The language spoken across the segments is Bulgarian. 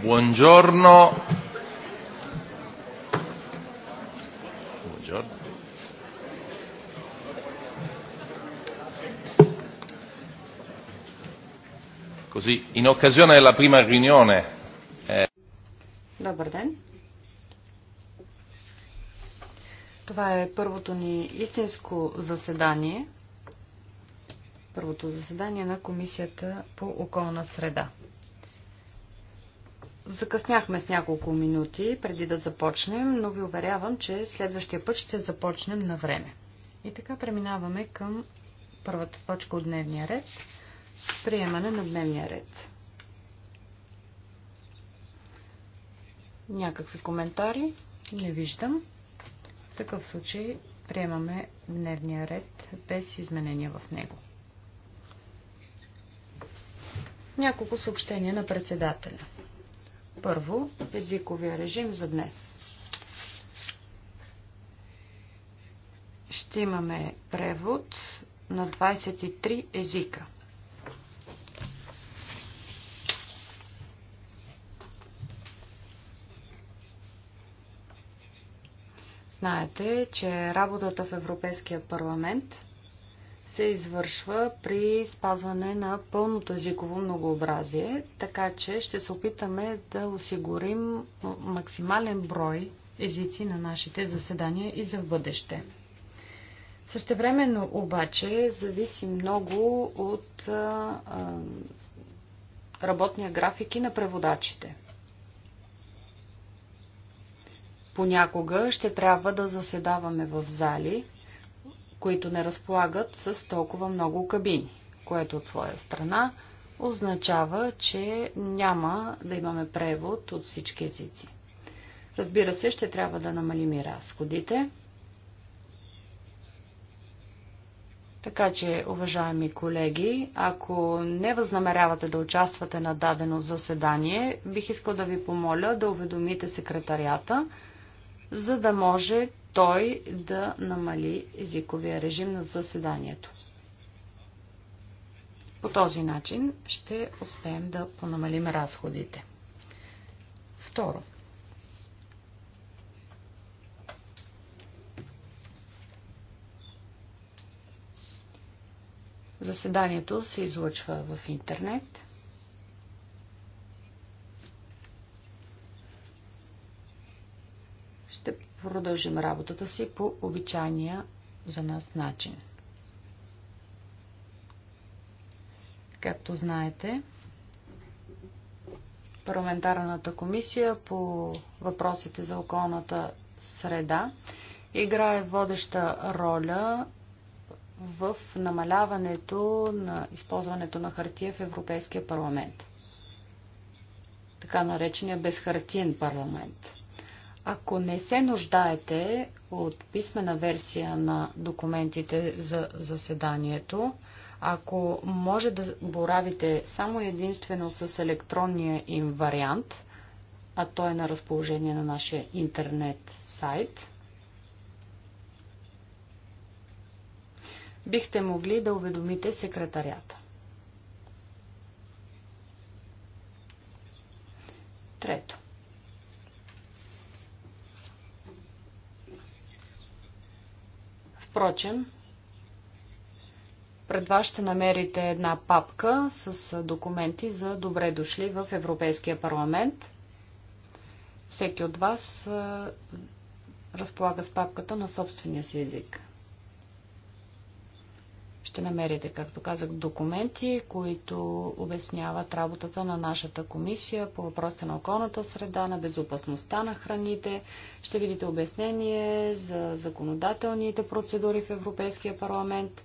Buongiorno. Buongiorno. Così, in occasione della prima riunione. Eh... Добър ден. Това е първото ни истинско заседание. Първото заседание на Комисията по околна среда. Закъсняхме с няколко минути преди да започнем, но ви уверявам, че следващия път ще започнем на време. И така преминаваме към първата точка от дневния ред приемане на дневния ред. Някакви коментари? Не виждам. В такъв случай приемаме дневния ред без изменения в него. Няколко съобщения на председателя. Първо, езиковия режим за днес. Ще имаме превод на 23 езика. Знаете, че работата в Европейския парламент се извършва при спазване на пълното езиково многообразие, така че ще се опитаме да осигурим максимален брой езици на нашите заседания и за бъдеще. Същевременно обаче зависи много от а, а, работния график и на преводачите. Понякога ще трябва да заседаваме в зали, които не разполагат с толкова много кабини, което от своя страна означава, че няма да имаме превод от всички езици. Разбира се, ще трябва да намалим и разходите. Така че, уважаеми колеги, ако не възнамерявате да участвате на дадено заседание, бих искал да ви помоля да уведомите секретарията, за да може той да намали езиковия режим на заседанието. По този начин ще успеем да понамалим разходите. Второ. Заседанието се излъчва в интернет – продължим работата си по обичайния за нас начин. Както знаете, парламентарната комисия по въпросите за околната среда играе водеща роля в намаляването на използването на хартия в Европейския парламент. Така наречения безхартиен парламент – ако не се нуждаете от писмена версия на документите за заседанието, ако може да боравите само единствено с електронния им вариант, а то е на разположение на нашия интернет сайт, бихте могли да уведомите секретарята. Трето. Впрочем, пред вас ще намерите една папка с документи за добре дошли в Европейския парламент. Всеки от вас разполага с папката на собствения си език. Ще намерите, както казах, документи, които обясняват работата на нашата комисия по въпросите на околната среда, на безопасността на храните. Ще видите обяснение за законодателните процедури в Европейския парламент.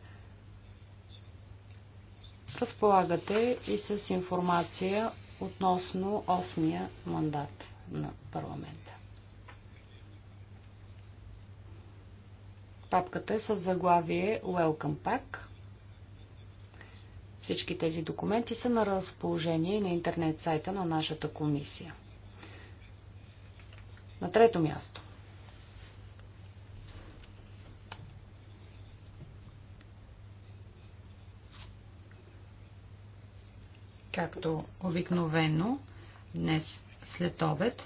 Разполагате и с информация относно 8-я мандат на парламента. Папката е с заглавие Welcome Pack. Всички тези документи са на разположение на интернет сайта на нашата комисия. На трето място. Както обикновено, днес след обед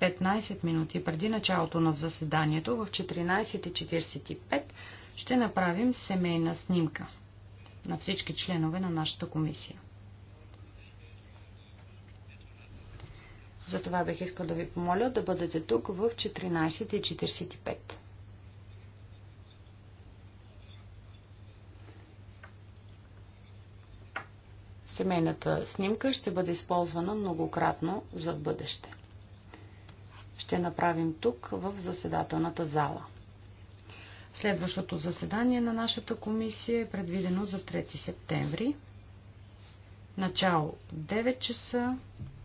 15 минути преди началото на заседанието в 14.45 ще направим семейна снимка на всички членове на нашата комисия. Затова бих искал да ви помоля да бъдете тук в 14.45. Семейната снимка ще бъде използвана многократно за бъдеще. Ще направим тук в заседателната зала. Следващото заседание на нашата комисия е предвидено за 3 септември. Начало 9 часа.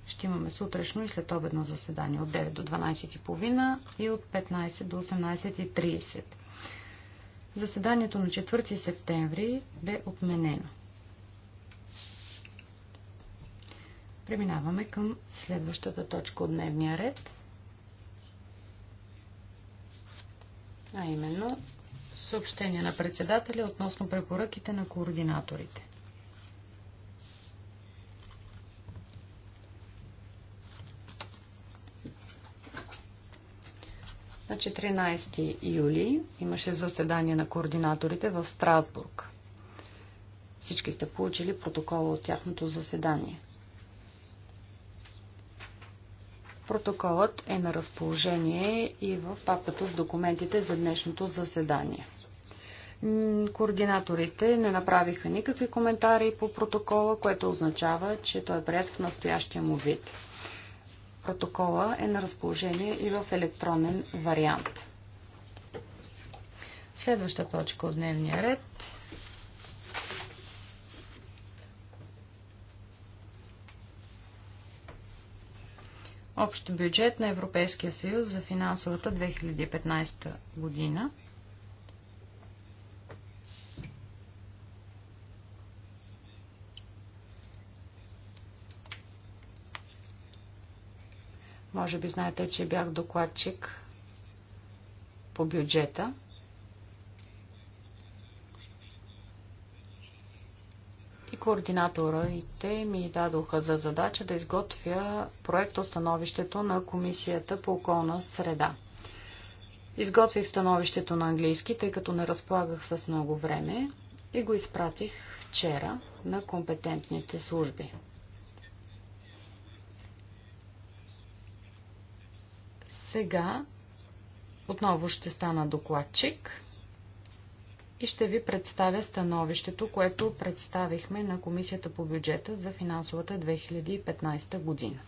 Ще имаме сутрешно и следобедно заседание от 9 до 12.30 и от 15 до 18.30. Заседанието на 4 септември бе отменено. Преминаваме към следващата точка от дневния ред, а именно Съобщение на председателя относно препоръките на координаторите. На 14 юли имаше заседание на координаторите в Страсбург. Всички сте получили протокола от тяхното заседание. Протоколът е на разположение и в папката с документите за днешното заседание. Координаторите не направиха никакви коментари по протокола, което означава, че той е прият в настоящия му вид. Протокола е на разположение и в електронен вариант. Следваща точка от дневния ред Общ бюджет на Европейския съюз за финансовата 2015 година. Може би знаете, че бях докладчик по бюджета. Координаторите ми дадоха за задача да изготвя проект становището на Комисията по околна среда. Изготвих становището на английски, тъй като не разполагах с много време и го изпратих вчера на компетентните служби. Сега отново ще стана докладчик и ще ви представя становището, което представихме на Комисията по бюджета за финансовата 2015 година.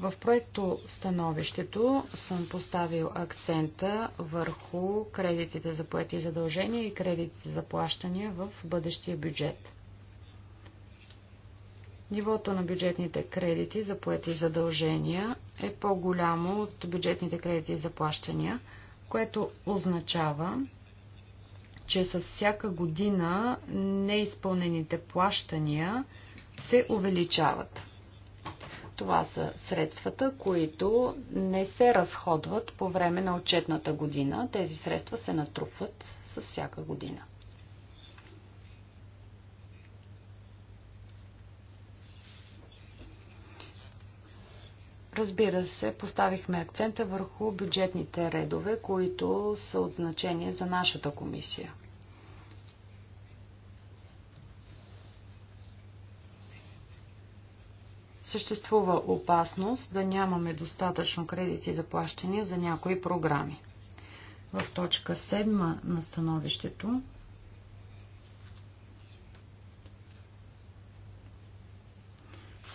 В проекто становището съм поставил акцента върху кредитите за поети задължения и кредитите за плащания в бъдещия бюджет. Нивото на бюджетните кредити за поети задължения е по-голямо от бюджетните кредити за плащания – което означава, че с всяка година неизпълнените плащания се увеличават. Това са средствата, които не се разходват по време на отчетната година. Тези средства се натрупват с всяка година. Разбира се, поставихме акцента върху бюджетните редове, които са от значение за нашата комисия. Съществува опасност да нямаме достатъчно кредити за плащания за някои програми. В точка 7 на становището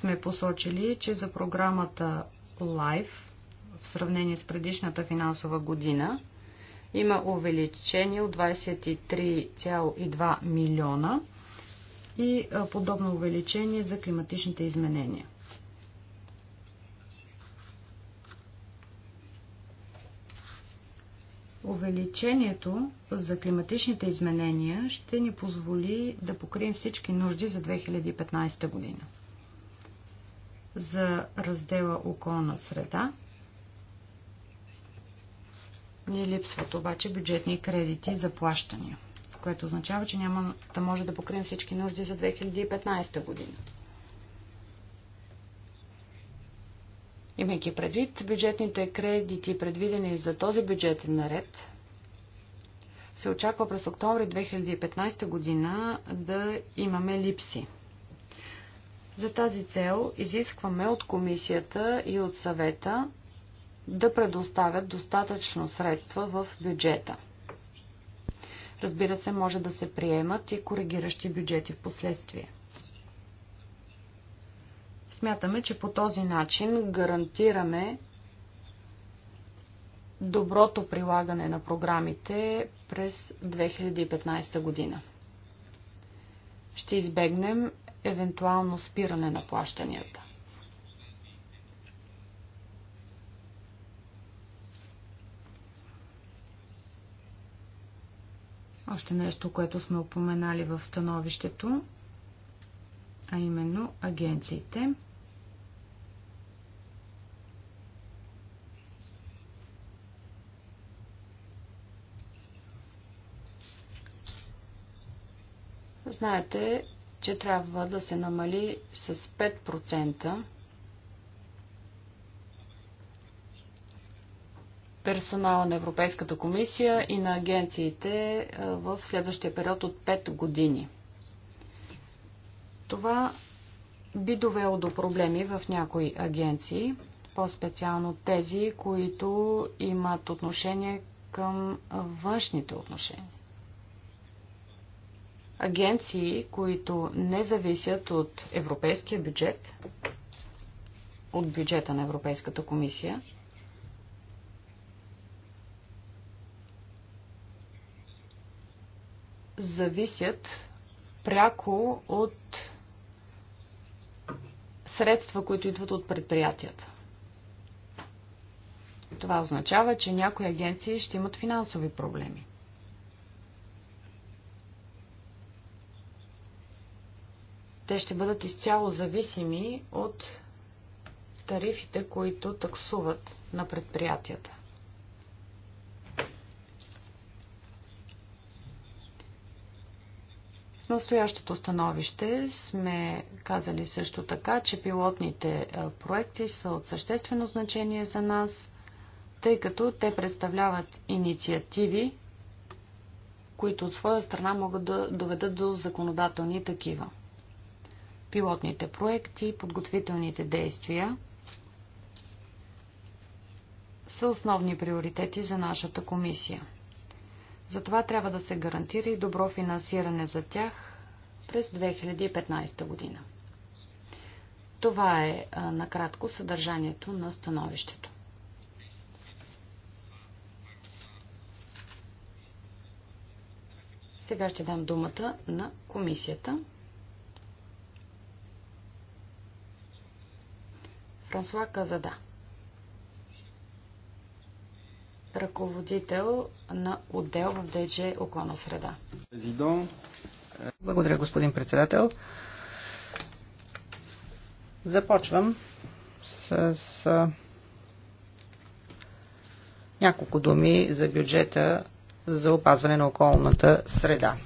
сме посочили, че за програмата LIFE в сравнение с предишната финансова година има увеличение от 23,2 милиона и подобно увеличение за климатичните изменения. Увеличението за климатичните изменения ще ни позволи да покрием всички нужди за 2015 година за раздела околна среда. Ни липсват обаче бюджетни кредити за плащания, което означава, че няма да може да покрием всички нужди за 2015 година. Имайки предвид бюджетните кредити, предвидени за този бюджетен наред, се очаква през октомври 2015 година да имаме липси. За тази цел изискваме от комисията и от съвета да предоставят достатъчно средства в бюджета. Разбира се, може да се приемат и коригиращи бюджети в последствие. Смятаме, че по този начин гарантираме доброто прилагане на програмите през 2015 година. Ще избегнем евентуално спиране на плащанията. Още нещо, което сме упоменали в становището, а именно агенциите. Знаете, че трябва да се намали с 5% персонала на Европейската комисия и на агенциите в следващия период от 5 години. Това би довело до проблеми в някои агенции, по-специално тези, които имат отношение към външните отношения агенции, които не зависят от европейския бюджет, от бюджета на Европейската комисия, зависят пряко от средства, които идват от предприятията. Това означава, че някои агенции ще имат финансови проблеми. Те ще бъдат изцяло зависими от тарифите, които таксуват на предприятията. В настоящото становище сме казали също така, че пилотните проекти са от съществено значение за нас, тъй като те представляват инициативи, които от своя страна могат да доведат до законодателни такива пилотните проекти, подготвителните действия са основни приоритети за нашата комисия. Затова трябва да се гарантира и добро финансиране за тях през 2015 година. Това е накратко съдържанието на становището. Сега ще дам думата на комисията. Франсуа каза да. Ръководител на отдел в ДЖ Околна среда. Благодаря, господин председател. Започвам с, с няколко думи за бюджета за опазване на околната среда.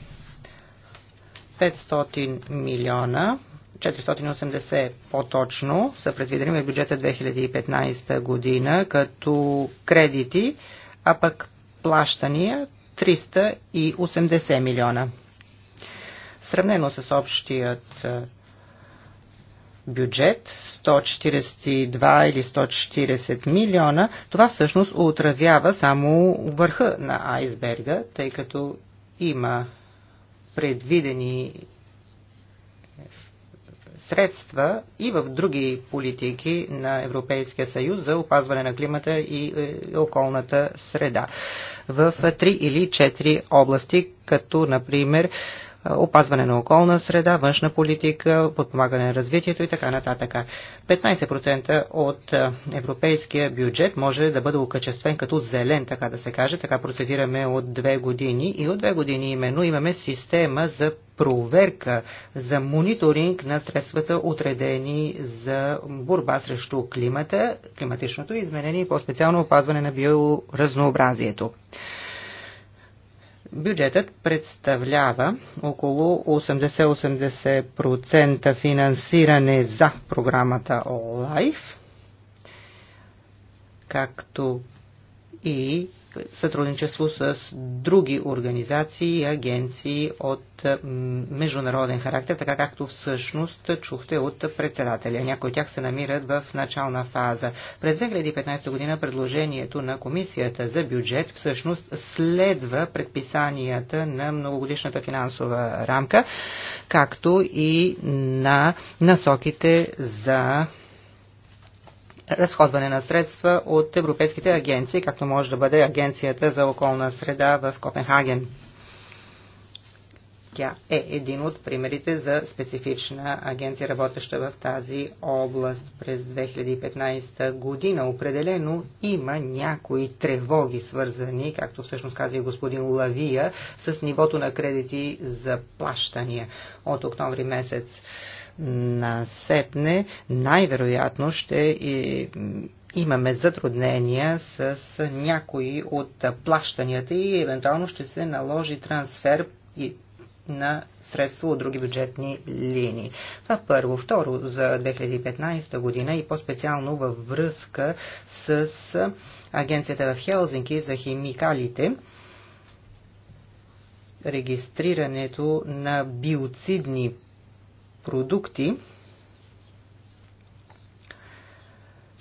500 милиона 480 по-точно са предвидени в бюджета 2015 година като кредити, а пък плащания 380 милиона. Сравнено с общият бюджет 142 или 140 милиона, това всъщност отразява само върха на айсберга, тъй като има предвидени средства и в други политики на Европейския съюз за опазване на климата и е, околната среда в три или четири области, като например опазване на околна среда, външна политика, подпомагане на развитието и така нататък. 15% от европейския бюджет може да бъде окачествен като зелен, така да се каже. Така процедираме от две години и от две години именно имаме система за проверка за мониторинг на средствата, отредени за борба срещу климата, климатичното изменение и по-специално опазване на биоразнообразието. Бюджетът представлява около 80-80% финансиране за програмата LIFE, както и сътрудничество с други организации и агенции от международен характер, така както всъщност чухте от председателя. Някои от тях се намират в начална фаза. През 2015 година предложението на Комисията за бюджет всъщност следва предписанията на многогодишната финансова рамка, както и на насоките за разходване на средства от европейските агенции, както може да бъде Агенцията за околна среда в Копенхаген. Тя е един от примерите за специфична агенция, работеща в тази област през 2015 година. Определено има някои тревоги, свързани, както всъщност каза и господин Лавия, с нивото на кредити за плащания от октомври месец насетне най-вероятно ще и имаме затруднения с някои от плащанията и евентуално ще се наложи трансфер и на средства от други бюджетни линии. Това първо. Второ, за 2015 година и по-специално във връзка с агенцията в Хелзинки за химикалите, регистрирането на биоцидни продукти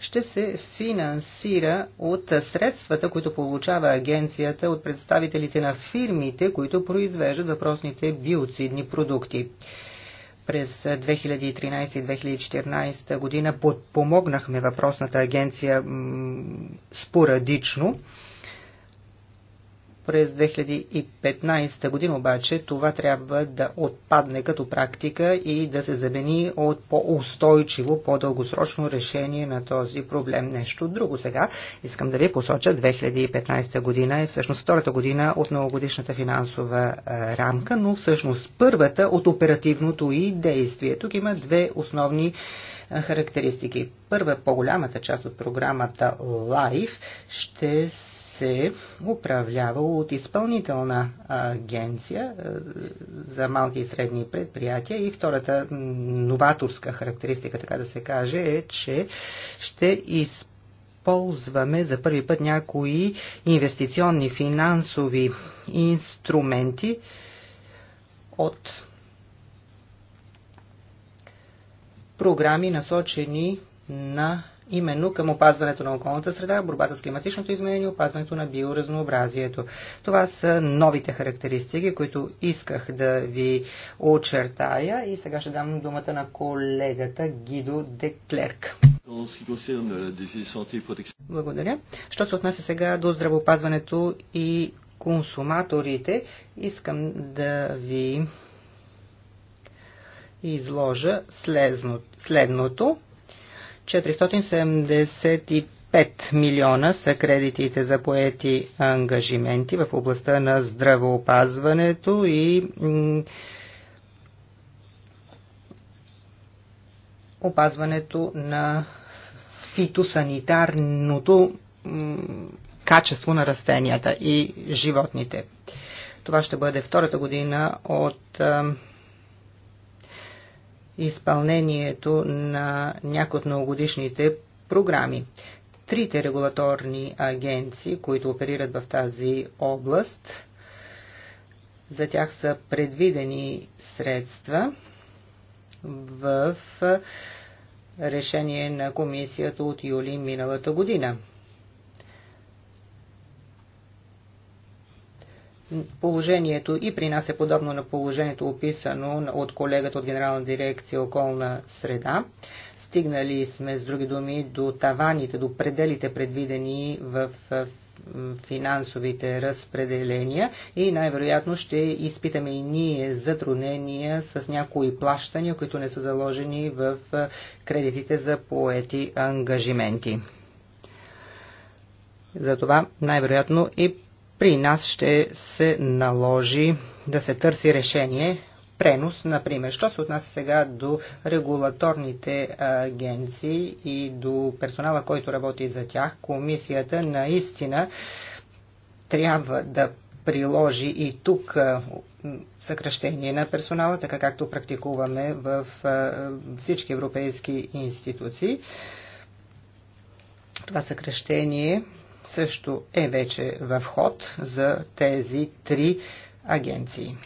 ще се финансира от средствата, които получава агенцията от представителите на фирмите, които произвеждат въпросните биоцидни продукти през 2013-2014 година подпомогнахме въпросната агенция спорадично през 2015 година обаче това трябва да отпадне като практика и да се замени от по-устойчиво, по-дългосрочно решение на този проблем. Нещо друго сега. Искам да ви посоча 2015 година е всъщност втората година от новогодишната финансова рамка, но всъщност първата от оперативното и действие. Тук има две основни характеристики. Първа, по-голямата част от програмата LIFE ще се се управлява от изпълнителна агенция е, за малки и средни предприятия и втората новаторска характеристика, така да се каже, е, че ще използваме за първи път някои инвестиционни финансови инструменти от програми насочени на именно към опазването на околната среда, борбата с климатичното изменение, опазването на биоразнообразието. Това са новите характеристики, които исках да ви очертая и сега ще дам думата на колегата Гидо Деклерк. Благодаря. Що се отнася сега до здравеопазването и консуматорите, искам да ви изложа следното. 475 милиона са кредитите за поети ангажименти в областта на здравеопазването и опазването на фитосанитарното качество на растенията и животните. Това ще бъде втората година от изпълнението на някои от многогодишните програми. Трите регулаторни агенции, които оперират в тази област, за тях са предвидени средства в решение на комисията от юли миналата година. Положението и при нас е подобно на положението описано от колегата от Генерална дирекция околна среда. Стигнали сме, с други думи, до таваните, до пределите предвидени в финансовите разпределения и най-вероятно ще изпитаме и ние затруднения с някои плащания, които не са заложени в кредитите за поети ангажименти. Затова най-вероятно и при нас ще се наложи да се търси решение пренос, например. Що се отнася сега до регулаторните агенции и до персонала, който работи за тях, комисията наистина трябва да приложи и тук съкръщение на персонала, така както практикуваме в всички европейски институции. Това съкръщение също е вече в ход за тези три агенции.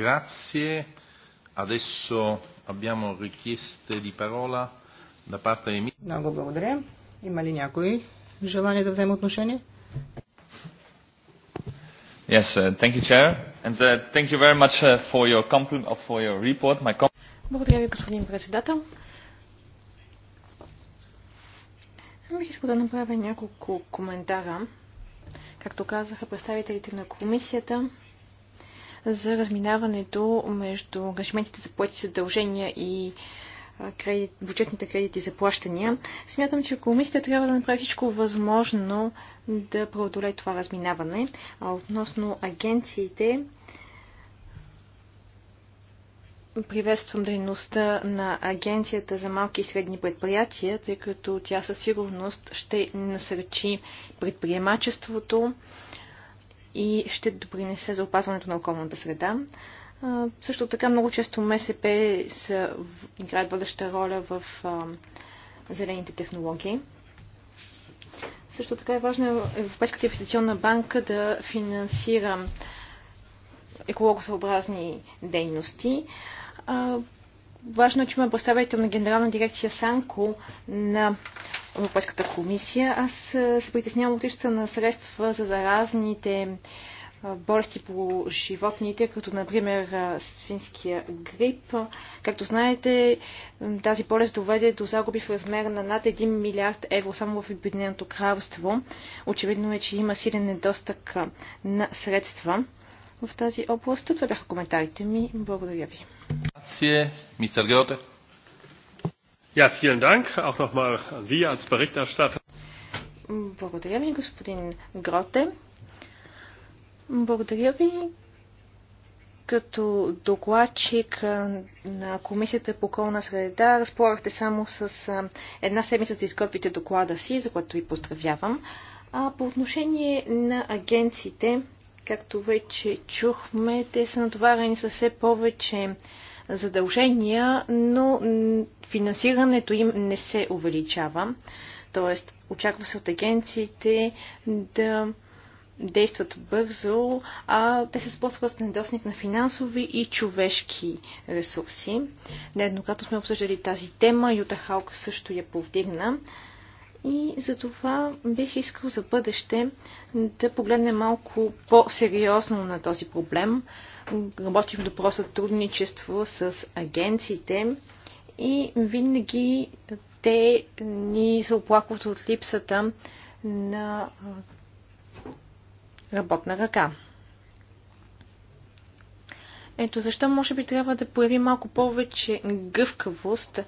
Grazie. Adesso abbiamo richieste di parola da parte di... Много благодаря. Има ли някой желание да вземе отношение? Yes, uh, thank you, Chair. And uh, thank you very much uh, for your compliment, uh, for your report. My com- благодаря ви, господин председател. Uh, искам да направя няколко коментара, както казаха представителите на комисията, за разминаването между ангажиментите за плати задължения и кредит, бюджетните кредити за плащания. Смятам, че комисията трябва да направи всичко възможно да преодолее това разминаване. А относно агенциите, Приветствам дейността на Агенцията за малки и средни предприятия, тъй като тя със сигурност ще насърчи предприемачеството и ще допринесе за опазването на околната среда. Също така много често МСП са, играят бъдеща роля в а, зелените технологии. Също така е важно Европейската инвестиционна банка да финансира екологосъобразни дейности. Важно е, че има представител на Генерална дирекция Санко на Европейската комисия. Аз се притеснявам от липсата на средства за заразните болести по животните, като например свинския грип. Както знаете, тази болест доведе до загуби в размер на над 1 милиард евро само в Обединеното кралство. Очевидно е, че има силен недостъг на средства в тази област. Това бяха коментарите ми. Благодаря ви. Мистер Гьоте. Ja, vielen Dank auch nochmal an Sie als Berichterstatter. Благодаря ви, господин Гроте. Благодаря ви като докладчик на Комисията по околна среда. Разполагахте само с една седмица да изготвите доклада си, за което ви поздравявам. А по отношение на агенциите, Както вече чухме, те са натоварени с все повече задължения, но финансирането им не се увеличава. Тоест, очаква се от агенциите да действат бързо, а те се сблъскват с недостиг на финансови и човешки ресурси. Нееднократно сме обсъждали тази тема, Юта Халк също я повдигна. И за това бих искал за бъдеще да погледнем малко по-сериозно на този проблем. Работим в добро сътрудничество с агенциите и винаги те ни се оплакват от липсата на работна ръка. Ето защо може би трябва да проявим малко повече гъвкавост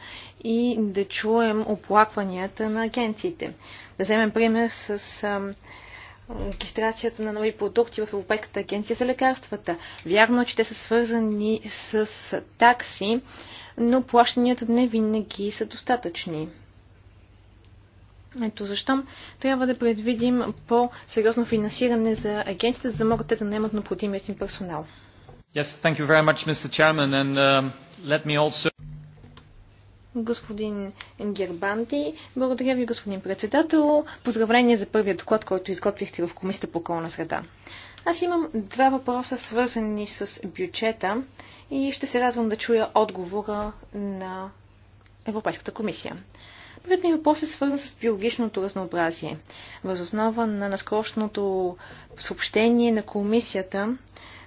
и да чуем оплакванията на агенциите. Да вземем пример с ам, регистрацията на нови продукти в Европейската агенция за лекарствата. Вярно е, че те са свързани с такси, но плащанията не винаги са достатъчни. Ето защо трябва да предвидим по-сериозно финансиране за агенцията, за да могат те да наемат необходимият им персонал. Yes, thank you very much, Mr. Chairman, and uh, let me also... Господин Гербанти, благодаря ви, господин председател. Поздравление за първият доклад, който изготвихте в Комисията по околна среда. Аз имам два въпроса, свързани с бюджета и ще се радвам да чуя отговора на Европейската комисия. Първият ми въпрос е свързан с биологичното разнообразие. Възоснова на наскорошното съобщение на комисията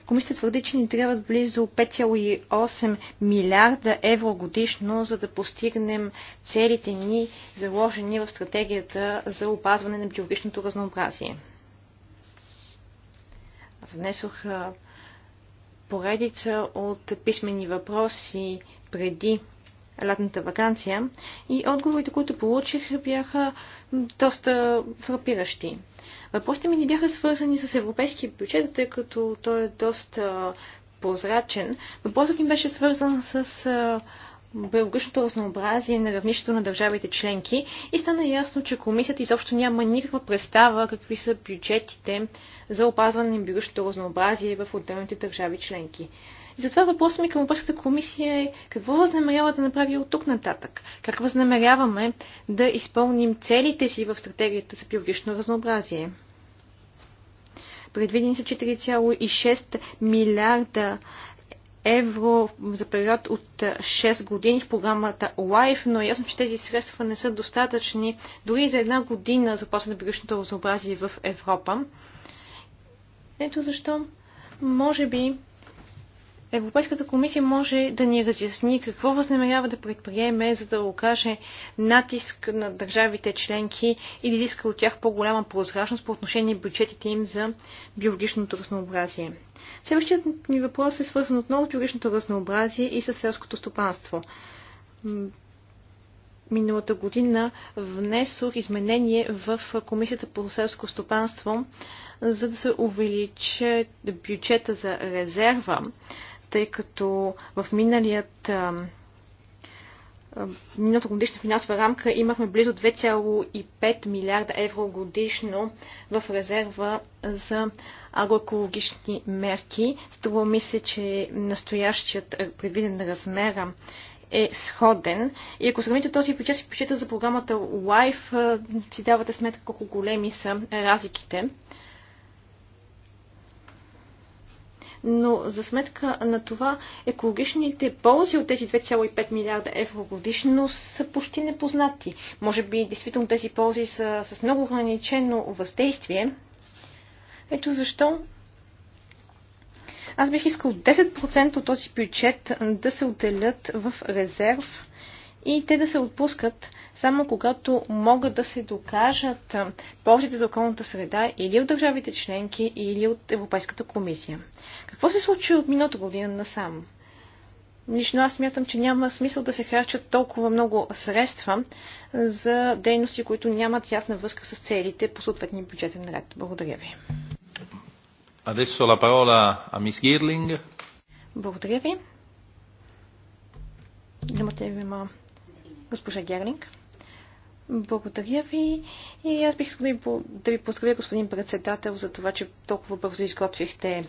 Комисията твърди, че ни трябват близо 5,8 милиарда евро годишно, за да постигнем целите ни, заложени в стратегията за опазване на биологичното разнообразие. Аз внесох поредица от писмени въпроси преди лятната вакансия и отговорите, които получих, бяха доста фрапиращи. Въпросите ми не бяха свързани с европейския бюджет, тъй като той е доста прозрачен. Въпросът ми беше свързан с биологичното разнообразие на равнището на държавите членки и стана ясно, че комисията изобщо няма никаква представа какви са бюджетите за опазване на биологичното разнообразие в отделните държави членки. И затова въпросът ми към Европейската комисия е какво възнамерява да направи от тук нататък? Как възнамеряваме да изпълним целите си в стратегията за биологично разнообразие? Предвидени са 4,6 милиарда евро за период от 6 години в програмата LIFE, но е ясно, че тези средства не са достатъчни дори за една година за на биологичното разнообразие в Европа. Ето защо, може би, Европейската комисия може да ни разясни какво възнамерява да предприеме, за да окаже натиск на държавите членки и да изиска от тях по-голяма прозрачност по отношение на бюджетите им за биологичното разнообразие. Следващият ми въпрос е свързан отново с биологичното разнообразие и с селското стопанство. Миналата година внесох изменение в Комисията по селско стопанство, за да се увеличи бюджета за резерва тъй като в миналият миналото годишна финансова рамка имахме близо 2,5 милиарда евро годишно в резерва за агроекологични мерки. Струва ми се, че настоящият предвиден размера е сходен. И ако сравните този бюджет с бюджета за програмата LIFE, си давате сметка колко големи са разликите. но за сметка на това екологичните ползи от тези 2,5 милиарда евро годишно са почти непознати. Може би действително тези ползи са с много ограничено въздействие. Ето защо аз бих искал 10% от този бюджет да се отделят в резерв и те да се отпускат само когато могат да се докажат ползите за околната среда или от държавите членки, или от Европейската комисия. Какво се случи от миналата година насам? Лично аз смятам, че няма смисъл да се харчат толкова много средства за дейности, които нямат ясна връзка с целите по съответния бюджетен ред. Благодаря ви. Adesso la parola a Miss Girling. Благодаря ви. Думата има госпожа Герлинг. Благодаря ви. И аз бих искал да ви поздравя, господин председател, за това, че толкова бързо изготвихте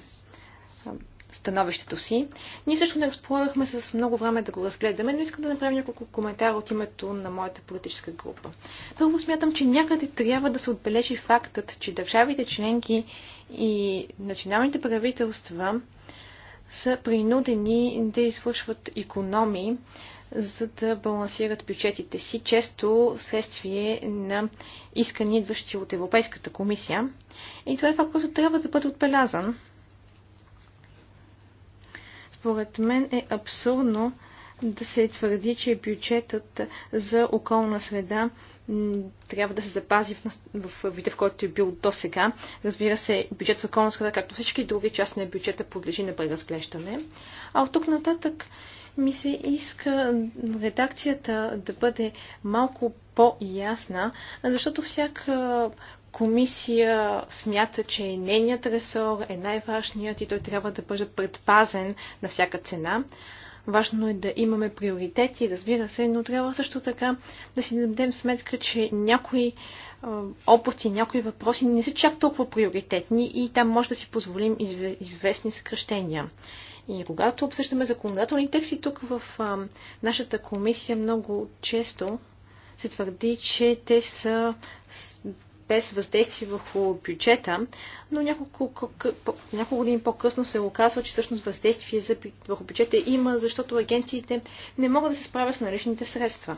становището си. Ние също не разполагахме с много време да го разгледаме, но искам да направя няколко коментара от името на моята политическа група. Първо смятам, че някъде трябва да се отбележи фактът, че държавите членки и националните правителства са принудени да извършват економии, за да балансират бюджетите си, често следствие на искани, идващи от Европейската комисия. И това е това, което трябва да бъде отбелязан. Според мен е абсурдно да се твърди, че бюджетът за околна среда трябва да се запази в, в вида, в който е бил до сега. Разбира се, бюджет за околна среда, както всички други части на бюджета, подлежи на преразглеждане. А от тук нататък ми се иска редакцията да бъде малко по-ясна, защото всяка комисия смята, че нейният ресор е най-важният и той трябва да бъде предпазен на всяка цена. Важно е да имаме приоритети, разбира се, но трябва също така да си дадем сметка, че някои е, области, някои въпроси не са чак толкова приоритетни и там може да си позволим известни съкръщения. И когато обсъждаме законодателни тексти тук в а, нашата комисия, много често се твърди, че те са без въздействие върху бюджета, но няколко, няколко години по-късно се оказва, че всъщност въздействие за, върху бюджета има, защото агенциите не могат да се справят с наличните средства.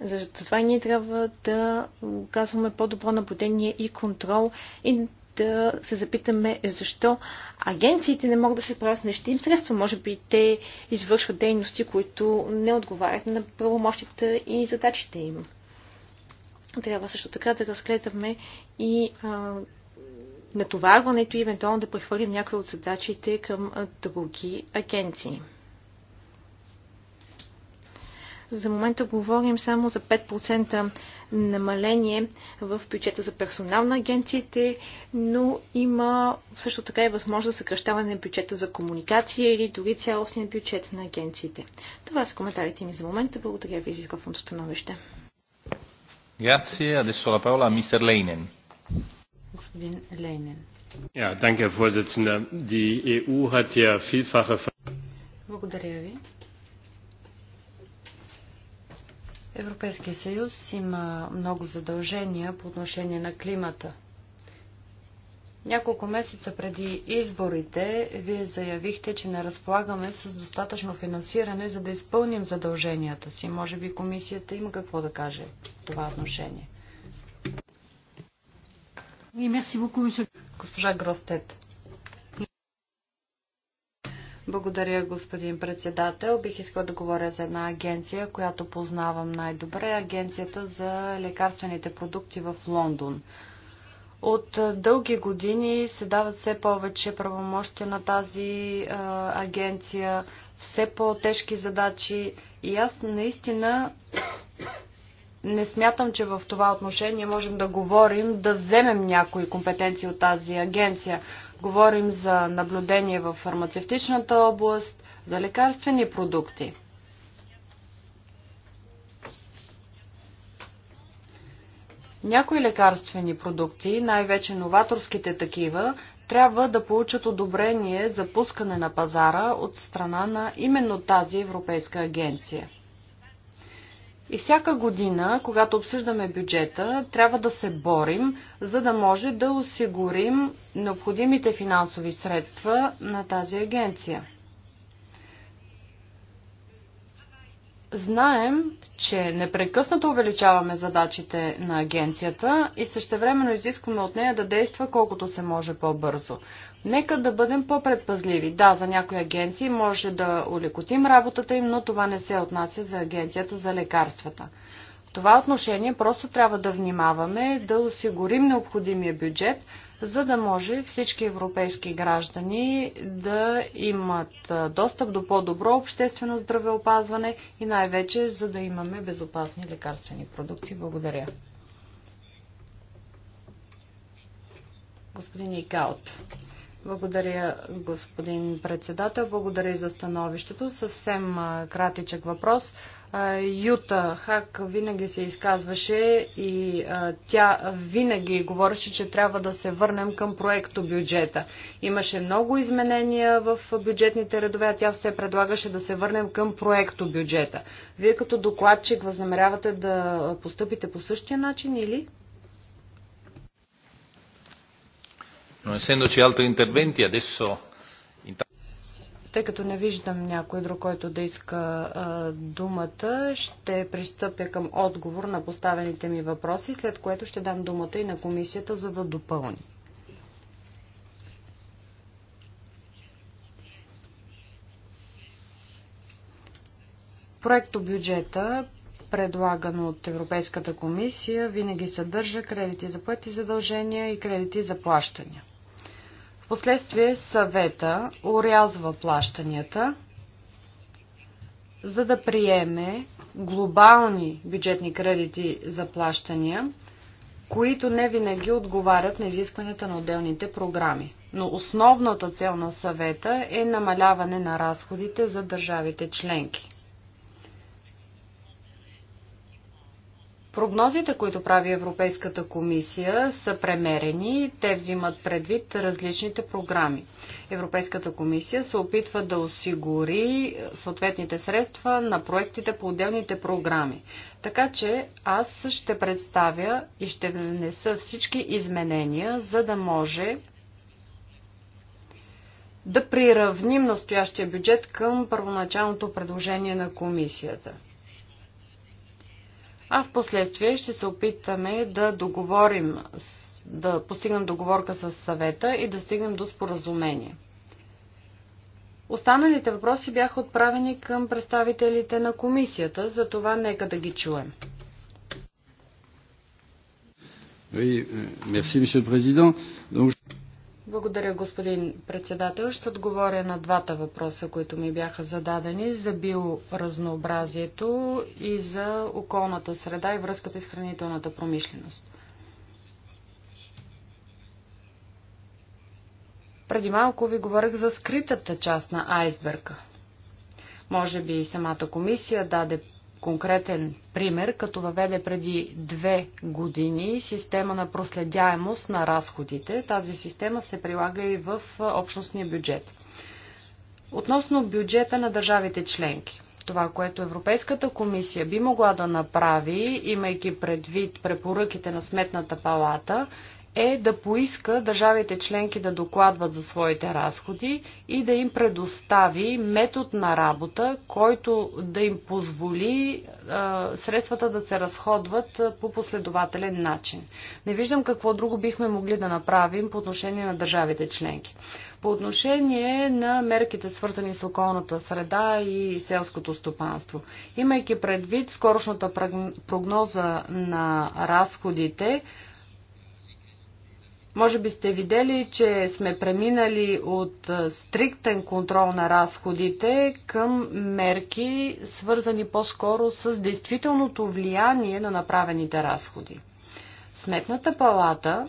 Затова ние трябва да оказваме по-добро наблюдение и контрол и да се запитаме защо агенциите не могат да се правят с нещи им средства. Може би те извършват дейности, които не отговарят на правомощите и задачите им. Трябва също така да разгледаме и а, натоварването и евентуално да прехвърлим някои от задачите към други агенции. За момента говорим само за 5% намаление в бюджета за персонал на агенциите, но има също така и възможност за съкръщаване на бюджета за комуникация или дори цялостния бюджет на агенциите. Това са коментарите ми за момента. Благодаря ви за изготвеното становище. Господин Лейнен. Ja, danke, Herr Vorsitzender. Die EU hat ja vielfache... Благодаря ви. Европейския съюз има много задължения по отношение на климата. Няколко месеца преди изборите вие заявихте, че не разполагаме с достатъчно финансиране, за да изпълним задълженията си. Може би комисията има какво да каже това отношение. Госпожа Гростет. Благодаря, господин председател. Бих искал да говоря за една агенция, която познавам най-добре. Агенцията за лекарствените продукти в Лондон. От дълги години се дават все повече правомощия на тази а, агенция, все по-тежки задачи и аз наистина не смятам, че в това отношение можем да говорим да вземем някои компетенции от тази агенция. Говорим за наблюдение в фармацевтичната област, за лекарствени продукти. Някои лекарствени продукти, най-вече новаторските такива, трябва да получат одобрение за пускане на пазара от страна на именно тази Европейска агенция. И всяка година, когато обсъждаме бюджета, трябва да се борим, за да може да осигурим необходимите финансови средства на тази агенция. Знаем, че непрекъснато увеличаваме задачите на агенцията и същевременно изискваме от нея да действа колкото се може по-бързо. Нека да бъдем по-предпазливи. Да, за някои агенции може да улекотим работата им, но това не се отнася за агенцията за лекарствата. В това отношение просто трябва да внимаваме да осигурим необходимия бюджет, за да може всички европейски граждани да имат достъп до по-добро обществено здравеопазване и най-вече за да имаме безопасни лекарствени продукти. Благодаря. Господин Икаут. Благодаря, господин председател. Благодаря и за становището. Съвсем кратичък въпрос. Юта Хак винаги се изказваше и тя винаги говореше, че трябва да се върнем към проекто бюджета. Имаше много изменения в бюджетните редове, а тя все предлагаше да се върнем към проекто бюджета. Вие като докладчик възнамерявате да поступите по същия начин или? тъй като не виждам някой друг, който да иска а, думата, ще пристъпя към отговор на поставените ми въпроси, след което ще дам думата и на комисията, за да допълни. Проекто бюджета, предлаган от Европейската комисия, винаги съдържа кредити за пъти задължения и кредити за плащания. Впоследствие съвета урязва плащанията, за да приеме глобални бюджетни кредити за плащания, които не винаги отговарят на изискванията на отделните програми. Но основната цел на съвета е намаляване на разходите за държавите членки. Прогнозите, които прави Европейската комисия, са премерени. Те взимат предвид различните програми. Европейската комисия се опитва да осигури съответните средства на проектите по отделните програми. Така че аз ще представя и ще внеса всички изменения, за да може да приравним настоящия бюджет към първоначалното предложение на комисията а в последствие ще се опитаме да договорим, да постигнем договорка с съвета и да стигнем до споразумение. Останалите въпроси бяха отправени към представителите на комисията, за това нека да ги чуем. Oui, merci, Monsieur le Président. Donc... Благодаря, господин председател. Ще отговоря на двата въпроса, които ми бяха зададени за биоразнообразието и за околната среда и връзката с хранителната промишленост. Преди малко ви говорих за скритата част на айсберга. Може би и самата комисия даде конкретен пример, като въведе преди две години система на проследяемост на разходите. Тази система се прилага и в общностния бюджет. Относно бюджета на държавите членки. Това, което Европейската комисия би могла да направи, имайки предвид препоръките на Сметната палата, е да поиска държавите членки да докладват за своите разходи и да им предостави метод на работа, който да им позволи средствата да се разходват по последователен начин. Не виждам какво друго бихме могли да направим по отношение на държавите членки. По отношение на мерките, свързани с околната среда и селското стопанство, имайки предвид скорошната прогноза на разходите, може би сте видели, че сме преминали от стриктен контрол на разходите към мерки, свързани по-скоро с действителното влияние на направените разходи. Сметната палата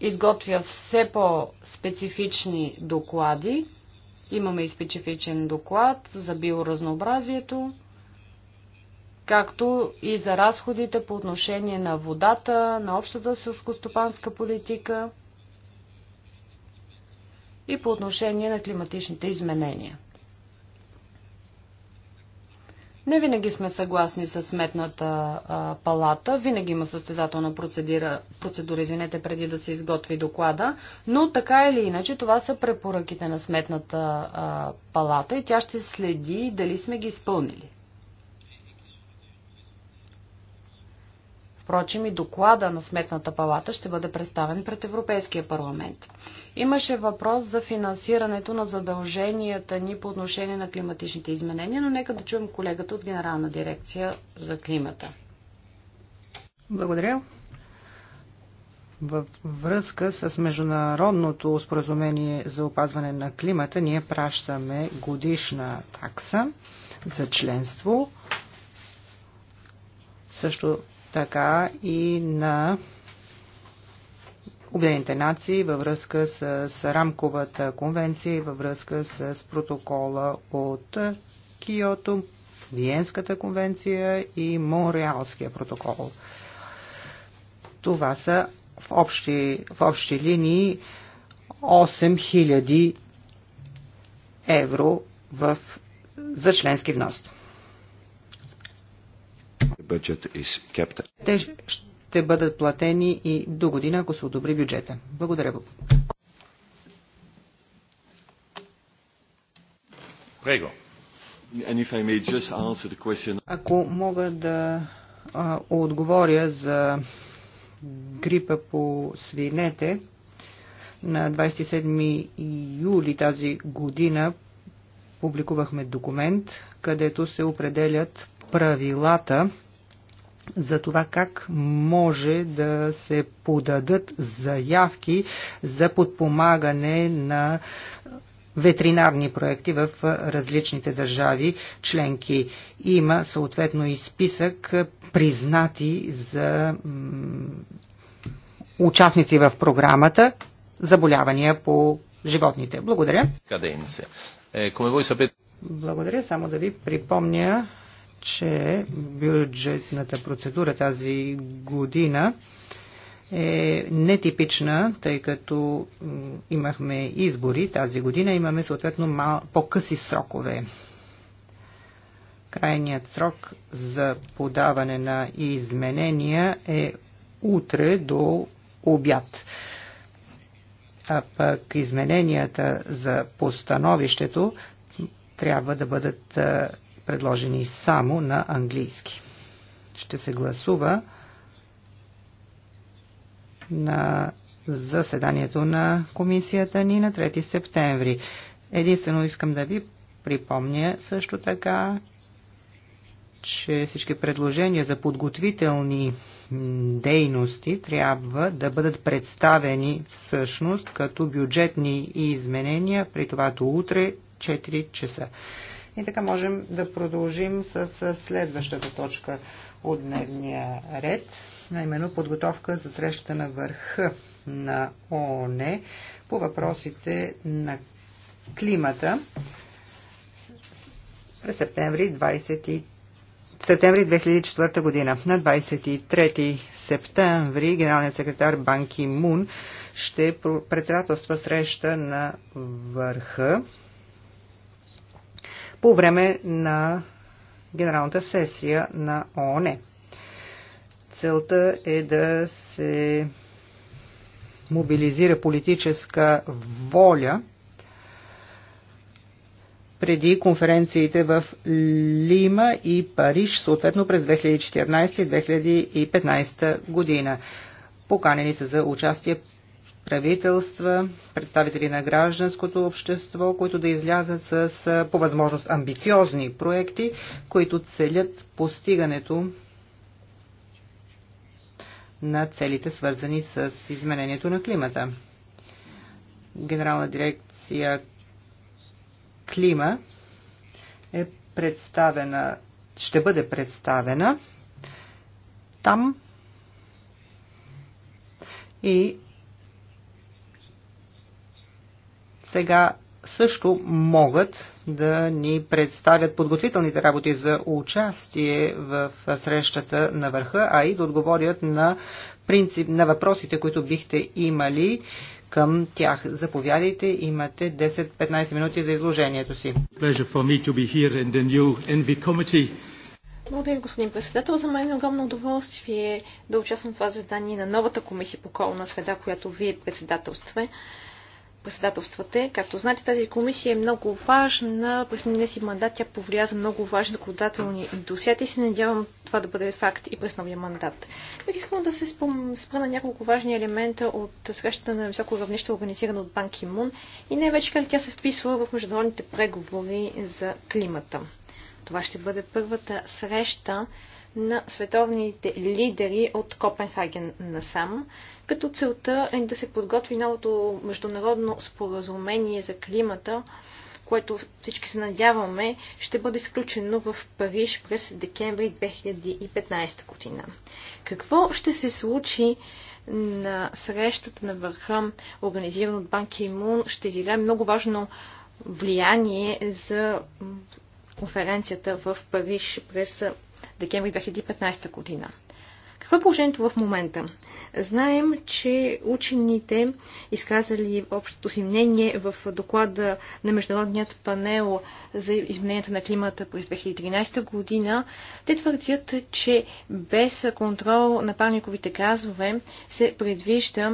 изготвя все по-специфични доклади. Имаме и специфичен доклад за биоразнообразието, както и за разходите по отношение на водата, на общата селскостопанска политика и по отношение на климатичните изменения. Не винаги сме съгласни с сметната а, палата, винаги има състезателна процедура, процедура извинете, преди да се изготви доклада, но така или иначе това са препоръките на сметната а, палата и тя ще следи дали сме ги изпълнили. Впрочем и доклада на Сметната палата ще бъде представен пред Европейския парламент. Имаше въпрос за финансирането на задълженията ни по отношение на климатичните изменения, но нека да чуем колегата от Генерална дирекция за климата. Благодаря. Във връзка с Международното споразумение за опазване на климата ние пращаме годишна такса за членство. Също така и на Обединените нации във връзка с, рамковата конвенция и във връзка с протокола от Киото, Виенската конвенция и Монреалския протокол. Това са в общи, в общи линии 8000 евро в, за членски внос budget is kept. Те ще бъдат платени и до година, ако се одобри бюджета. Благодаря Прего. Ако мога да а, отговоря за грипа по свинете, на 27 юли тази година публикувахме документ, където се определят правилата за това как може да се подадат заявки за подпомагане на ветеринарни проекти в различните държави членки. Има съответно и списък признати за участници в програмата заболявания по животните. Благодаря. Е, Благодаря. Само да ви припомня, че бюджетната процедура тази година е нетипична, тъй като имахме избори тази година, имаме съответно мал... по-къси срокове. Крайният срок за подаване на изменения е утре до обяд. А пък измененията за постановището трябва да бъдат предложени само на английски. Ще се гласува на заседанието на комисията ни на 3 септември. Единствено искам да ви припомня също така, че всички предложения за подготвителни дейности трябва да бъдат представени всъщност като бюджетни изменения, при това до утре 4 часа. И така можем да продължим с следващата точка от дневния ред, а подготовка за среща на върха на ООН по въпросите на климата през септември 23 септември 2004 година. На 23 септември генералният секретар Банки Мун ще председателства среща на върха по време на Генералната сесия на ООН. Целта е да се мобилизира политическа воля преди конференциите в Лима и Париж, съответно през 2014 и 2015 година. Поканени са за участие правителства, представители на гражданското общество, които да излязат с по възможност амбициозни проекти, които целят постигането на целите, свързани с изменението на климата. Генерална дирекция Клима е представена, ще бъде представена там и сега също могат да ни представят подготвителните работи за участие в срещата на върха, а и да отговорят на, принцип, на въпросите, които бихте имали към тях. Заповядайте, имате 10-15 минути за изложението си. Благодаря ви, господин председател. За мен е огромно удоволствие да участвам в това задание на новата комисия по околна среда, която вие председателствате председателствате. Както знаете, тази комисия е много важна. През миналия си мандат тя повлия за много важни законодателни досиета и се надявам това да бъде факт и през новия мандат. Бих искала да се спра на няколко важни елемента от срещата на високо равнище, организирана от Банки Мун и най-вече как тя се вписва в международните преговори за климата. Това ще бъде първата среща на световните лидери от Копенхаген насам като целта е да се подготви новото международно споразумение за климата, което всички се надяваме ще бъде изключено в Париж през декември 2015 година. Какво ще се случи на срещата на върха, организирана от Банки Имун, ще изиграе много важно влияние за конференцията в Париж през декември 2015 година. Какво е положението в момента? Знаем, че учените, изказали общото си мнение в доклада на Международният панел за измененията на климата през 2013 година, те твърдят, че без контрол на парниковите газове се предвижда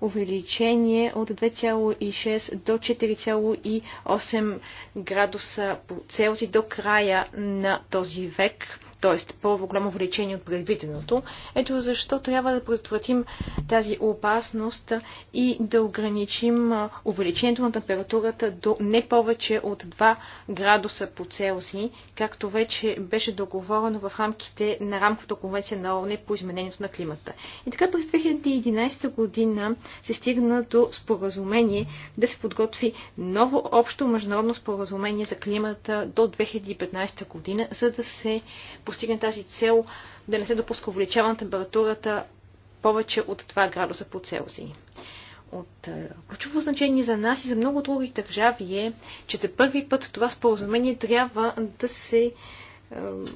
увеличение от 2,6 до 4,8 градуса по Целзий до края на този век т.е. по-голямо увеличение от предвиденото. Ето защо трябва да предотвратим тази опасност и да ограничим увеличението на температурата до не повече от 2 градуса по Целсий, както вече беше договорено в рамките на рамковата конвенция на ООН по изменението на климата. И така през 2011 година се стигна до споразумение да се подготви ново общо международно споразумение за климата до 2015 година, за да се постигне тази цел да не се допуска увеличаване на температурата повече от 2 градуса по Целзий. От е, ключово значение за нас и за много други държави е, че за първи път това споразумение трябва да се е,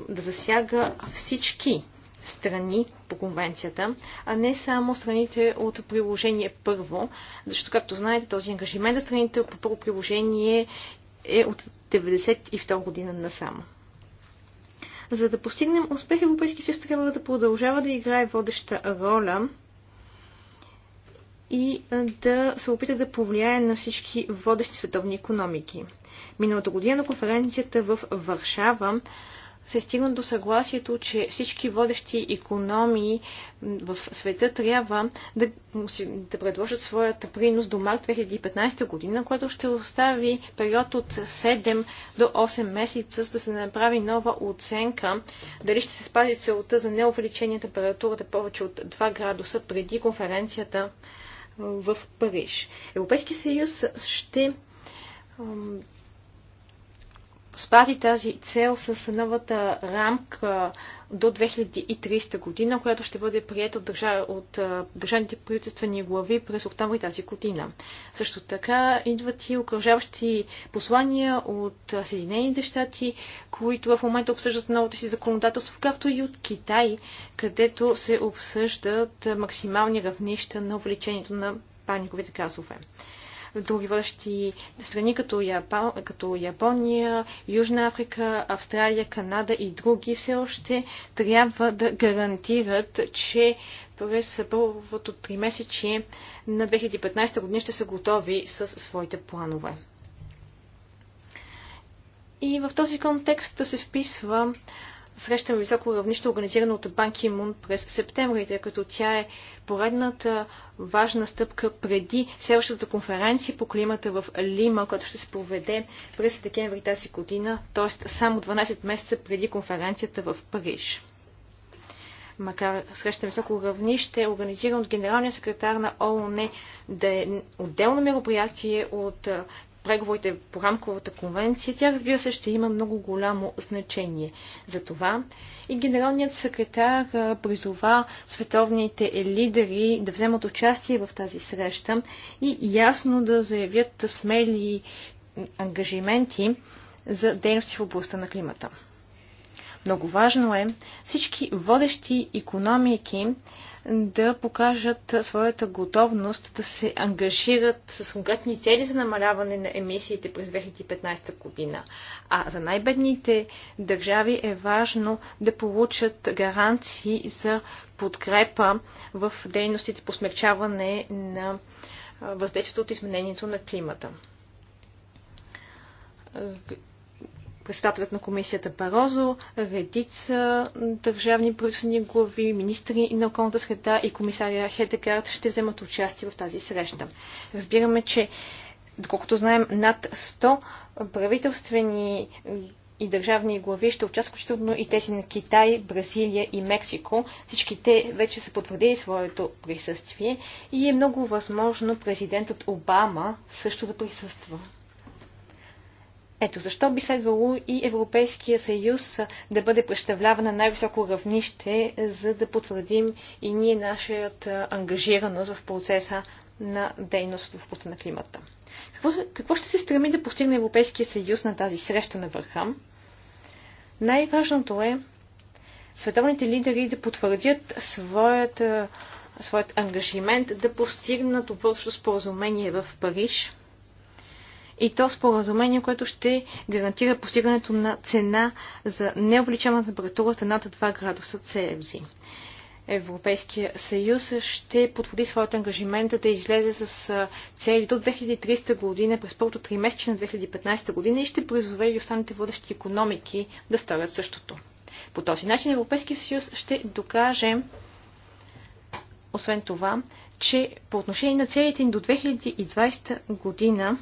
да засяга всички страни по конвенцията, а не само страните от приложение първо, защото, както знаете, този ангажимент за страните по първо приложение е от 1992 година насам. За да постигнем успех, Европейски съюз трябва да продължава да играе водеща роля и да се опита да повлияе на всички водещи световни економики. Миналата година на конференцията в Варшава се стигна до съгласието, че всички водещи економии в света трябва да, да предложат своята принос до март 2015 година, което ще остави период от 7 до 8 месеца, за да се направи нова оценка дали ще се спази целта за неувеличение на температурата повече от 2 градуса преди конференцията в Париж. Европейския съюз ще спази тази цел с новата рамка до 2030 година, която ще бъде прията от, държа, от държавните правителствени глави през октомври тази година. Също така идват и окружаващи послания от Съединените щати, които в момента обсъждат новото си законодателство, както и от Китай, където се обсъждат максимални равнища на увеличението на паниковите газове други водещи страни, като, Япон, като Япония, Южна Африка, Австралия, Канада и други, все още трябва да гарантират, че през първото три месечи на 2015 година ще са готови с своите планове. И в този контекст се вписва срещам високо равнище, организирано от Банки Мун през септември, тъй като тя е поредната важна стъпка преди следващата конференция по климата в Лима, която ще се проведе през декември тази година, т.е. само 12 месеца преди конференцията в Париж. Макар среща на високо равнище, организиран от генералния секретар на ООН, да е отделно мероприятие от преговорите по рамковата конвенция, тя разбира се ще има много голямо значение за това. И генералният секретар призова световните лидери да вземат участие в тази среща и ясно да заявят смели ангажименти за дейности в областта на климата. Много важно е всички водещи економики да покажат своята готовност да се ангажират с конкретни цели за намаляване на емисиите през 2015 година. А за най-бедните държави е важно да получат гаранции за подкрепа в дейностите по смягчаване на въздействието от изменението на климата председателят на комисията Барозо, редица държавни правителствени глави, министри на околната среда и комисаря Хедегард ще вземат участие в тази среща. Разбираме, че доколкото знаем, над 100 правителствени и държавни глави ще участват, включително и тези на Китай, Бразилия и Мексико. Всички те вече са потвърдили своето присъствие и е много възможно президентът Обама също да присъства ето защо би следвало и Европейския съюз да бъде представляван на най-високо равнище, за да потвърдим и ние нашата ангажираност в процеса на дейност в областта на климата. Какво, какво ще се стреми да постигне Европейския съюз на тази среща на върха? Най-важното е световните лидери да потвърдят своят, своят ангажимент да постигнат обвързващо споразумение в Париж – и то споразумение, което ще гарантира постигането на цена за неувеличена температура в над 2 градуса Целзий. Европейския съюз ще потвърди своят ангажимент да излезе с цели до 2300 година през първото три месече на 2015 година и ще призове и останалите водещи економики да сторят същото. По този начин Европейския съюз ще докаже, освен това, че по отношение на целите ни до 2020 година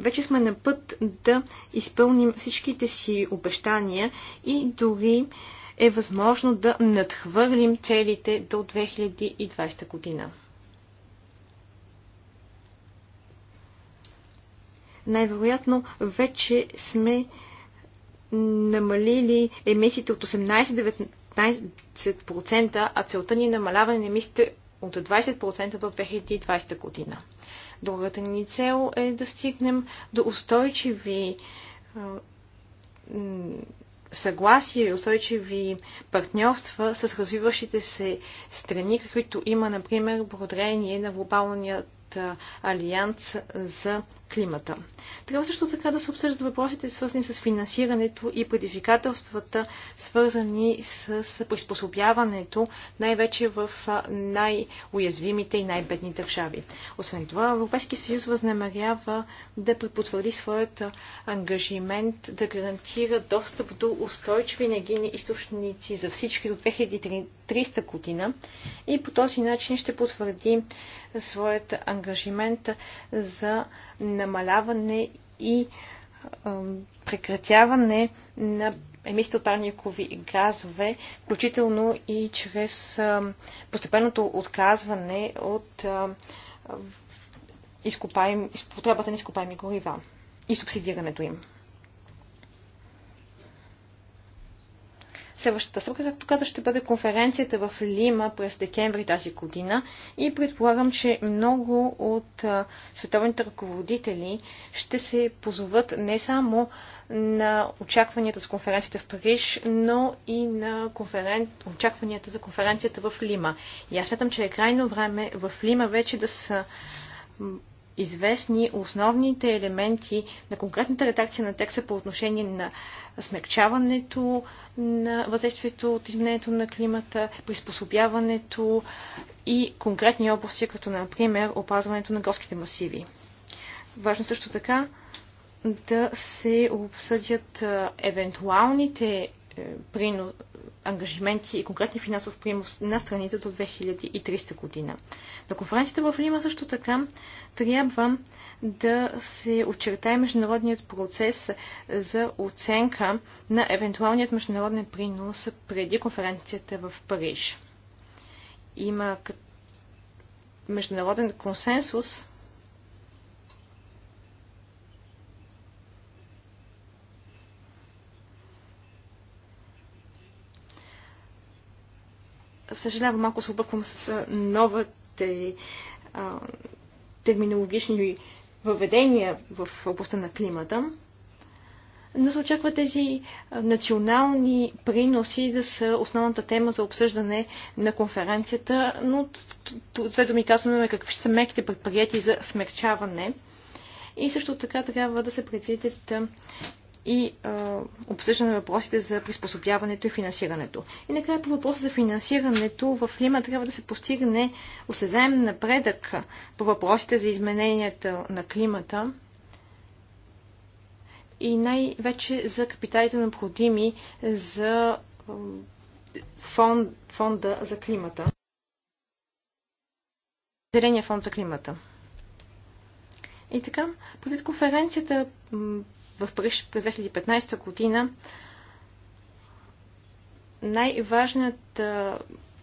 вече сме на път да изпълним всичките си обещания и дори е възможно да надхвърлим целите до 2020 година. Най-вероятно вече сме намалили емисиите от 18-19%, а целта ни е намаляване на емисиите от 20% до 2020 година. Другата ни цел е да стигнем до устойчиви съгласия, и устойчиви партньорства с развиващите се страни, каквито има, например, благодарение на глобалния. Алианс за климата. Трябва също така да се обсъждат въпросите, свързани с финансирането и предизвикателствата, свързани с приспособяването, най-вече в най-уязвимите и най-бедни държави. Освен това, Европейския съюз възнамерява да препотвърди своят ангажимент да гарантира достъп до устойчиви енергийни източници за всички до 2030 година и по този начин ще потвърди своят ангажимент ангажимент за намаляване и прекратяване на емисията от парникови газове, включително и чрез постепенното отказване от изкупаем, изпотребата на изкопаеми горива и субсидирането им. Следващата срока, както каза, ще бъде конференцията в Лима през декември тази година и предполагам, че много от световните ръководители ще се позоват не само на очакванията за конференцията в Париж, но и на конферен... очакванията за конференцията в Лима. И аз смятам, че е крайно време в Лима вече да са известни основните елементи на конкретната редакция на текста по отношение на смягчаването на въздействието от изменението на климата, приспособяването и конкретни области, като например опазването на горските масиви. Важно също така да се обсъдят евентуалните е, принос, ангажименти и конкретни финансов принос на страните до 2300 година. На конференцията в Лима също така трябва да се очертае международният процес за оценка на евентуалният международен принос преди конференцията в Париж. Има международен консенсус Съжалявам, малко се обърквам с новите а, терминологични въведения в областта на климата. Но се очаква тези национални приноси да са основната тема за обсъждане на конференцията, но след ми казваме какви са меките предприяти за смягчаване. И също така трябва да се предвидят и а, обсъждане на въпросите за приспособяването и финансирането. И накрая по въпроса за финансирането в Лима трябва да се постигне осезаем напредък по въпросите за измененията на климата и най-вече за капиталите необходими за фонд, фонда за климата. Зеления фонд за климата. И така, преди конференцията в Париж през 2015 година, най-важната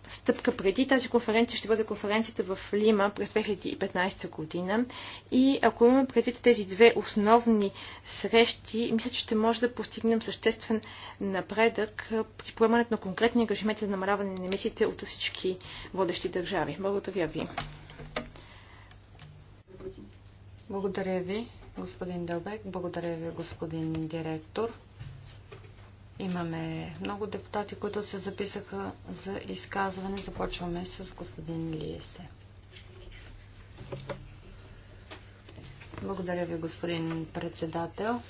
стъпка преди тази конференция ще бъде конференцията в Лима през 2015 година. И ако имаме предвид тези две основни срещи, мисля, че ще може да постигнем съществен напредък при поемането на конкретни ангажименти за намаляване на емисиите от всички водещи държави. Благодаря ви. Благодаря ви господин Дълбек. Благодаря ви, господин директор. Имаме много депутати, които се записаха за изказване. Започваме с господин Лиесе. Благодаря ви, господин председател.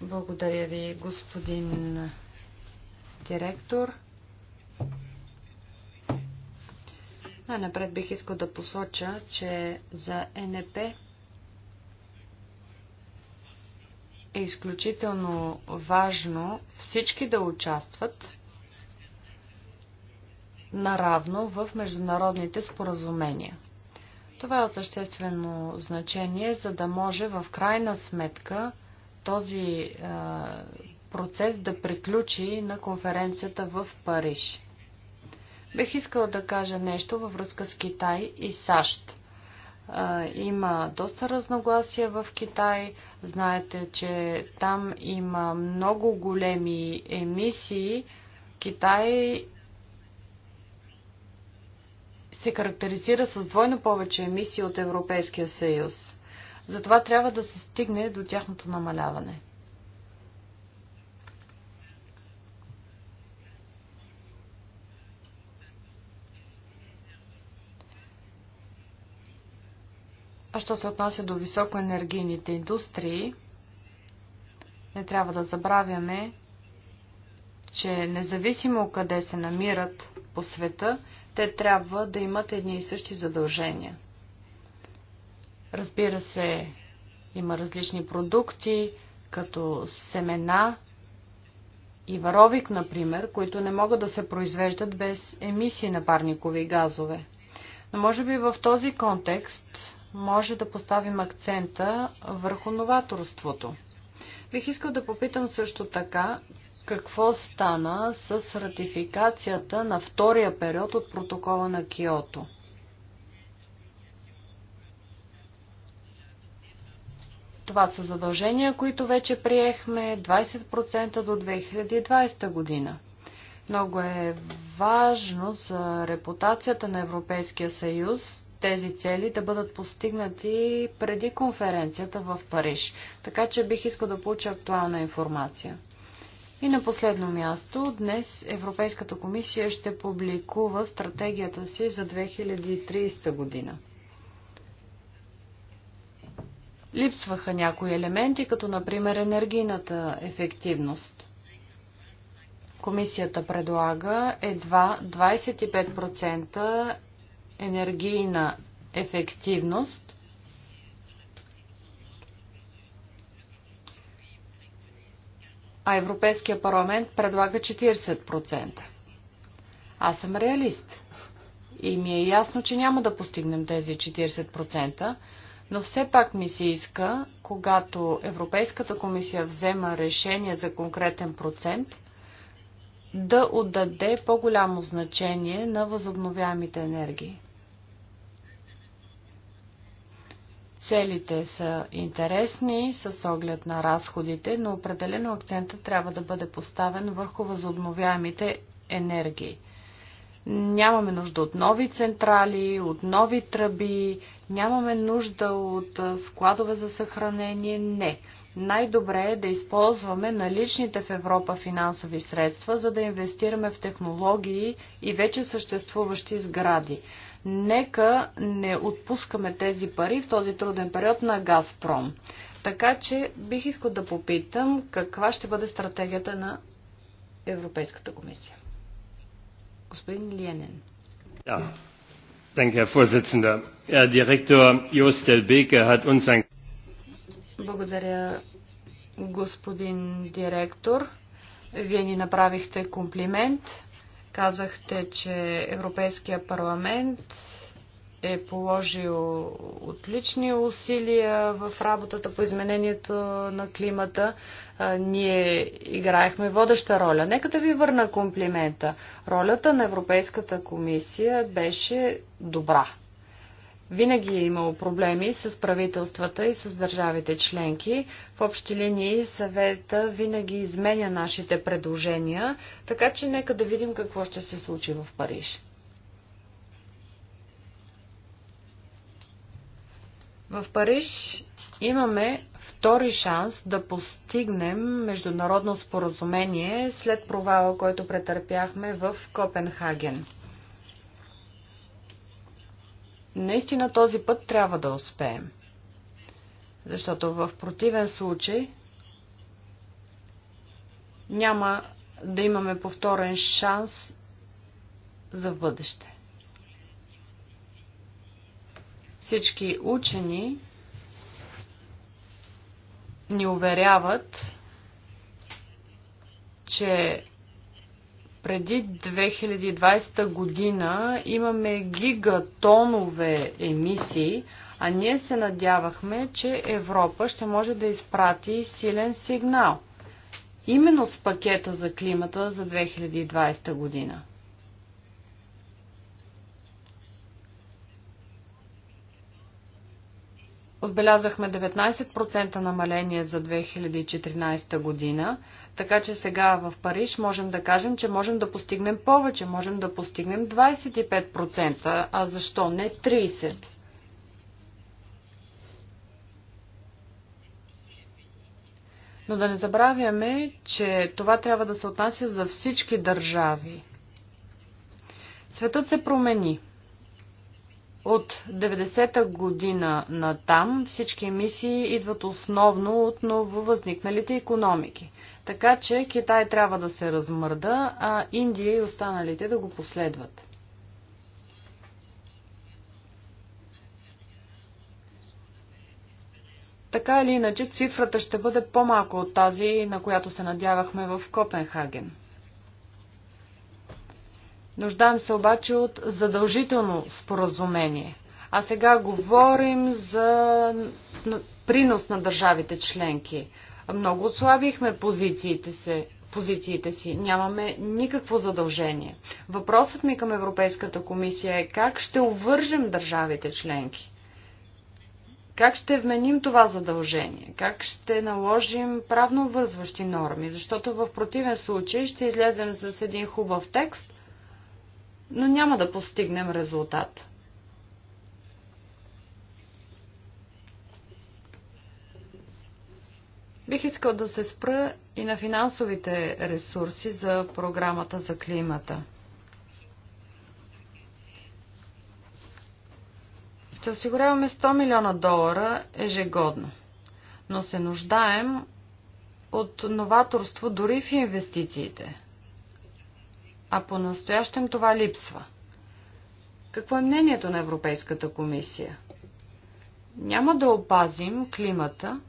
Благодаря ви, господин директор. Най-напред бих искал да посоча, че за НП е изключително важно всички да участват наравно в международните споразумения. Това е от съществено значение, за да може в крайна сметка този е, процес да приключи на конференцията в Париж. Бих искала да кажа нещо във връзка с Китай и САЩ. Има доста разногласия в Китай. Знаете, че там има много големи емисии. Китай се характеризира с двойно повече емисии от Европейския съюз. Затова трябва да се стигне до тяхното намаляване. А що се отнася до високоенергийните индустрии, не трябва да забравяме, че независимо къде се намират по света, те трябва да имат едни и същи задължения. Разбира се, има различни продукти, като семена и варовик, например, които не могат да се произвеждат без емисии на парникови газове. Но може би в този контекст може да поставим акцента върху новаторството. Бих искал да попитам също така, какво стана с ратификацията на втория период от протокола на Киото? Това са задължения, които вече приехме 20% до 2020 година. Много е важно за репутацията на Европейския съюз тези цели да бъдат постигнати преди конференцията в Париж. Така че бих искал да получа актуална информация. И на последно място, днес Европейската комисия ще публикува стратегията си за 2030 година. Липсваха някои елементи, като например енергийната ефективност. Комисията предлага едва 25% енергийна ефективност. А Европейския парламент предлага 40%. Аз съм реалист. И ми е ясно, че няма да постигнем тези 40%, но все пак ми се иска, когато Европейската комисия взема решение за конкретен процент, да отдаде по-голямо значение на възобновяемите енергии. Целите са интересни с оглед на разходите, но определено акцента трябва да бъде поставен върху възобновяемите енергии – Нямаме нужда от нови централи, от нови тръби, нямаме нужда от складове за съхранение. Не. Най-добре е да използваме наличните в Европа финансови средства, за да инвестираме в технологии и вече съществуващи сгради. Нека не отпускаме тези пари в този труден период на Газпром. Така че бих искал да попитам каква ще бъде стратегията на Европейската комисия. Господин Ленен. Herr Vorsitzender. Herr Direktor Joost Delbeke hat uns ein... Благодаря, господин директор. Вие ни направихте комплимент. Казахте, че Европейския парламент е положил отлични усилия в работата по изменението на климата. Ние играехме водеща роля. Нека да ви върна комплимента. Ролята на Европейската комисия беше добра. Винаги е имало проблеми с правителствата и с държавите членки. В общи линии съвета винаги изменя нашите предложения, така че нека да видим какво ще се случи в Париж. В Париж имаме втори шанс да постигнем международно споразумение след провала, който претърпяхме в Копенхаген. Наистина този път трябва да успеем. Защото в противен случай няма да имаме повторен шанс за бъдеще. Всички учени ни уверяват, че преди 2020 година имаме гигатонове емисии, а ние се надявахме, че Европа ще може да изпрати силен сигнал. Именно с пакета за климата за 2020 година. Отбелязахме 19% намаление за 2014 година, така че сега в Париж можем да кажем, че можем да постигнем повече, можем да постигнем 25%, а защо не 30%? Но да не забравяме, че това трябва да се отнася за всички държави. Светът се промени. От 90-та година на там всички емисии идват основно от нововъзникналите економики. Така че Китай трябва да се размърда, а Индия и останалите да го последват. Така или иначе, цифрата ще бъде по-малко от тази, на която се надявахме в Копенхаген. Нуждаем се обаче от задължително споразумение. А сега говорим за принос на държавите членки. Много отслабихме позициите се позициите си. Нямаме никакво задължение. Въпросът ми към Европейската комисия е как ще увържем държавите членки? Как ще вменим това задължение? Как ще наложим правно вързващи норми? Защото в противен случай ще излезем с един хубав текст, но няма да постигнем резултат. Бих искал да се спра и на финансовите ресурси за програмата за климата. Ще осигуряваме 100 милиона долара ежегодно, но се нуждаем от новаторство дори в инвестициите – а по-настоящем това липсва. Какво е мнението на Европейската комисия? Няма да опазим климата,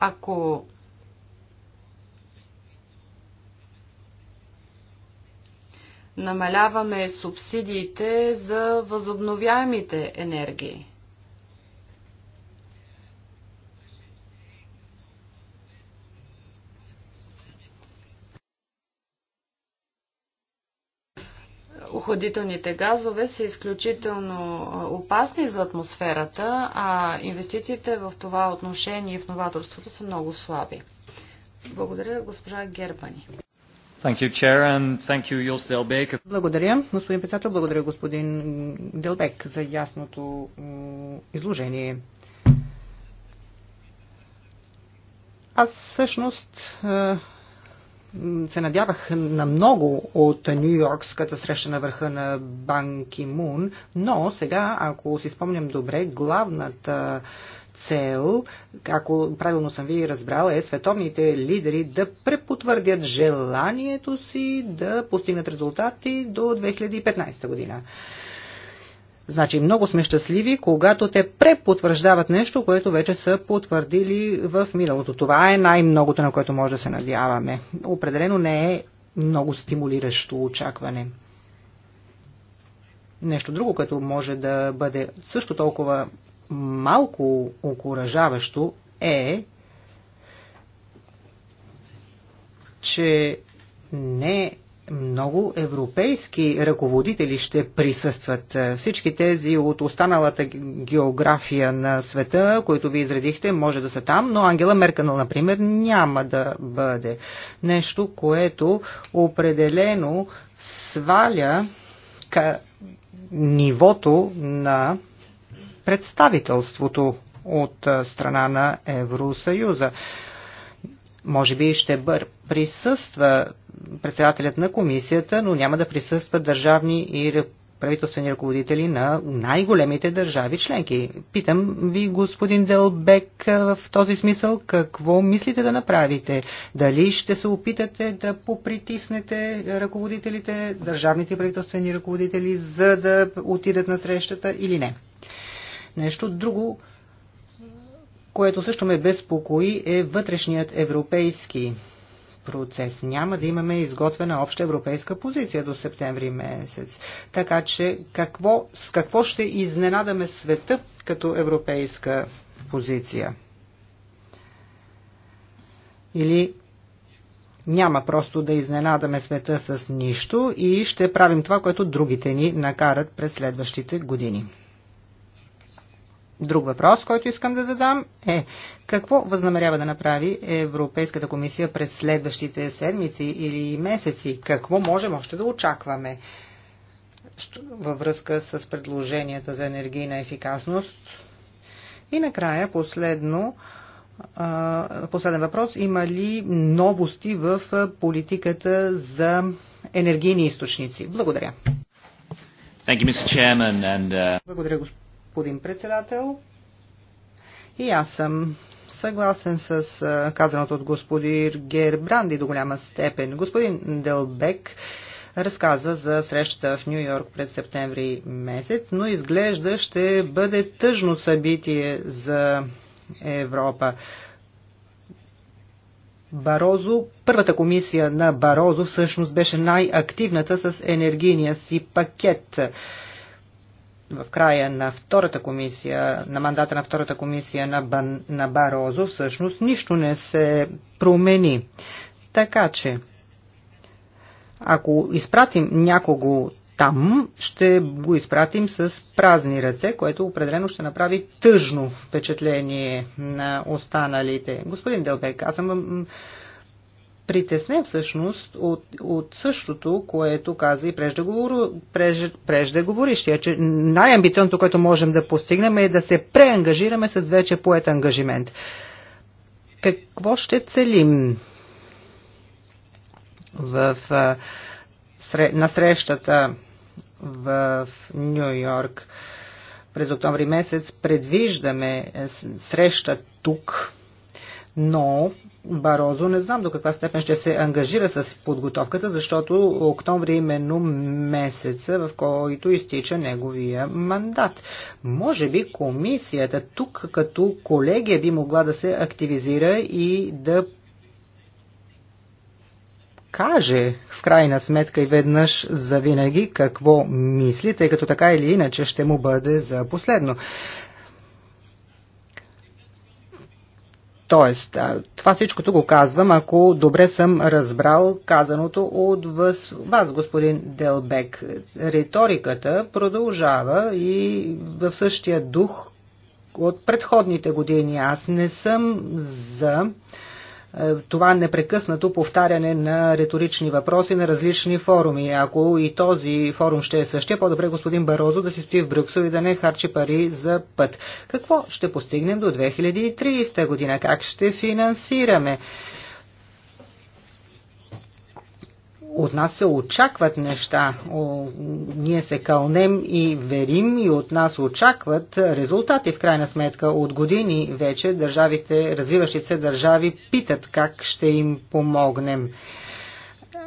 ако намаляваме субсидиите за възобновяемите енергии. Оходителните газове са изключително опасни за атмосферата, а инвестициите в това отношение и в новаторството са много слаби. Благодаря, госпожа Гербани. Благодаря, господин председател. Благодаря, господин Делбек, за ясното изложение. Аз всъщност се надявах на много от Нью Йоркската среща на върха на Банки Мун, но сега, ако си спомням добре, главната цел, ако правилно съм ви разбрала, е световните лидери да препотвърдят желанието си да постигнат резултати до 2015 година. Значи много сме щастливи, когато те препотвърждават нещо, което вече са потвърдили в миналото. Това е най-многото, на което може да се надяваме. Определено не е много стимулиращо очакване. Нещо друго, което може да бъде също толкова малко окоръжаващо е, че не много европейски ръководители ще присъстват. Е, всички тези от останалата география на света, които ви изредихте, може да са там, но Ангела Мерканъл, например, няма да бъде. Нещо, което определено сваля нивото на представителството от е, страна на Евросъюза. Може би ще бър присъства председателят на комисията, но няма да присъстват държавни и правителствени ръководители на най-големите държави членки. Питам ви, господин Делбек, в този смисъл, какво мислите да направите? Дали ще се опитате да попритиснете ръководителите, държавните правителствени ръководители, за да отидат на срещата или не? Нещо друго, което също ме безпокои, е вътрешният европейски процес. Няма да имаме изготвена обща европейска позиция до септември месец. Така че какво, с какво ще изненадаме света като европейска позиция? Или няма просто да изненадаме света с нищо и ще правим това, което другите ни накарат през следващите години. Друг въпрос, който искам да задам е какво възнамерява да направи Европейската комисия през следващите седмици или месеци? Какво можем още да очакваме във връзка с предложенията за енергийна ефикасност? И накрая, последно, последен въпрос. Има ли новости в политиката за енергийни източници? Благодаря. Uh, Благодаря, господин господин председател. И аз съм съгласен с казаното от господин Гербранди до голяма степен. Господин Делбек разказа за срещата в Нью Йорк през септември месец, но изглежда ще бъде тъжно събитие за Европа. Барозо, първата комисия на Барозо всъщност беше най-активната с енергийния си пакет в края на втората комисия, на мандата на втората комисия на, Бан, на Барозо, всъщност нищо не се промени. Така че, ако изпратим някого там, ще го изпратим с празни ръце, което определено ще направи тъжно впечатление на останалите. Господин Делбек, аз съм притеснен всъщност от, от същото, което каза и преждеговорищия, че най-амбиционното, което можем да постигнем е да се преангажираме с вече поет ангажимент. Какво ще целим в, на срещата в Нью Йорк? През октомври месец предвиждаме среща тук, но Барозо не знам до каква степен ще се ангажира с подготовката, защото октомври е именно месеца, в който изтича неговия мандат. Може би комисията тук като колегия би могла да се активизира и да каже в крайна сметка и веднъж за винаги какво мисли, тъй като така или иначе ще му бъде за последно. Тоест, това всичкото го казвам, ако добре съм разбрал казаното от вас, господин Делбек. Риториката продължава и в същия дух от предходните години. Аз не съм за е, това непрекъснато повтаряне на риторични въпроси на различни форуми. Ако и този форум ще е същия, по-добре господин Барозо да си стои в Брюксел и да не харчи пари за път. Какво ще постигнем до 2030 година? Как ще финансираме? от нас се очакват неща. О, ние се кълнем и верим и от нас очакват резултати. В крайна сметка от години вече държавите, развиващите се държави питат как ще им помогнем.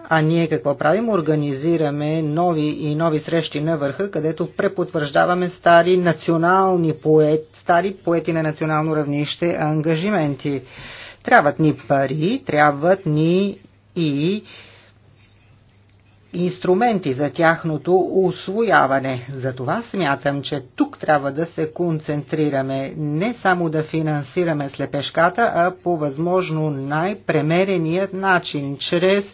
А ние какво правим? Организираме нови и нови срещи на върха, където препотвърждаваме стари национални поет, стари поети на национално равнище ангажименти. Трябват ни пари, трябват ни и инструменти за тяхното освояване. Затова смятам, че тук трябва да се концентрираме не само да финансираме слепешката, а по възможно най-премереният начин, чрез е,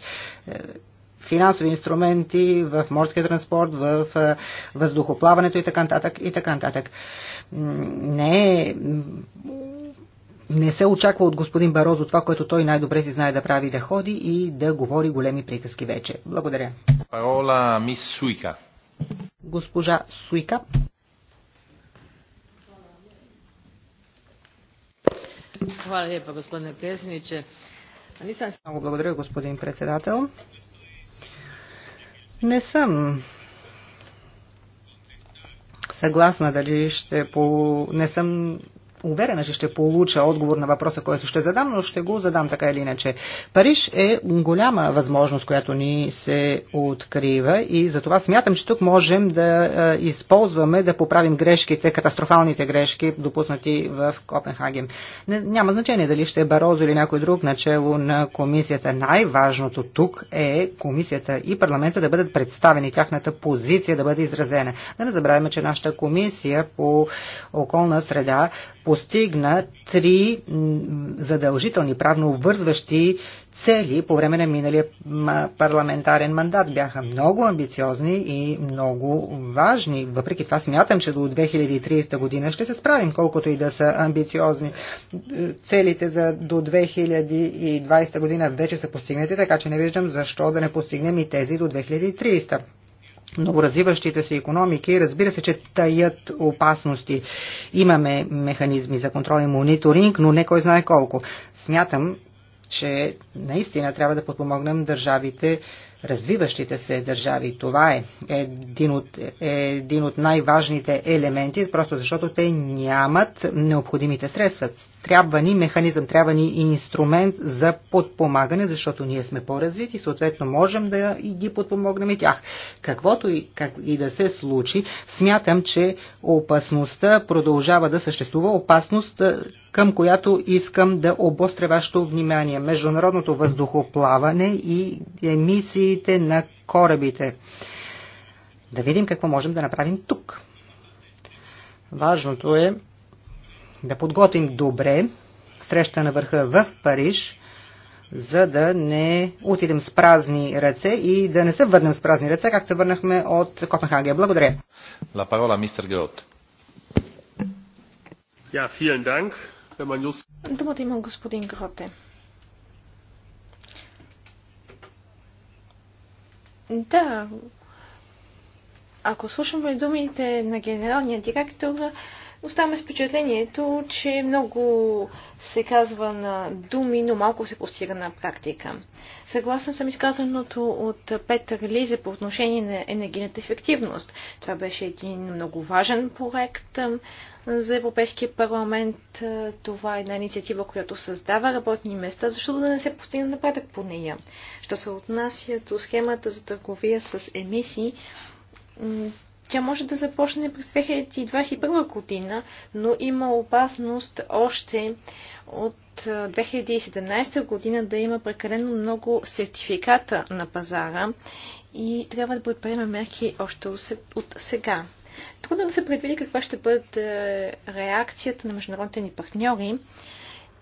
финансови инструменти в морския транспорт, в е, въздухоплаването и така нататък. И така нататък. Не е не се очаква от господин Барозо това, което той най-добре си знае да прави, да ходи и да говори големи приказки вече. Благодаря. Парола мис Суйка. Госпожа Суйка. Hvala lijepa gospodine predsjedniče. Nisam... Много благодаря господин председател. Не съм съгласна дали ще по... не съм уверена, че ще получа отговор на въпроса, който ще задам, но ще го задам така или иначе. Париж е голяма възможност, която ни се открива и затова смятам, че тук можем да използваме, да поправим грешките, катастрофалните грешки, допуснати в Копенхаген. Няма значение дали ще е Барозо или някой друг начало на комисията. Най-важното тук е комисията и парламента да бъдат представени, тяхната позиция да бъде изразена. Да не забравяме, че нашата комисия по околна среда постигна три задължителни правно обвързващи цели по време на миналия парламентарен мандат. Бяха много амбициозни и много важни. Въпреки това смятам, че до 2030 година ще се справим, колкото и да са амбициозни. Целите за до 2020 година вече са постигнати, така че не виждам защо да не постигнем и тези до 2030 новоразвиващите се економики, разбира се, че таят опасности. Имаме механизми за контрол и мониторинг, но не кой знае колко. Смятам, че наистина трябва да подпомогнем държавите, развиващите се държави. Това е един от, е един от най-важните елементи, просто защото те нямат необходимите средства трябва ни механизъм, трябва ни и инструмент за подпомагане, защото ние сме по-развити, съответно можем да и ги подпомогнем и тях. Каквото и, как и да се случи, смятам, че опасността продължава да съществува, опасност към която искам да обостря вашето внимание. Международното въздухоплаване и емисиите на корабите. Да видим какво можем да направим тук. Важното е да подготвим добре среща на върха в Париж, за да не отидем с празни ръце и да не се върнем с празни ръце, както се върнахме от Копенхагия. Благодаря. La parola, мистер Геот. Ja, vielen Dank. Wenn man just... Думата има господин Гроте. Да, ако слушаме думите на генералния директор, Оставаме с впечатлението, че много се казва на думи, но малко се постига на практика. Съгласен съм изказаното от Петър Лизе по отношение на енергийната ефективност. Това беше един много важен проект за Европейския парламент. Е, това е една инициатива, която създава работни места, защото да не се постигне напредък по нея. Що се отнася до схемата за търговия с емисии, тя може да започне през 2021 година, но има опасност още от 2017 година да има прекалено много сертификата на пазара и трябва да предприемем мерки още от сега. Трудно да се предвиди каква ще бъде е, реакцията на международните ни партньори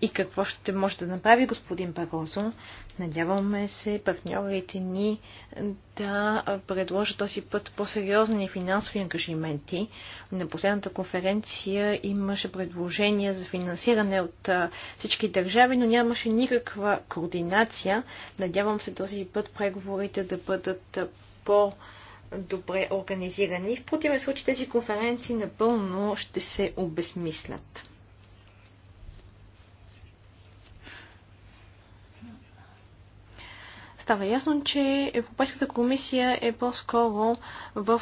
и какво ще може да направи господин Барозо, Надяваме се партньорите ни да предложат този път по-сериозни финансови ангажименти. На последната конференция имаше предложения за финансиране от всички държави, но нямаше никаква координация. Надявам се този път преговорите да бъдат по- добре организирани. В противен случай тези конференции напълно ще се обезмислят. става ясно, че Европейската комисия е по-скоро в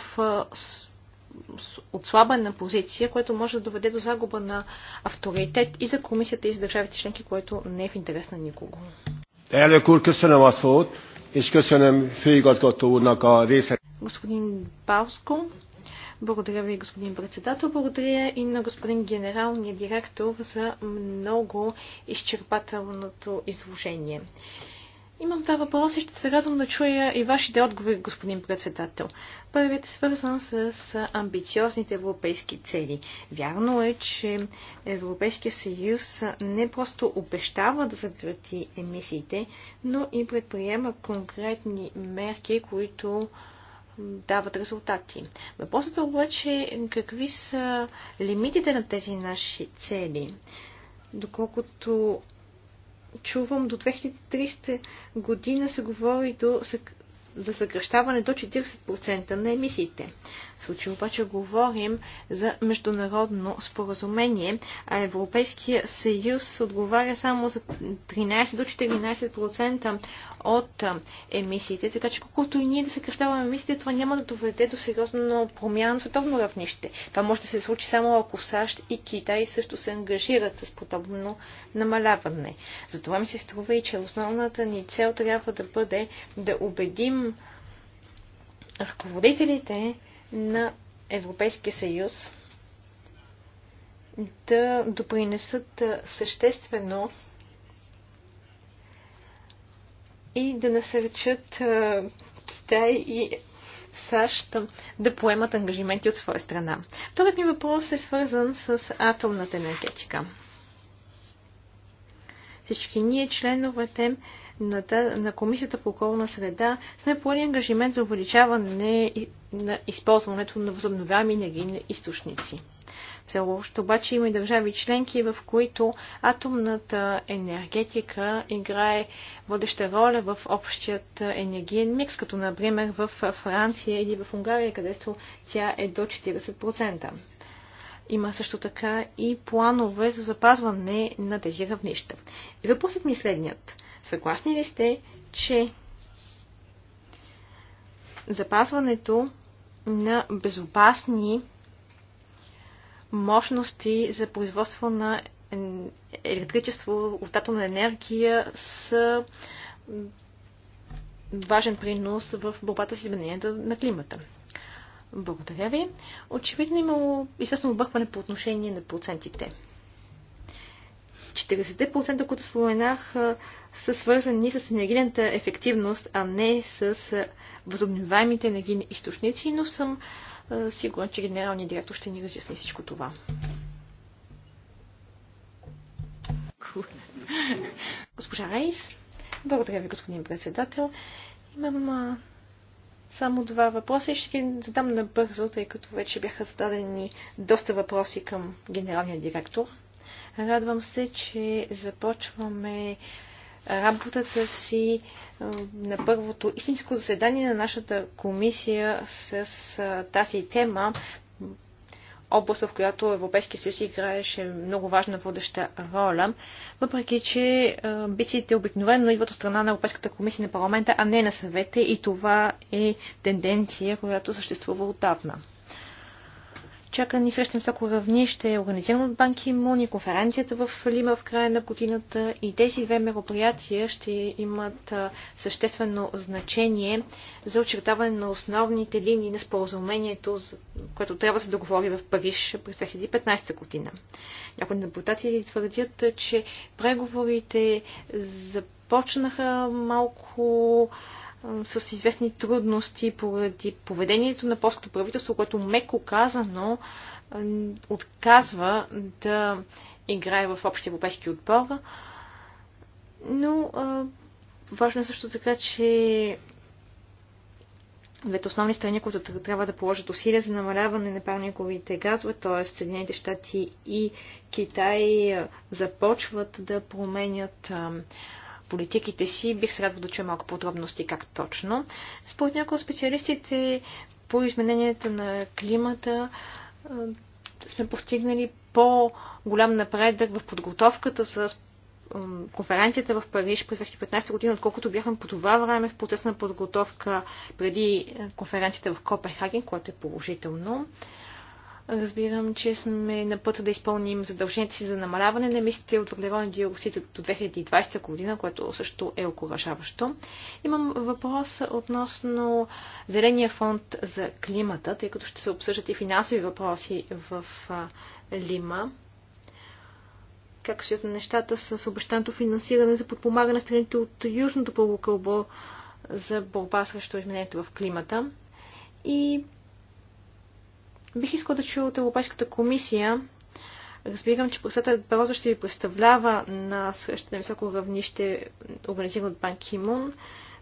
отслабена позиция, което може да доведе до загуба на авторитет и за комисията, и за държавите членки, което не е в интерес на никого. Господин Бауско, благодаря ви, господин председател. Благодаря и на господин генералния директор за много изчерпателното изложение. Имам два въпроса и ще се радвам да чуя и вашите отговори, господин председател. Първият е свързан с амбициозните европейски цели. Вярно е, че Европейския съюз не просто обещава да съкрати емисиите, но и предприема конкретни мерки, които дават резултати. Въпросът е обаче какви са лимитите на тези наши цели. Доколкото чувам до 2300 година се говори до, за съкръщаване до 40% на емисиите. В случай обаче говорим за международно споразумение, а Европейския съюз отговаря само за 13 до 14% от емисиите, така че колкото и ние да съкръщаваме емисиите, това няма да доведе до сериозно промяна на световно равнище. Това може да се случи само ако САЩ и Китай също се ангажират с подобно намаляване. Затова ми се струва и че основната ни цел трябва да бъде да убедим ръководителите на Европейския съюз да допринесат съществено и да насърчат Китай и САЩ да поемат ангажименти от своя страна. Вторият ми въпрос е свързан с атомната енергетика. Всички ние, членовете на, на Комисията по околна среда сме поели ангажимент за увеличаване на използването на възобновяеми енергийни източници. Все още обаче има и държави членки, в които атомната енергетика играе водеща роля в общият енергиен микс, като например в Франция или в Унгария, където тя е до 40%. Има също така и планове за запазване на тези равнища. И въпросът ми е следният. Съгласни ли сте, че запазването на безопасни мощности за производство на електричество от атомна енергия са важен принос в борбата с измененията на климата. Благодаря ви. Очевидно имало известно объркване по отношение на процентите. 40%, които споменах, са свързани с енергийната ефективност, а не с възобновяемите енергийни източници, но съм сигурен, че генералният директор ще ни разясни всичко това. Госпожа Рейс, благодаря ви, господин председател. Имам а, само два въпроса и ще ги задам набързо, тъй като вече бяха зададени доста въпроси към генералния директор. Радвам се, че започваме работата си на първото истинско заседание на нашата комисия с тази тема, област, в която Европейски съюз играеше много важна водеща роля, въпреки че амбициите обикновено идват от страна на Европейската комисия на парламента, а не на съвета и това е тенденция, която съществува отдавна. Чака ни срещам всяко равнище, организиран от Банки Мони, конференцията в Лима в края на годината и тези две мероприятия ще имат съществено значение за очертаване на основните линии на споразумението, което трябва да се договори в Париж през 2015 година. Някои наблюдатели твърдят, че преговорите започнаха малко с известни трудности поради поведението на полското правителство, което меко казано отказва да играе в общия европейски отбор. Но а, важно е също така, че двете основни страни, които трябва да положат усилия за намаляване на парниковите газове, т.е. Съединените щати и Китай, започват да променят а, политиките си. Бих се радвал да чуя малко подробности как точно. Според някои от специалистите по измененията на климата сме постигнали по-голям напредък в подготовката с конференцията в Париж през 2015 година, отколкото бяхме по това време в процес на подготовка преди конференцията в Копенхаген, което е положително. Разбирам, че сме на път да изпълним задълженията си за намаляване на емисиите от въглероден диоксид до 2020 година, което също е окоръжаващо. Имам въпрос относно Зеления фонд за климата, тъй като ще се обсъждат и финансови въпроси в Лима. Как ще нещата с обещаното финансиране за подпомагане на страните от Южното полукълбо за борба срещу изменението в климата? И Бих искал да чуя от Европейската комисия. Разбирам, че председателят Барозо ще ви представлява на среща на високо равнище, организиран от Бан Кимун,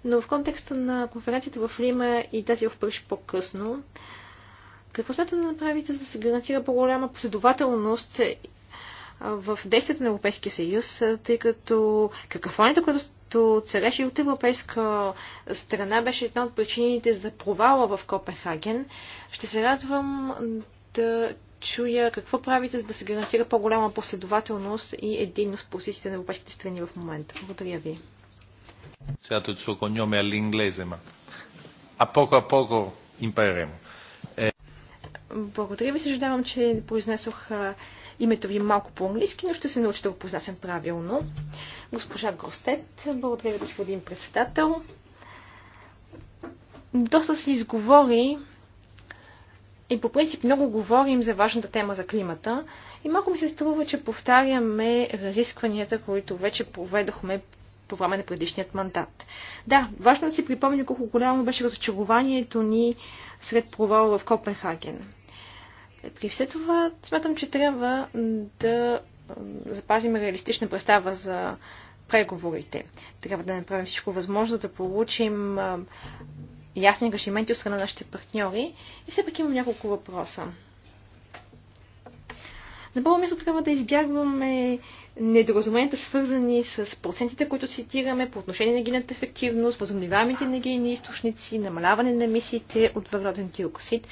но в контекста на конференцията в Лима и тази в Париж по-късно, какво смятате да направите, за да се гарантира по-голяма последователност в действията на Европейския съюз, тъй като какафонията, която и от европейска страна, беше една от причините за провала в Копенхаген. Ще се радвам да чуя какво правите, за да се гарантира по-голяма последователност и единност по позициите на европейските страни в момента. Благодаря ви. Сега suo cognome all'inglese, ma a poco a poco impareremo. Благодаря ви, съжалявам, че произнесох името ви е малко по-английски, но ще се науча да го произнасям правилно. Госпожа Гростет, благодаря господин председател. Доста се изговори и по принцип много говорим за важната тема за климата. И малко ми се струва, че повтаряме разискванията, които вече проведохме по време на предишният мандат. Да, важно да си припомня колко голямо беше разочарованието ни сред провала в Копенхаген. При все това смятам, че трябва да запазим реалистична представа за преговорите. Трябва да направим всичко възможно да получим ясни ангажименти от страна на нашите партньори. И все пак имам няколко въпроса. На първо място трябва да избягваме недоразуменията, свързани с процентите, които цитираме по отношение на гената ефективност, възобновяемите енергийни източници, намаляване на емисиите от въглероден диоксид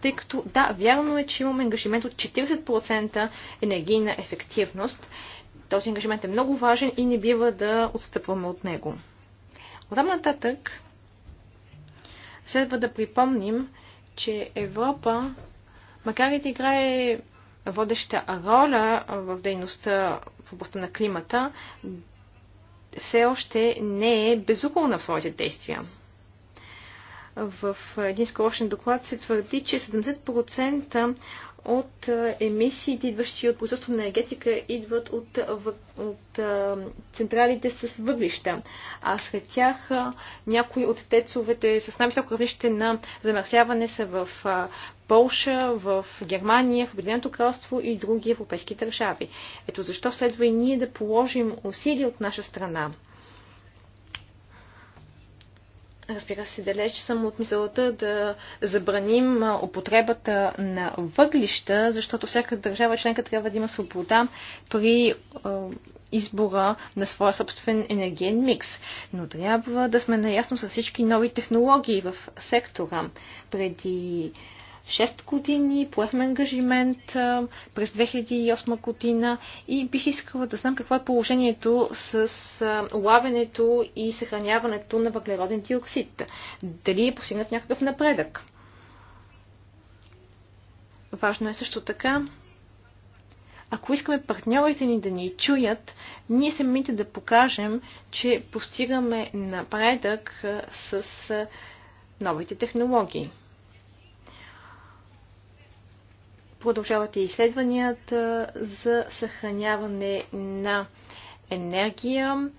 тъй като да, вярно е, че имаме ангажимент от 40% енергийна ефективност. Този ангажимент е много важен и не бива да отстъпваме от него. Оттам нататък следва да припомним, че Европа, макар и да играе водеща роля в дейността в областта на климата, все още не е безуколна в своите действия. В един скорошен доклад се твърди, че 70% от емисиите, идващи от производство на енергетика, идват от, от, от централите с въглища. А сред тях някои от тецовете с най-високо равнище на замърсяване са в Полша, в Германия, в Обединеното кралство и други европейски държави. Ето защо следва и ние да положим усилия от наша страна. Разбира се, далеч съм от мисълта да забраним употребата на въглища, защото всяка държава членка трябва да има свобода при избора на своя собствен енергиен микс. Но трябва да сме наясно с всички нови технологии в сектора. Преди 6 години, поехме ангажимент през 2008 година и бих искала да знам какво е положението с лавенето и съхраняването на въглероден диоксид. Дали е постигнат някакъв напредък? Важно е също така, ако искаме партньорите ни да ни чуят, ние самите да покажем, че постигаме напредък с новите технологии. Продължават и изследванията за съхраняване на енергия.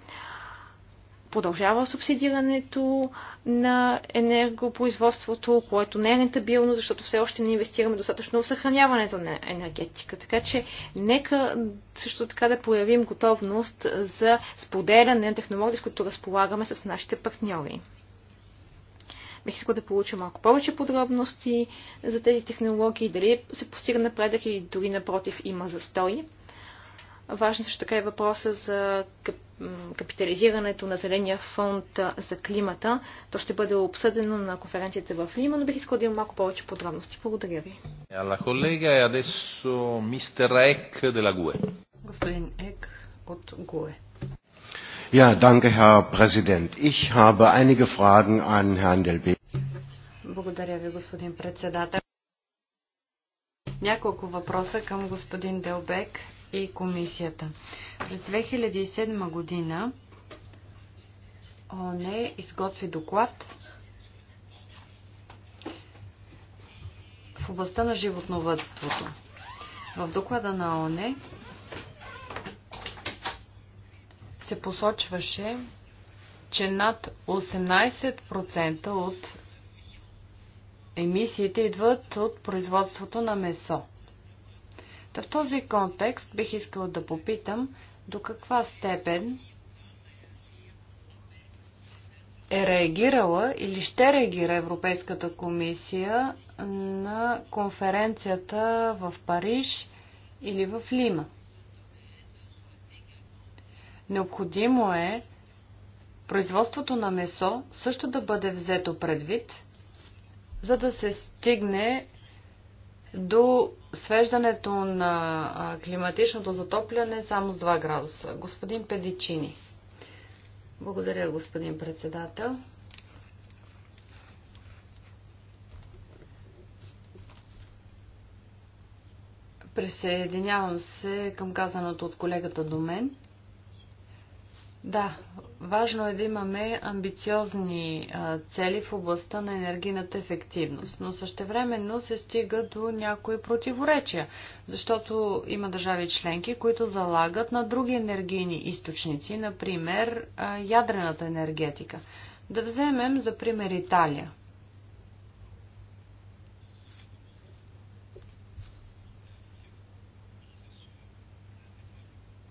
Продължава субсидирането на енергопроизводството, което не е рентабилно, защото все още не инвестираме достатъчно в съхраняването на енергетика. Така че нека също така да проявим готовност за споделяне на технологии, с които разполагаме с нашите партньори. Бих искал да получа малко повече подробности за тези технологии, дали се постига напредък или дори напротив има застой. Важно също така е въпроса за капитализирането на Зеления фонд за климата. То ще бъде обсъдено на конференцията в Лима, но бих искал да имам малко повече подробности. Благодаря ви. E Господин Ек от ГУЕ. Ja, danke, Herr Präsident. Ich habe einige Fragen an Herrn Delbe. Благодаря ви, господин председател. Няколко въпроса към господин Делбек и комисията. През 2007 година ОНЕ изготви доклад в областта на животновътството. В доклада на ОНЕ се посочваше, че над 18% от емисиите идват от производството на месо. Та в този контекст бих искала да попитам до каква степен е реагирала или ще реагира Европейската комисия на конференцията в Париж или в Лима. Необходимо е производството на месо също да бъде взето предвид, за да се стигне до свеждането на климатичното затопляне само с 2 градуса. Господин Педичини. Благодаря, господин председател. Присъединявам се към казаното от колегата до мен – да, важно е да имаме амбициозни цели в областта на енергийната ефективност, но същевременно се стига до някои противоречия, защото има държави членки, които залагат на други енергийни източници, например ядрената енергетика. Да вземем за пример Италия.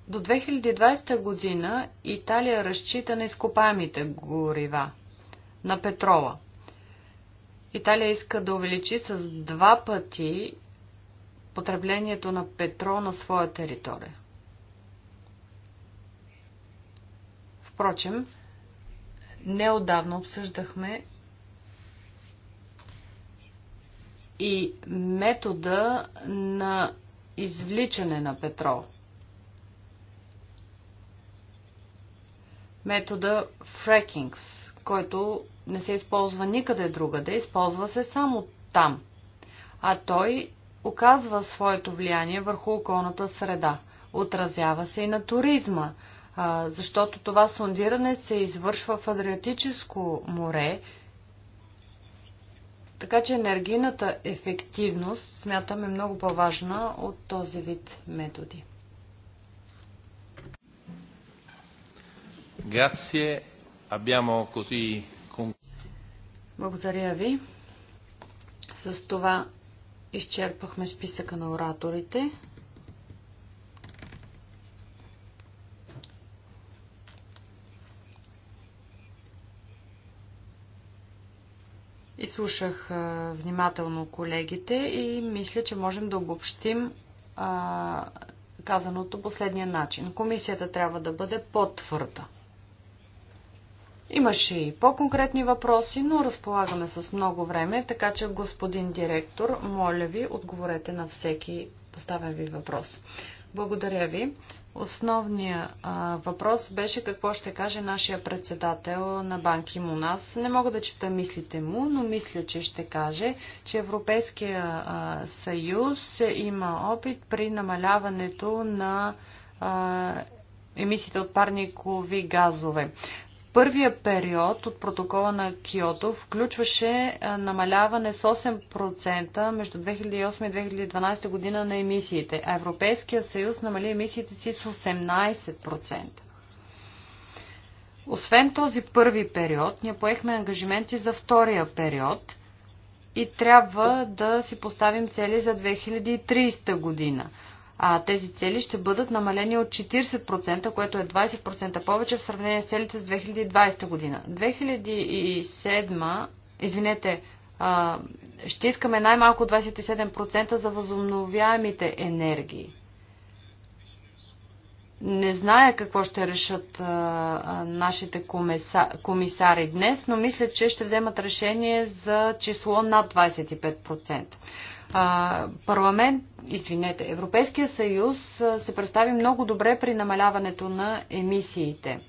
До 2020 година Италия разчита на изкопаемите горива, на петрола. Италия иска да увеличи с два пъти потреблението на петрол на своя територия. Впрочем, неодавно обсъждахме и метода на извличане на петрол – метода Фрекингс, който не се използва никъде другаде, използва се само там. А той оказва своето влияние върху околната среда. Отразява се и на туризма, защото това сондиране се извършва в Адриатическо море, така че енергийната ефективност смятаме много по-важна от този вид методи. Grazie. Abbiamo così... Благодаря ви. С това изчерпахме списъка на ораторите. Изслушах внимателно колегите и мисля, че можем да обобщим казаното последния начин. Комисията трябва да бъде по-твърда. Имаше и по-конкретни въпроси, но разполагаме с много време, така че господин директор, моля ви, отговорете на всеки поставен ви въпрос. Благодаря ви. Основният а, въпрос беше какво ще каже нашия председател на Банки Мун. не мога да чета мислите му, но мисля, че ще каже, че Европейския а, съюз има опит при намаляването на а, емисиите от парникови газове. Първия период от протокола на Киото включваше намаляване с 8% между 2008 и 2012 година на емисиите, а Европейския съюз намали емисиите си с 18%. Освен този първи период, ние поехме ангажименти за втория период и трябва да си поставим цели за 2030 година а, тези цели ще бъдат намалени от 40%, което е 20% повече в сравнение с целите с 2020 година. 2007, извинете, а, ще искаме най-малко 27% за възобновяемите енергии. Не зная какво ще решат а, а, нашите комиса, комисари днес, но мисля, че ще вземат решение за число над 25% парламент, извинете, Европейския съюз се представи много добре при намаляването на емисиите.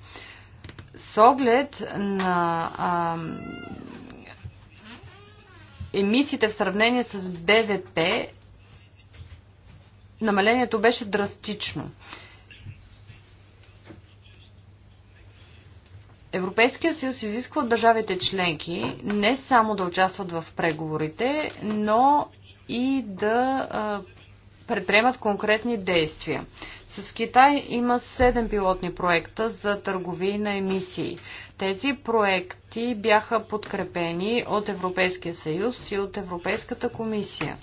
С оглед на а, емисиите в сравнение с БВП, намалението беше драстично. Европейския съюз изисква от държавите членки не само да участват в преговорите, но и да предприемат конкретни действия. С Китай има 7 пилотни проекта за търговии на емисии. Тези проекти бяха подкрепени от Европейския съюз и от Европейската комисия.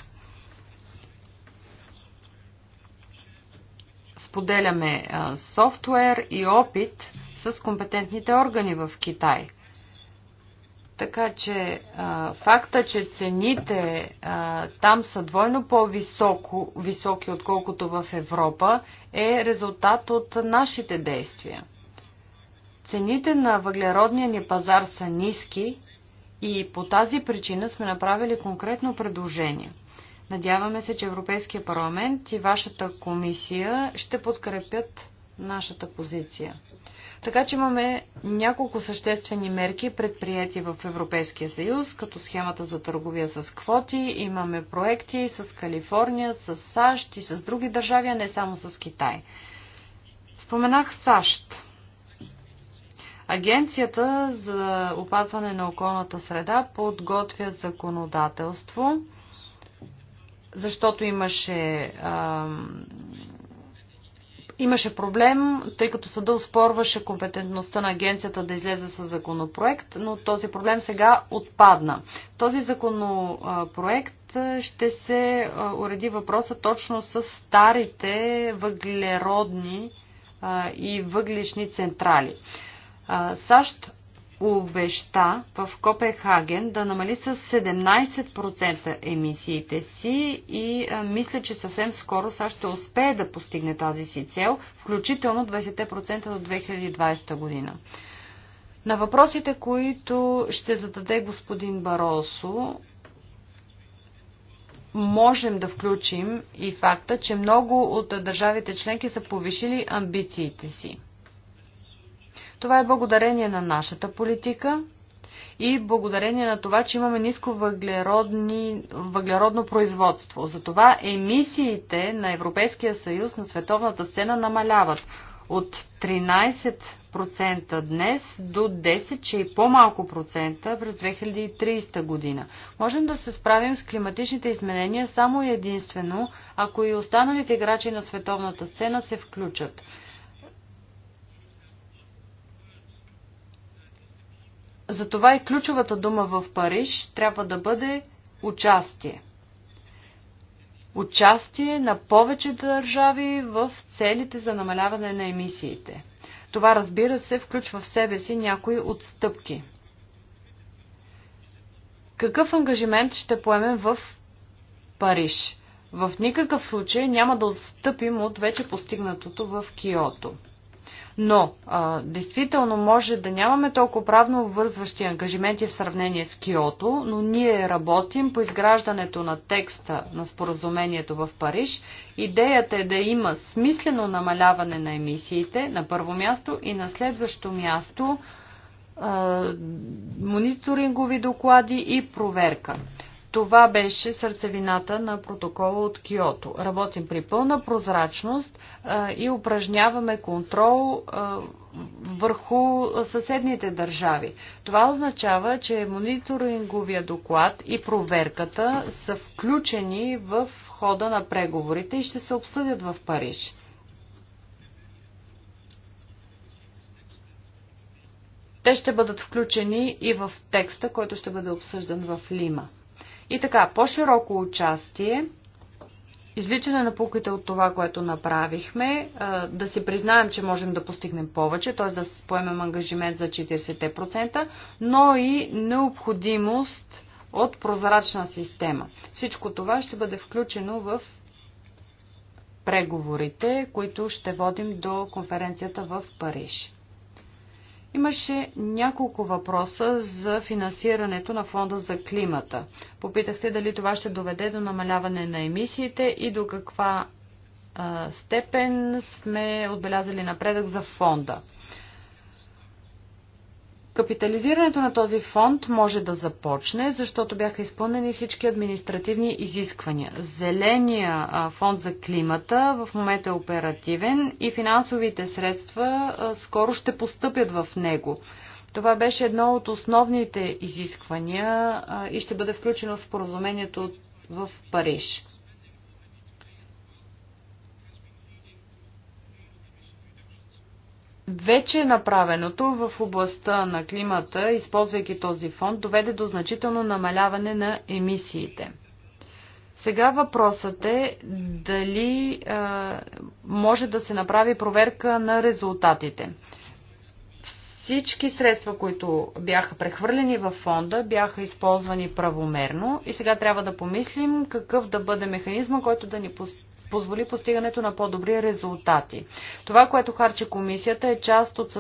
Споделяме софтуер и опит с компетентните органи в Китай – така че а, факта, че цените а, там са двойно по-високи, отколкото в Европа, е резултат от нашите действия. Цените на въглеродния ни пазар са ниски и по тази причина сме направили конкретно предложение. Надяваме се, че Европейския парламент и вашата комисия ще подкрепят нашата позиция. Така че имаме няколко съществени мерки предприяти в Европейския съюз, като схемата за търговия с квоти. Имаме проекти с Калифорния, с САЩ и с други държави, а не само с Китай. Споменах САЩ. Агенцията за опазване на околната среда подготвя законодателство, защото имаше Имаше проблем, тъй като съда успорваше компетентността на агенцията да излезе с законопроект, но този проблем сега отпадна. Този законопроект ще се уреди въпроса точно с старите въглеродни и въглишни централи. САЩ обеща в Копенхаген да намали с 17% емисиите си и а, мисля, че съвсем скоро САЩ ще успее да постигне тази си цел, включително 20% до 2020 година. На въпросите, които ще зададе господин Баросо, можем да включим и факта, че много от държавите членки са повишили амбициите си. Това е благодарение на нашата политика и благодарение на това, че имаме ниско въглеродно производство. Затова емисиите на Европейския съюз на световната сцена намаляват от 13% днес до 10, че и по-малко процента през 2030 година. Можем да се справим с климатичните изменения само и единствено, ако и останалите играчи на световната сцена се включат. Затова и ключовата дума в Париж трябва да бъде участие. Участие на повече държави в целите за намаляване на емисиите. Това, разбира се, включва в себе си някои отстъпки. Какъв ангажимент ще поемем в Париж? В никакъв случай няма да отстъпим от вече постигнатото в Киото. Но, а, действително, може да нямаме толкова правно обвързващи ангажименти в сравнение с Киото, но ние работим по изграждането на текста на споразумението в Париж. Идеята е да има смислено намаляване на емисиите на първо място и на следващо място мониторингови доклади и проверка. Това беше сърцевината на протокола от Киото. Работим при пълна прозрачност а, и упражняваме контрол а, върху съседните държави. Това означава, че мониторинговия доклад и проверката са включени в хода на преговорите и ще се обсъдят в Париж. Те ще бъдат включени и в текста, който ще бъде обсъждан в Лима. И така, по-широко участие, извличане на пуките от това, което направихме, да си признаем, че можем да постигнем повече, т.е. да поемем ангажимент за 40%, но и необходимост от прозрачна система. Всичко това ще бъде включено в преговорите, които ще водим до конференцията в Париж. Имаше няколко въпроса за финансирането на фонда за климата. Попитахте дали това ще доведе до намаляване на емисиите и до каква а, степен сме отбелязали напредък за фонда. Капитализирането на този фонд може да започне, защото бяха изпълнени всички административни изисквания. Зеления фонд за климата в момента е оперативен и финансовите средства скоро ще постъпят в него. Това беше едно от основните изисквания и ще бъде включено в споразумението в Париж. Вече направеното в областта на климата, използвайки този фонд, доведе до значително намаляване на емисиите. Сега въпросът е дали а, може да се направи проверка на резултатите. Всички средства, които бяха прехвърлени във фонда, бяха използвани правомерно и сега трябва да помислим какъв да бъде механизма, който да ни позволи постигането на по-добри резултати. Това, което харчи комисията е част от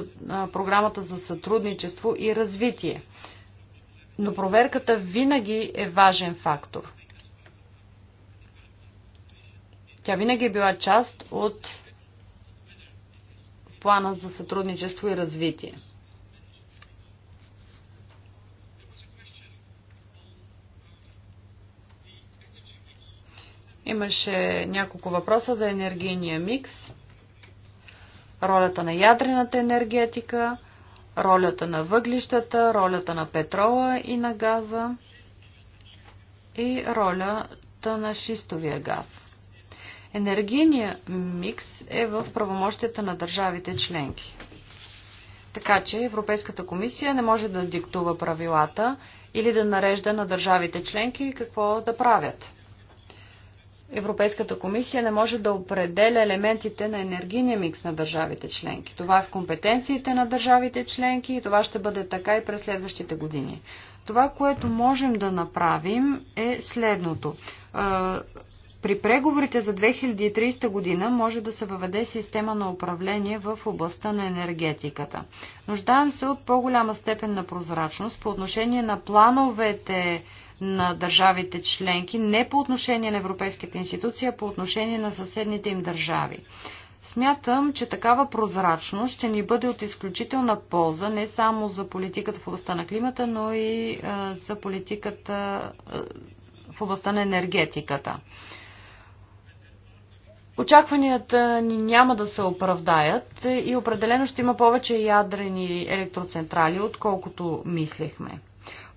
програмата за сътрудничество и развитие. Но проверката винаги е важен фактор. Тя винаги е била част от плана за сътрудничество и развитие. Имаше няколко въпроса за енергийния микс, ролята на ядрената енергетика, ролята на въглищата, ролята на петрола и на газа и ролята на шистовия газ. Енергийният микс е в правомощията на държавите членки. Така че Европейската комисия не може да диктува правилата или да нарежда на държавите членки какво да правят. Европейската комисия не може да определя елементите на енергийния микс на държавите членки. Това е в компетенциите на държавите членки и това ще бъде така и през следващите години. Това, което можем да направим е следното. При преговорите за 2030 година може да се въведе система на управление в областта на енергетиката. Нуждаем се от по-голяма степен на прозрачност по отношение на плановете на държавите членки, не по отношение на европейските институции, а по отношение на съседните им държави. Смятам, че такава прозрачност ще ни бъде от изключителна полза не само за политиката в областта на климата, но и е, за политиката е, в областта на енергетиката. Очакванията ни няма да се оправдаят и определено ще има повече ядрени електроцентрали, отколкото мислехме.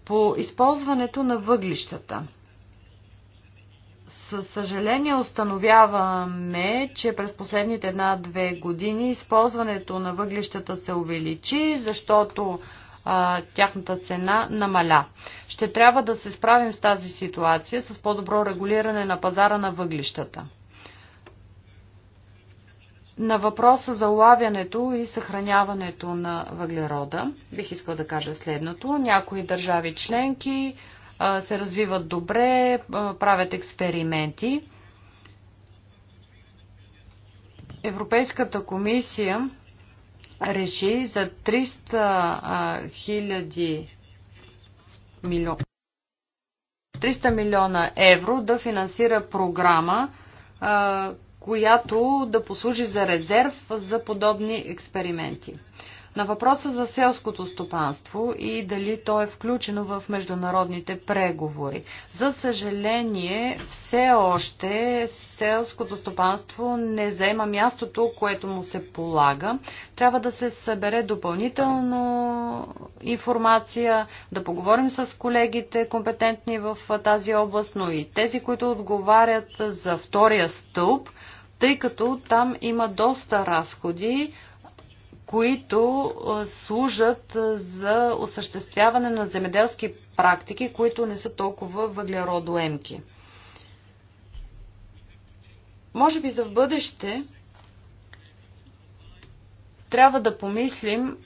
По използването на въглищата. Със съжаление установяваме, че през последните една-две години използването на въглищата се увеличи, защото а, тяхната цена намаля. Ще трябва да се справим с тази ситуация с по-добро регулиране на пазара на въглищата. На въпроса за улавянето и съхраняването на въглерода бих искал да кажа следното. Някои държави членки се развиват добре, правят експерименти. Европейската комисия реши за 300 хиляди милиона 300 милиона евро да финансира програма, която да послужи за резерв за подобни експерименти. На въпроса за селското стопанство и дали то е включено в международните преговори. За съжаление, все още селското стопанство не заема мястото, което му се полага. Трябва да се събере допълнително информация, да поговорим с колегите компетентни в тази област, но и тези, които отговарят за втория стълб – тъй като там има доста разходи, които служат за осъществяване на земеделски практики, които не са толкова въглеродоемки. Може би за в бъдеще трябва да помислим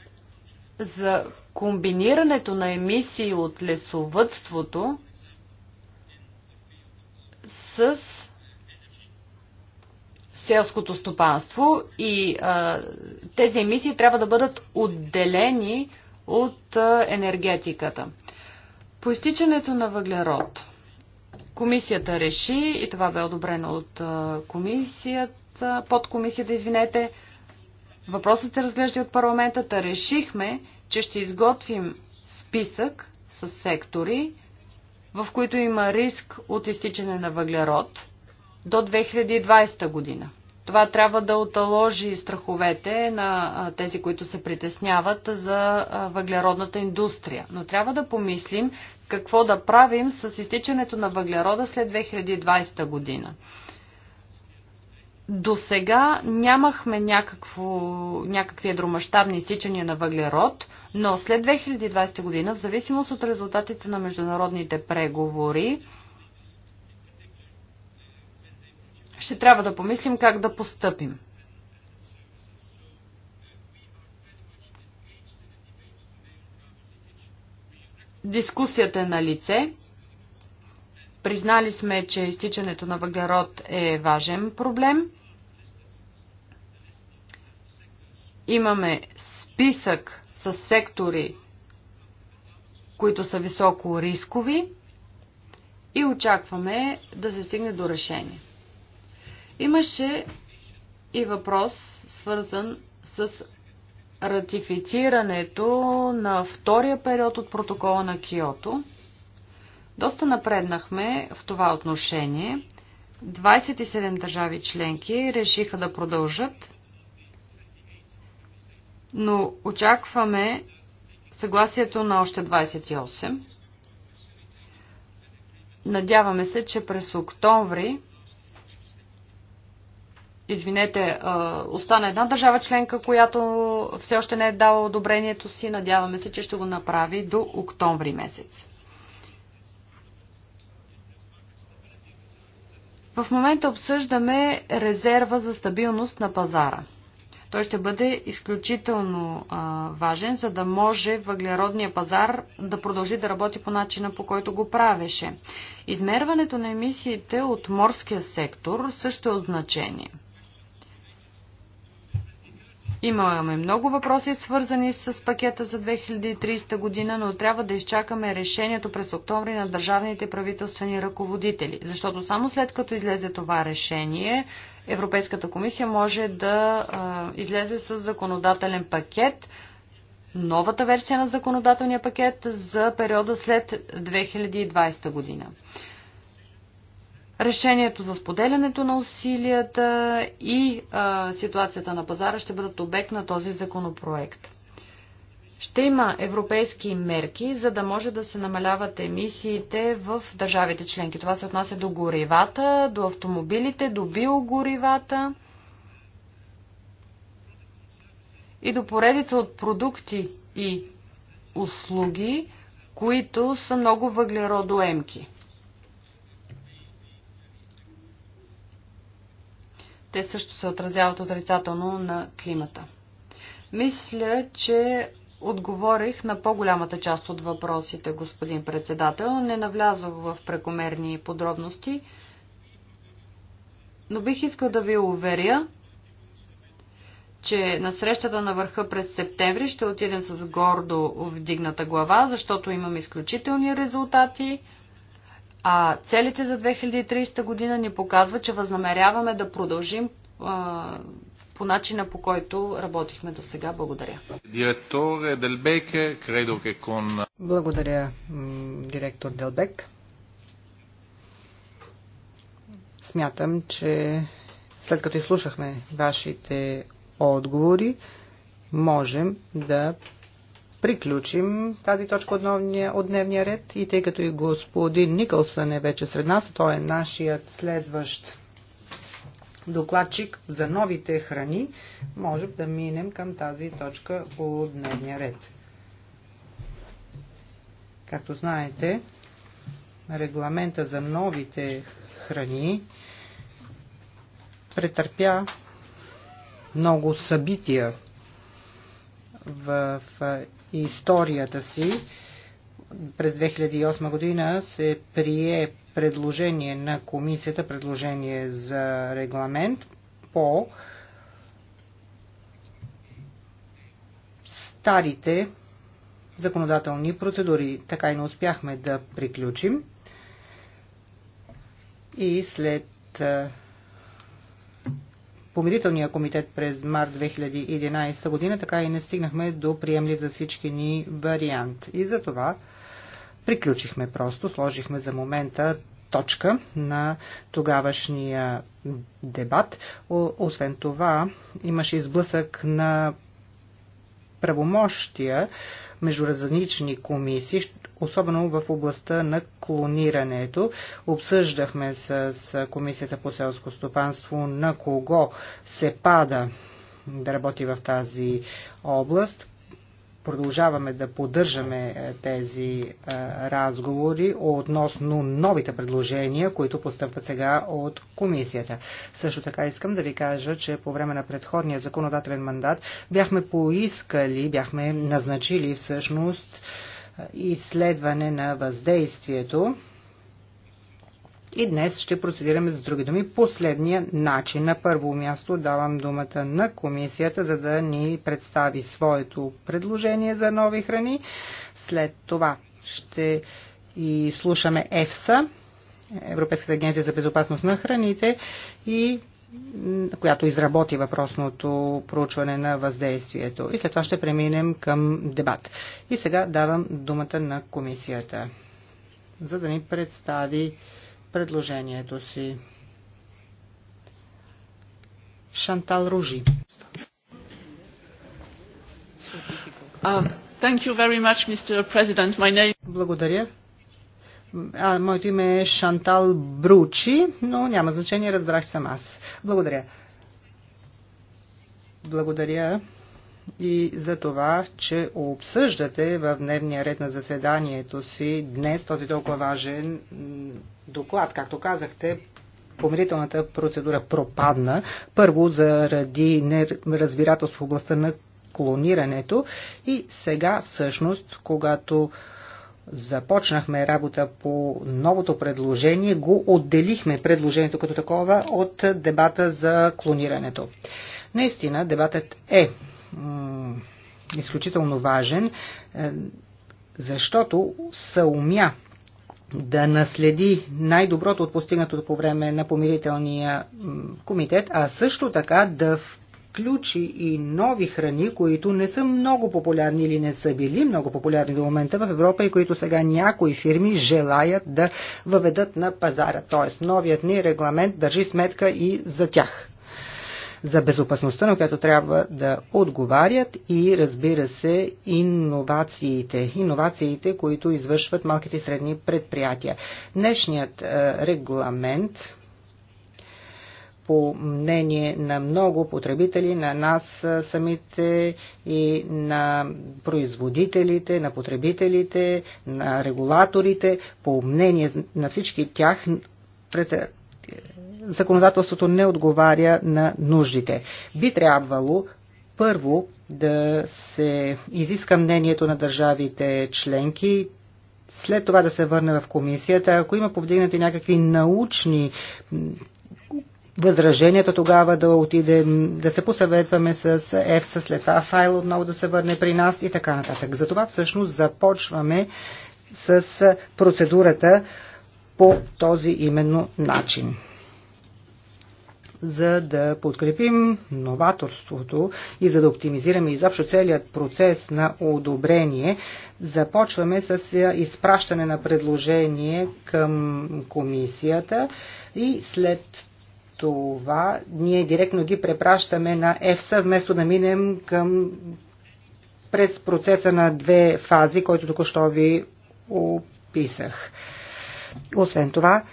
за комбинирането на емисии от лесовътството с селското стопанство и а, тези емисии трябва да бъдат отделени от а, енергетиката. По изтичането на въглерод комисията реши, и това бе одобрено от а, комисията, под комисията, извинете, въпросът се разглежда от парламента, решихме, че ще изготвим списък с сектори, в които има риск от изтичане на въглерод – до 2020 година. Това трябва да оталожи страховете на тези, които се притесняват за въглеродната индустрия. Но трябва да помислим какво да правим с изтичането на въглерода след 2020 година. До сега нямахме някакво, някакви едромащабни изтичания на въглерод, но след 2020 година, в зависимост от резултатите на международните преговори, ще трябва да помислим как да постъпим. Дискусията е на лице. Признали сме, че изтичането на въглерод е важен проблем. Имаме списък с сектори, които са високо рискови и очакваме да се стигне до решение. Имаше и въпрос, свързан с ратифицирането на втория период от протокола на Киото. Доста напреднахме в това отношение. 27 държави членки решиха да продължат, но очакваме съгласието на още 28. Надяваме се, че през октомври извинете, остана една държава членка, която все още не е дала одобрението си. Надяваме се, че ще го направи до октомври месец. В момента обсъждаме резерва за стабилност на пазара. Той ще бъде изключително а, важен, за да може въглеродния пазар да продължи да работи по начина, по който го правеше. Измерването на емисиите от морския сектор също е от значение – Имаме много въпроси, свързани с пакета за 2030 година, но трябва да изчакаме решението през октомври на държавните правителствени ръководители, защото само след като излезе това решение, Европейската комисия може да а, излезе с законодателен пакет, новата версия на законодателния пакет за периода след 2020 година. Решението за споделянето на усилията и а, ситуацията на пазара ще бъдат обект на този законопроект. Ще има европейски мерки, за да може да се намаляват емисиите в държавите членки. Това се отнася до горивата, до автомобилите, до биогоривата и до поредица от продукти и услуги, които са много въглеродоемки. те също се отразяват отрицателно на климата. Мисля, че отговорих на по-голямата част от въпросите, господин председател. Не навлязох в прекомерни подробности, но бих искал да ви уверя, че на срещата на върха през септември ще отидем с гордо вдигната глава, защото имам изключителни резултати, а целите за 2030 година ни показва, че възнамеряваме да продължим а, по начина по който работихме до сега. Благодаря. Директор Делбеке, credo che Благодаря, директор Делбек. Смятам, че след като изслушахме вашите отговори, можем да приключим тази точка от дневния, от дневния ред и тъй като и господин Никълсън е вече сред нас, той е нашият следващ докладчик за новите храни, може да минем към тази точка от дневния ред. Както знаете, регламента за новите храни претърпя много събития в историята си. През 2008 година се прие предложение на комисията, предложение за регламент по старите законодателни процедури. Така и не успяхме да приключим. И след помирителния комитет през март 2011 година, така и не стигнахме до приемлив за всички ни вариант. И за това приключихме просто, сложихме за момента точка на тогавашния дебат. Освен това, имаше изблъсък на правомощия между различни комисии, особено в областта на клонирането. Обсъждахме с Комисията по селско стопанство на кого се пада да работи в тази област, продължаваме да поддържаме е, тези е, разговори относно новите предложения, които постъпват сега от комисията. Също така искам да ви кажа, че по време на предходния законодателен мандат бяхме поискали, бяхме назначили всъщност изследване на въздействието. И днес ще процедираме с други думи последния начин. На първо място давам думата на комисията, за да ни представи своето предложение за нови храни. След това ще и слушаме ЕФСА, Европейската агенция за безопасност на храните и която изработи въпросното проучване на въздействието. И след това ще преминем към дебат. И сега давам думата на комисията, за да ни представи предложението си. Шантал Ружи. Uh, Благодаря, а, моето име е Шантал Бручи, но няма значение, разбрах съм аз. Благодаря. Благодаря и за това, че обсъждате в дневния ред на заседанието си днес този толкова важен доклад. Както казахте, помирителната процедура пропадна. Първо заради неразбирателство в областта на клонирането и сега всъщност, когато започнахме работа по новото предложение, го отделихме предложението като такова от дебата за клонирането. Наистина, дебатът е изключително важен, е, защото съумя да наследи най-доброто от постигнатото по време на помирителния комитет, а също така да в ключи и нови храни, които не са много популярни или не са били много популярни до момента в Европа и които сега някои фирми желаят да въведат на пазара. Тоест, новият ни регламент държи сметка и за тях за безопасността, на която трябва да отговарят и разбира се иновациите, иновациите, които извършват малките и средни предприятия. Днешният е, регламент по мнение на много потребители, на нас самите и на производителите, на потребителите, на регулаторите, по мнение на всички тях, е, законодателството не отговаря на нуждите. Би трябвало първо да се изиска мнението на държавите членки, след това да се върне в комисията. Ако има повдигнати някакви научни възраженията тогава да отидем, да се посъветваме с EFSA, след това файл отново да се върне при нас и така нататък. Затова всъщност започваме с процедурата по този именно начин за да подкрепим новаторството и за да оптимизираме изобщо целият процес на одобрение, започваме с изпращане на предложение към комисията и след това ние директно ги препращаме на ЕФСА, вместо да минем към през процеса на две фази, който току-що ви описах. Освен това,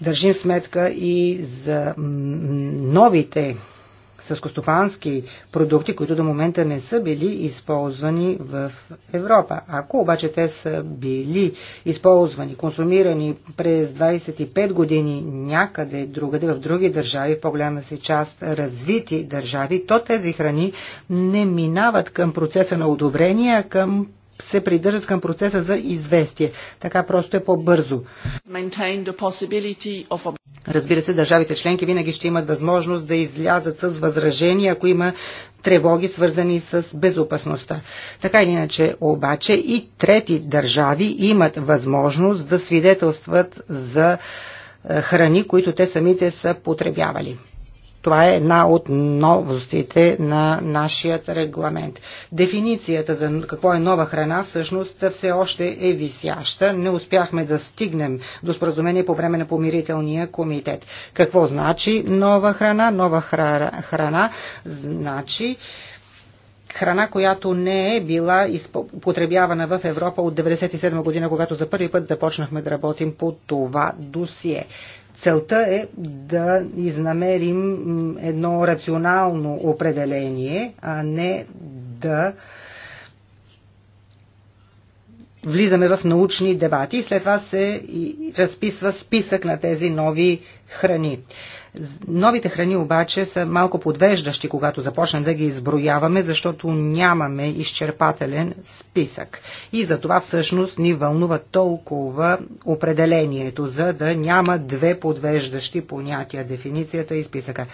държим сметка и за новите съскостопански продукти, които до момента не са били използвани в Европа. Ако обаче те са били използвани, консумирани през 25 години някъде другаде, в други държави, в по-голяма си част развити държави, то тези храни не минават към процеса на одобрение, а към се придържат към процеса за известие. Така просто е по-бързо. Разбира се, държавите членки винаги ще имат възможност да излязат с възражения, ако има тревоги, свързани с безопасността. Така или иначе, обаче и трети държави имат възможност да свидетелстват за е, храни, които те самите са потребявали. Това е една от новостите на нашият регламент. Дефиницията за какво е нова храна всъщност все още е висяща. Не успяхме да стигнем до споразумение по време на помирителния комитет. Какво значи нова храна? Нова храна, храна значи храна, която не е била потребявана в Европа от 1997 година, когато за първи път започнахме да работим по това досие. Целта е да изнамерим едно рационално определение, а не да влизаме в научни дебати и след това се разписва списък на тези нови храни. Новите храни обаче са малко подвеждащи, когато започнем да ги изброяваме, защото нямаме изчерпателен списък. И за това всъщност ни вълнува толкова определението, за да няма две подвеждащи понятия, дефиницията и списъка.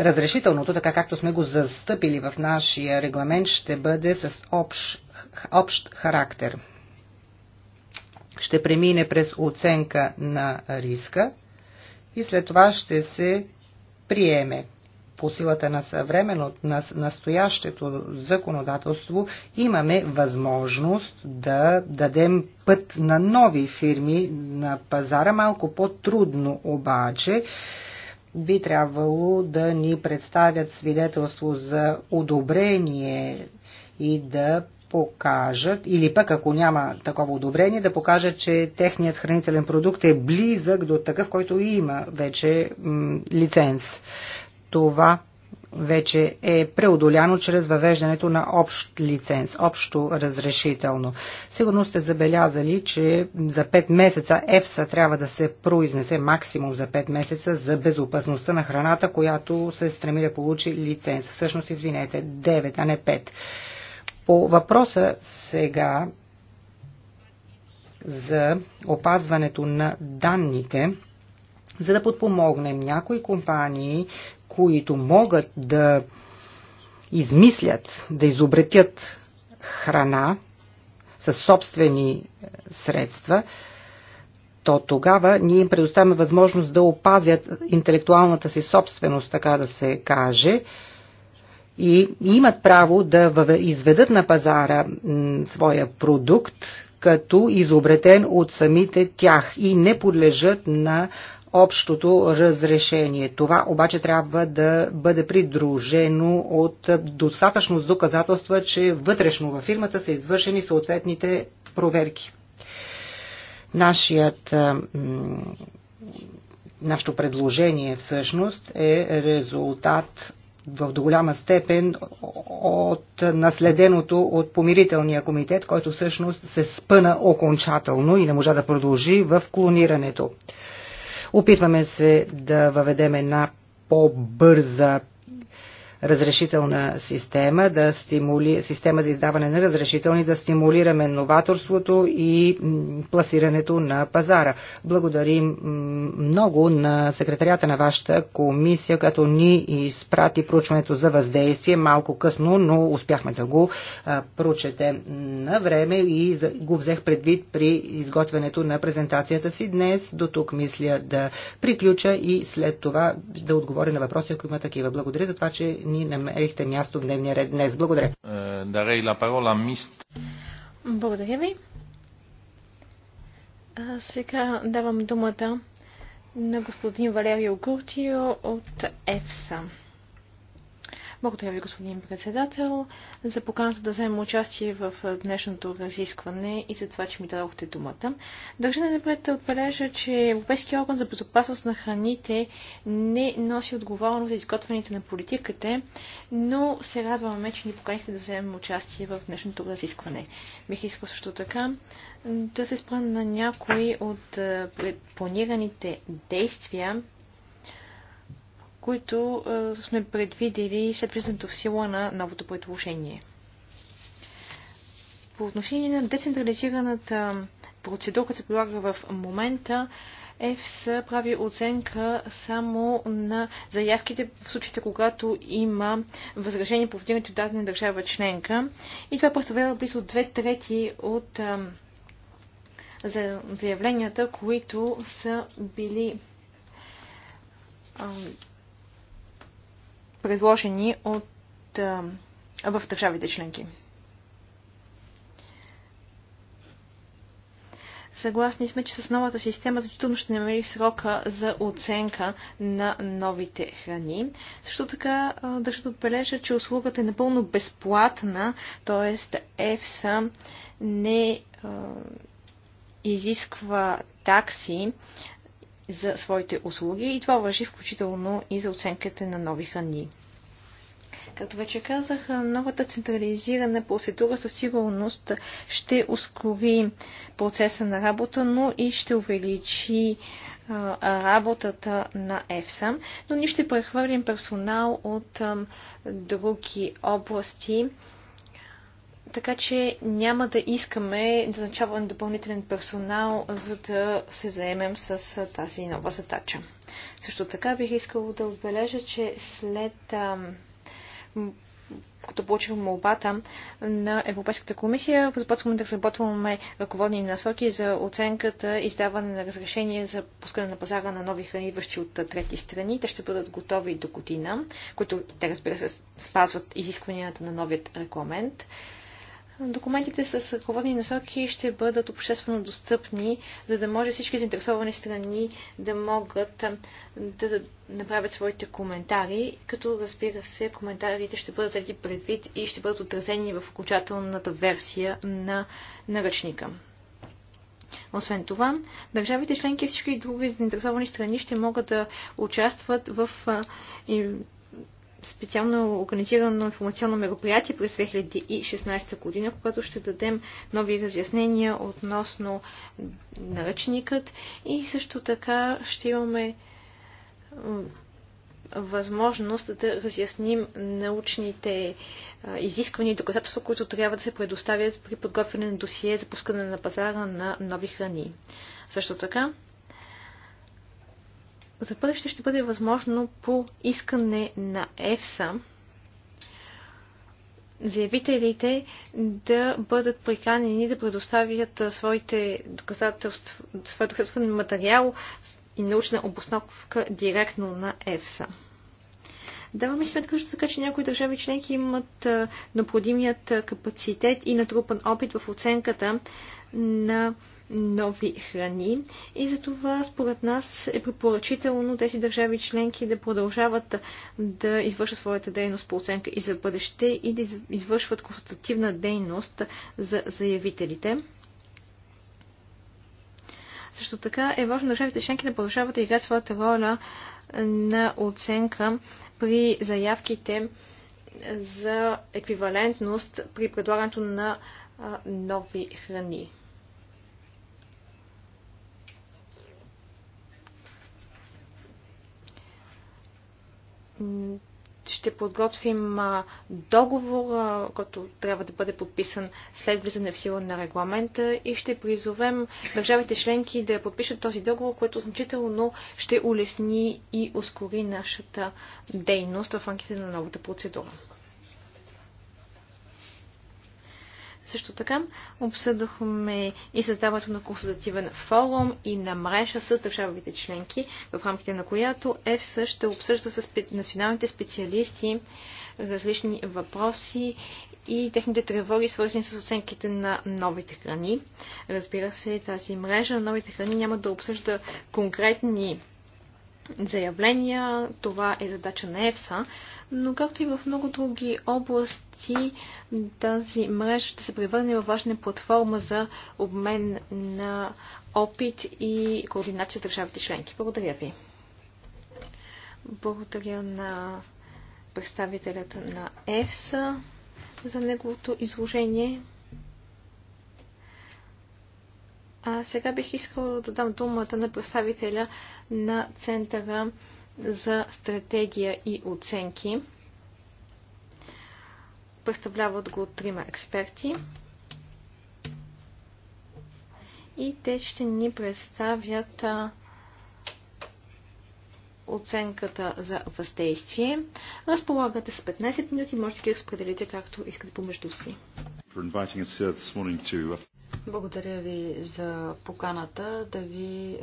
разрешителното, така както сме го застъпили в нашия регламент, ще бъде с общ, общ характер. Ще премине през оценка на риска и след това ще се приеме по силата на съвременно, на настоящето законодателство, имаме възможност да дадем път на нови фирми на пазара, малко по-трудно обаче, би трябвало да ни представят свидетелство за одобрение и да покажат, или пък ако няма такова одобрение, да покажат, че техният хранителен продукт е близък до такъв, който има вече лиценз. Това вече е преодоляно чрез въвеждането на общ лиценз, общо разрешително. Сигурно сте забелязали, че за 5 месеца ЕФСА трябва да се произнесе максимум за 5 месеца за безопасността на храната, която се стреми да получи лиценз. Всъщност, извинете, 9, а не 5. По въпроса сега за опазването на данните, за да подпомогнем някои компании, които могат да измислят, да изобретят храна със собствени е, средства, то тогава ние им предоставяме възможност да опазят интелектуалната си собственост, така да се каже, и имат право да изведат на пазара своя продукт, като изобретен от самите тях и не подлежат на общото разрешение. Това обаче трябва да бъде придружено от достатъчно доказателства, че вътрешно във фирмата са извършени съответните проверки. Нашият Нашето предложение всъщност е резултат в до голяма степен от наследеното от помирителния комитет, който всъщност се спъна окончателно и не можа да продължи в клонирането. Опитваме се да въведем една по-бърза разрешителна система, да стимули, система за издаване на разрешителни, да стимулираме новаторството и пласирането на пазара. Благодарим много на секретарията на вашата комисия, като ни изпрати проучването за въздействие малко късно, но успяхме да го прочете на време и го взех предвид при изготвянето на презентацията си днес. До тук мисля да приключа и след това да отговоря на въпроси, ако има такива. Благодаря за това, че ни ни намерихте място в дневния ред днес. Благодаря. Е, дарей ла парола мист. Благодаря ви. сега давам думата на господин Валерио Гуртио от ЕФСА. Благодаря ви, господин председател, за поканата да вземем участие в днешното разискване и за това, че ми дадохте думата. Държа да напред да отбележа, че Европейския орган за безопасност на храните не носи отговорност за изготвяните на политиката, но се радваме, че ни поканихте да вземем участие в днешното разискване. Бих искал също така да се спра на някои от е, планираните действия, които сме предвидели след влизането в сила на новото предложение. По отношение на децентрализираната процедура, която се прилага в момента, ЕФС прави оценка само на заявките в случаите, когато има възражение по вдигането дадена държава членка. И това представлява близо две трети от а, заявленията, които са били предложени от, в държавите членки. Съгласни сме, че с новата система значително ще намери срока за оценка на новите храни. Също така държа да отбележа, че услугата е напълно безплатна, т.е. EFSA не е, изисква такси за своите услуги и това въжи включително и за оценката на нови храни. Както вече казах, новата централизирана процедура със сигурност ще ускори процеса на работа, но и ще увеличи работата на ЕФСА, но ние ще прехвърлим персонал от други области така че няма да искаме да начаваме допълнителен персонал, за да се заемем с тази нова задача. Също така бих искала да отбележа, че след като получихме молбата на Европейската комисия, започваме да разработваме ръководни насоки за оценката, издаване на разрешение за пускане на пазара на нови храни, идващи от трети страни. Те ще бъдат готови до година, които те разбира се спазват изискванията на новият регламент. Документите с ръководни насоки ще бъдат обществено достъпни, за да може всички заинтересовани страни да могат да направят своите коментари, като разбира се, коментарите ще бъдат взети предвид и ще бъдат отразени в окончателната версия на наръчника. Освен това, държавите членки и всички други заинтересовани страни ще могат да участват в специално организирано информационно мероприятие през 2016 година, когато ще дадем нови разяснения относно наръчникът и също така ще имаме възможност да разясним научните изисквания и доказателства, които трябва да се предоставят при подготвяне на досие за пускане на пазара на нови храни. Също така за бъдеще ще бъде възможно по искане на ЕФСА заявителите да бъдат приканени да предоставят своите доказателства, своят доказателствен материал и научна обосновка директно на ЕФСА. Даваме сметка също така, че някои държави членки имат необходимият капацитет и натрупан опит в оценката на нови храни и за това според нас е препоръчително тези държави членки да продължават да извършат своята дейност по оценка и за бъдеще и да извършват консултативна дейност за заявителите. Също така е важно държавите членки да продължават да играят своята роля на оценка при заявките за еквивалентност при предлагането на нови храни. ще подготвим договор, който трябва да бъде подписан след влизане в сила на регламента и ще призовем държавите членки да подпишат този договор, което значително ще улесни и ускори нашата дейност в рамките на новата процедура. Също така обсъдахме и създаването на консултативен форум и на мрежа с държавите членки, в рамките на която ЕФСА ще обсъжда с националните специалисти различни въпроси и техните тревоги, свързани с оценките на новите храни. Разбира се, тази мрежа на новите храни няма да обсъжда конкретни заявления. Това е задача на ЕФСА, но както и в много други области, тази мрежа ще се превърне в важна платформа за обмен на опит и координация с държавите членки. Благодаря ви. Благодаря на представителята на ЕФСА за неговото изложение. А сега бих искала да дам думата на представителя на Центъра за стратегия и оценки. Представляват го трима експерти. И те ще ни представят оценката за въздействие. Разполагате с 15 минути, можете да ги разпределите както искате помежду си. Благодаря ви за поканата да ви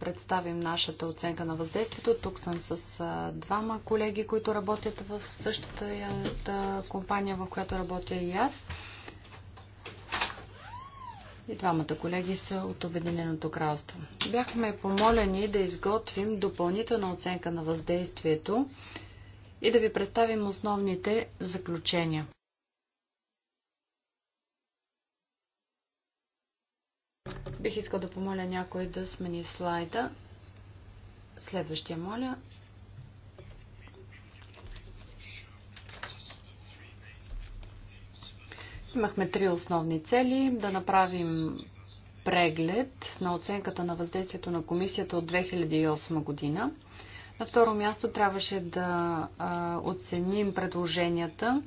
представим нашата оценка на въздействието. Тук съм с двама колеги, които работят в същата компания, в която работя и аз. И двамата колеги са от Обединеното кралство. Бяхме помолени да изготвим допълнителна оценка на въздействието и да ви представим основните заключения. Бих искал да помоля някой да смени слайда. Следващия, моля. Имахме три основни цели. Да направим преглед на оценката на въздействието на комисията от 2008 година. На второ място трябваше да оценим предложенията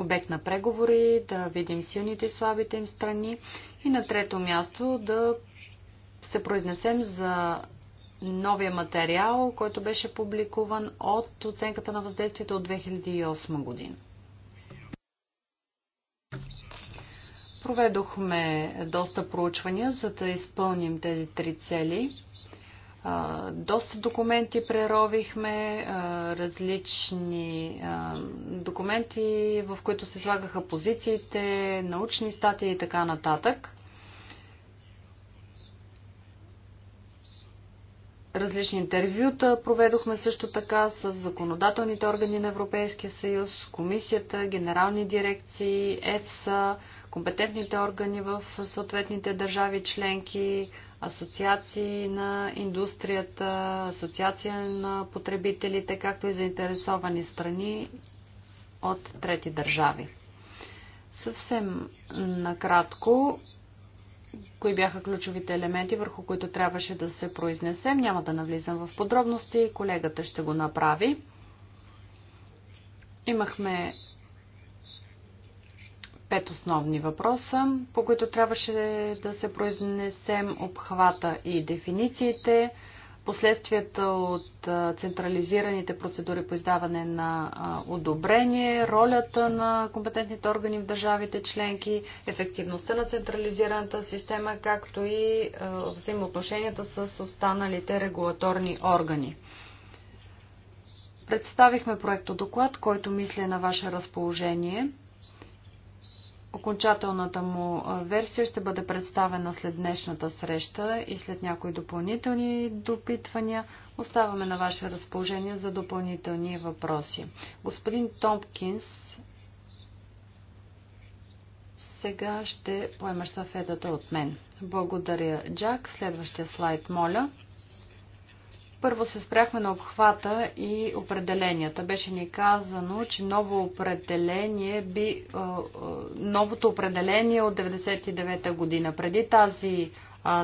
обект на преговори, да видим силните и слабите им страни и на трето място да се произнесем за новия материал, който беше публикуван от оценката на въздействието от 2008 година. Проведохме доста проучвания, за да изпълним тези три цели. Доста документи преровихме, различни документи, в които се слагаха позициите, научни статии и така нататък. Различни интервюта проведохме също така с законодателните органи на Европейския съюз, комисията, генерални дирекции, ЕФСА, компетентните органи в съответните държави членки, асоциации на индустрията, асоциация на потребителите, както и заинтересовани страни от трети държави. Съвсем накратко, кои бяха ключовите елементи, върху които трябваше да се произнесем. Няма да навлизам в подробности, колегата ще го направи. Имахме пет основни въпроса, по които трябваше да се произнесем обхвата и дефинициите, последствията от централизираните процедури по издаване на одобрение, ролята на компетентните органи в държавите членки, ефективността на централизираната система, както и взаимоотношенията с останалите регулаторни органи. Представихме проекто доклад, който мисля е на ваше разположение – Окончателната му версия ще бъде представена след днешната среща и след някои допълнителни допитвания. Оставаме на ваше разположение за допълнителни въпроси. Господин Томпкинс сега ще поема щафетата от мен. Благодаря, Джак. Следващия слайд, моля. Първо се спряхме на обхвата и определенията. Беше ни казано, че ново определение би, е, е, новото определение от 1999 година. Преди тази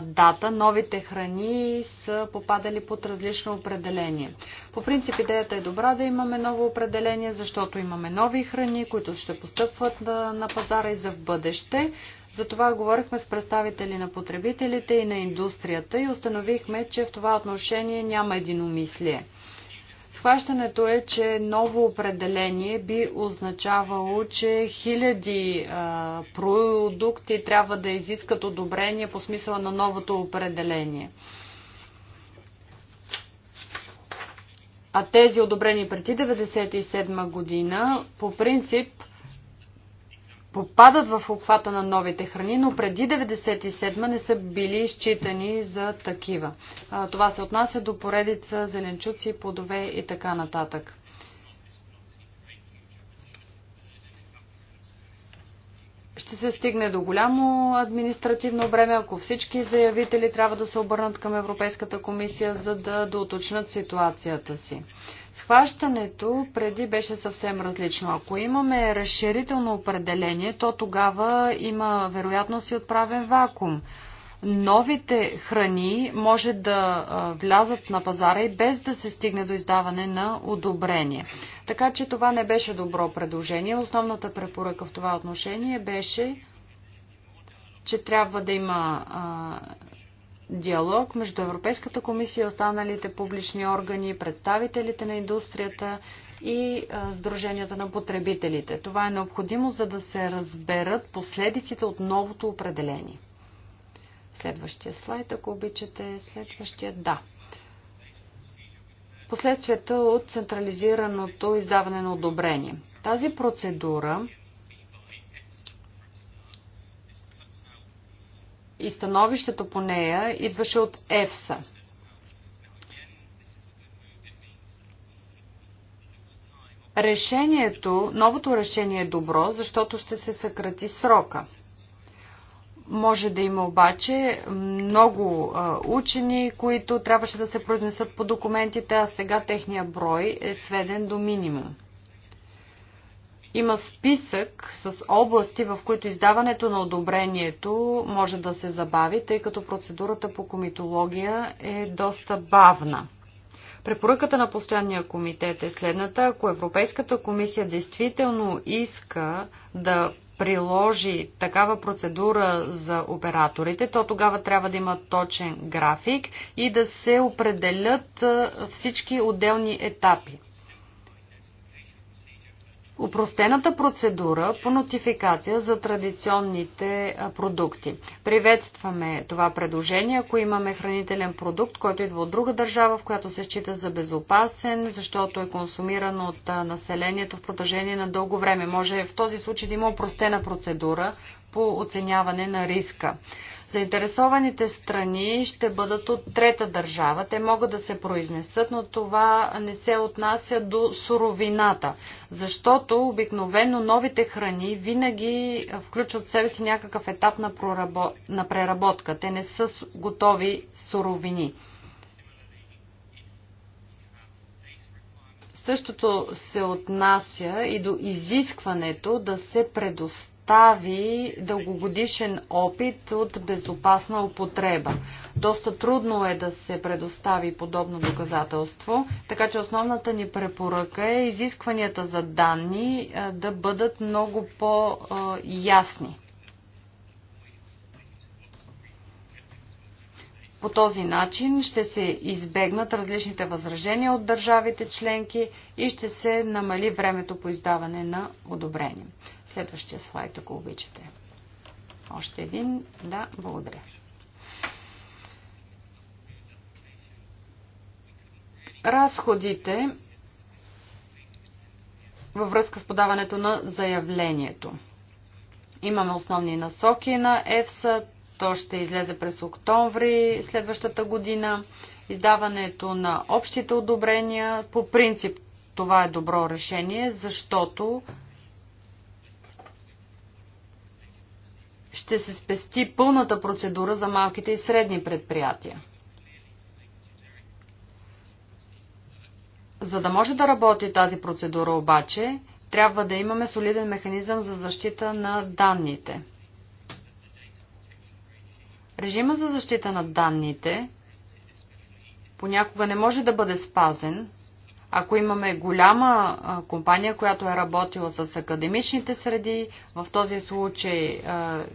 дата, новите храни са попадали под различно определение. По принцип идеята е добра да имаме ново определение, защото имаме нови храни, които ще постъпват на пазара и за в бъдеще. За това говорихме с представители на потребителите и на индустрията и установихме, че в това отношение няма единомислие. Схващането е, че ново определение би означавало, че хиляди а, продукти трябва да изискат одобрение по смисъла на новото определение. А тези одобрени преди 1997 година по принцип попадат в обхвата на новите храни, но преди 1997 не са били изчитани за такива. Това се отнася до поредица зеленчуци, плодове и така нататък. ще се стигне до голямо административно бреме, ако всички заявители трябва да се обърнат към Европейската комисия, за да доточнат ситуацията си. Схващането преди беше съвсем различно. Ако имаме разширително определение, то тогава има вероятност и отправен вакуум. Новите храни може да влязат на пазара и без да се стигне до издаване на одобрение. Така че това не беше добро предложение. Основната препоръка в това отношение беше че трябва да има диалог между Европейската комисия, останалите публични органи, представителите на индустрията и Сдруженията на потребителите. Това е необходимо, за да се разберат последиците от новото определение. Следващия слайд, ако обичате, е следващия, да. Последствията от централизираното издаване на одобрение. Тази процедура и становището по нея идваше от ЕФСА. Решението, новото решение е добро, защото ще се съкрати срока. Може да има обаче много учени, които трябваше да се произнесат по документите, а сега техния брой е сведен до минимум. Има списък с области, в които издаването на одобрението може да се забави, тъй като процедурата по комитология е доста бавна. Препоръката на постоянния комитет е следната. Ако Европейската комисия действително иска да приложи такава процедура за операторите, то тогава трябва да има точен график и да се определят всички отделни етапи. Упростената процедура по нотификация за традиционните продукти. Приветстваме това предложение, ако имаме хранителен продукт, който идва от друга държава, в която се счита за безопасен, защото е консумиран от населението в продължение на дълго време. Може в този случай да има упростена процедура по оценяване на риска. Заинтересованите страни ще бъдат от трета държава. Те могат да се произнесат, но това не се отнася до суровината, защото обикновено новите храни винаги включват в себе си някакъв етап на, прорабо... на преработка. Те не са готови суровини. Същото се отнася и до изискването да се предостави представи дългогодишен опит от безопасна употреба. Доста трудно е да се предостави подобно доказателство, така че основната ни препоръка е изискванията за данни да бъдат много по-ясни. По този начин ще се избегнат различните възражения от държавите членки и ще се намали времето по издаване на одобрение. Следващия слайд, ако обичате. Още един. Да, благодаря. Разходите във връзка с подаването на заявлението. Имаме основни насоки на ЕФСА. То ще излезе през октомври следващата година. Издаването на общите одобрения. По принцип това е добро решение, защото ще се спести пълната процедура за малките и средни предприятия. За да може да работи тази процедура обаче, трябва да имаме солиден механизъм за защита на данните. Режима за защита на данните понякога не може да бъде спазен, ако имаме голяма компания, която е работила с академичните среди, в този случай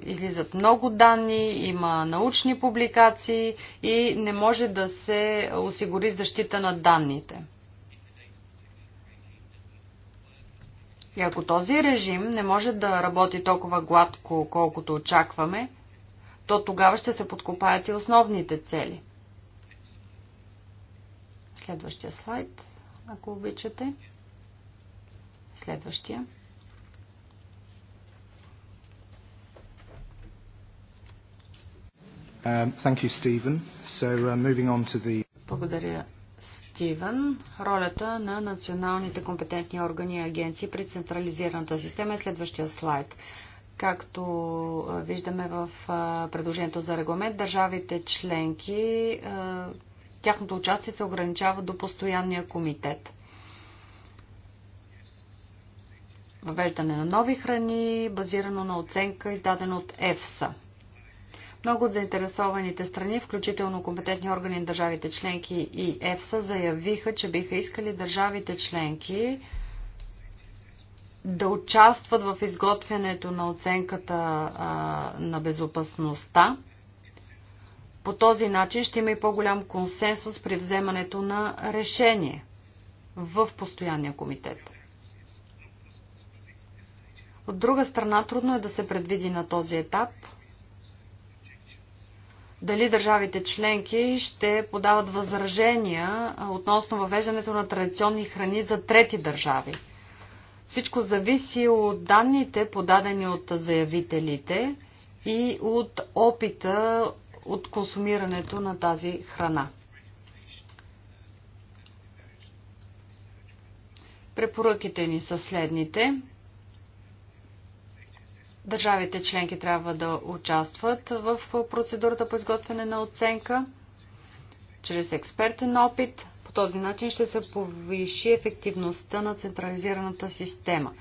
излизат много данни, има научни публикации и не може да се осигури защита на данните. И ако този режим не може да работи толкова гладко, колкото очакваме, то тогава ще се подкопаят и основните цели. Следващия слайд ако обичате. Следващия. Um, thank you, Stephen. So, uh, moving on to the... Благодаря, Стивен. Ролята на националните компетентни органи и агенции при централизираната система е следващия слайд. Както виждаме в предложението за регламент, държавите членки тяхното участие се ограничава до постоянния комитет. Въвеждане на нови храни, базирано на оценка, издадена от ЕФСА. Много от заинтересованите страни, включително компетентни органи на държавите членки и ЕФСА, заявиха, че биха искали държавите членки да участват в изготвянето на оценката а, на безопасността по този начин ще има и по-голям консенсус при вземането на решение в постоянния комитет. От друга страна, трудно е да се предвиди на този етап дали държавите членки ще подават възражения относно въвеждането на традиционни храни за трети държави. Всичко зависи от данните, подадени от заявителите и от опита от консумирането на тази храна. Препоръките ни са следните. Държавите членки трябва да участват в процедурата по изготвяне на оценка чрез експертен опит. По този начин ще се повиши ефективността на централизираната система.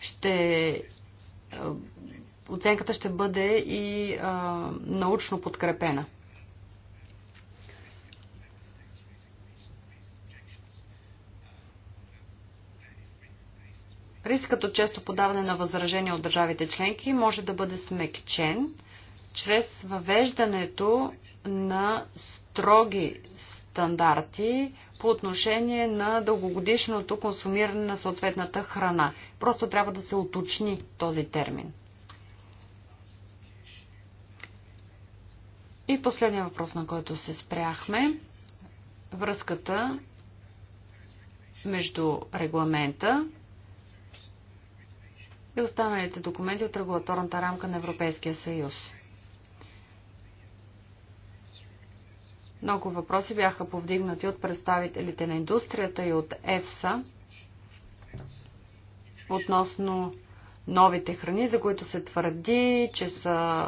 Ще е, оценката ще бъде и а, научно подкрепена. Рискът от често подаване на възражения от държавите членки може да бъде смекчен чрез въвеждането на строги стандарти по отношение на дългогодишното консумиране на съответната храна. Просто трябва да се уточни този термин. И последния въпрос, на който се спряхме, връзката между регламента и останалите документи от регулаторната рамка на Европейския съюз. Много въпроси бяха повдигнати от представителите на индустрията и от ЕФСА относно новите храни, за които се твърди, че са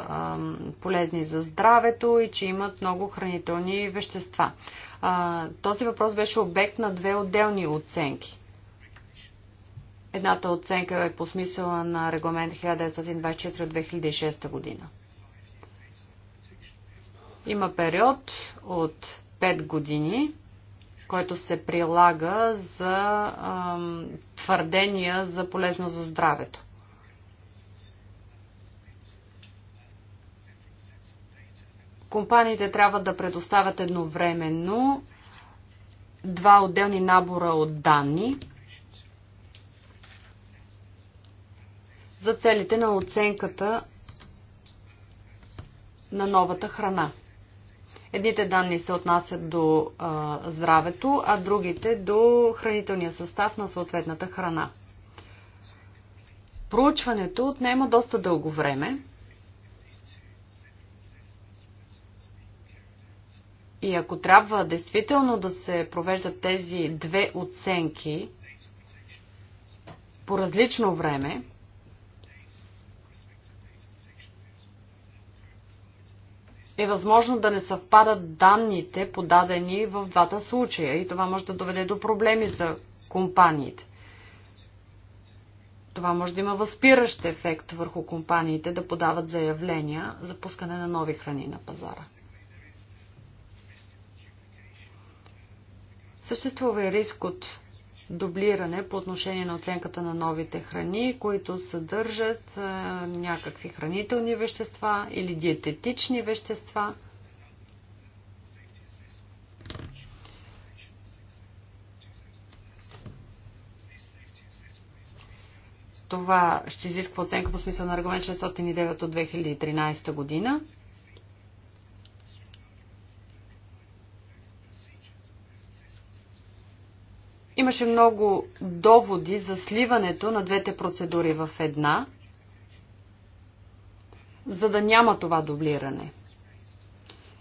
полезни за здравето и че имат много хранителни вещества. Този въпрос беше обект на две отделни оценки. Едната оценка е по смисъла на регламент 1924 от 2006 година. Има период от 5 години, който се прилага за ам, твърдения за полезно за здравето. Компаниите трябва да предоставят едновременно два отделни набора от данни за целите на оценката на новата храна. Едните данни се отнасят до а, здравето, а другите до хранителния състав на съответната храна. Проучването отнема доста дълго време. И ако трябва действително да се провеждат тези две оценки по различно време, е възможно да не съвпадат данните, подадени в двата случая. И това може да доведе до проблеми за компаниите. Това може да има възпиращ ефект върху компаниите да подават заявления за пускане на нови храни на пазара. Съществува и риск от дублиране по отношение на оценката на новите храни, които съдържат е, някакви хранителни вещества или диететични вещества. Това ще изисква оценка по смисъл на регламент 609 от 2013 година. Имаше много доводи за сливането на двете процедури в една, за да няма това дублиране.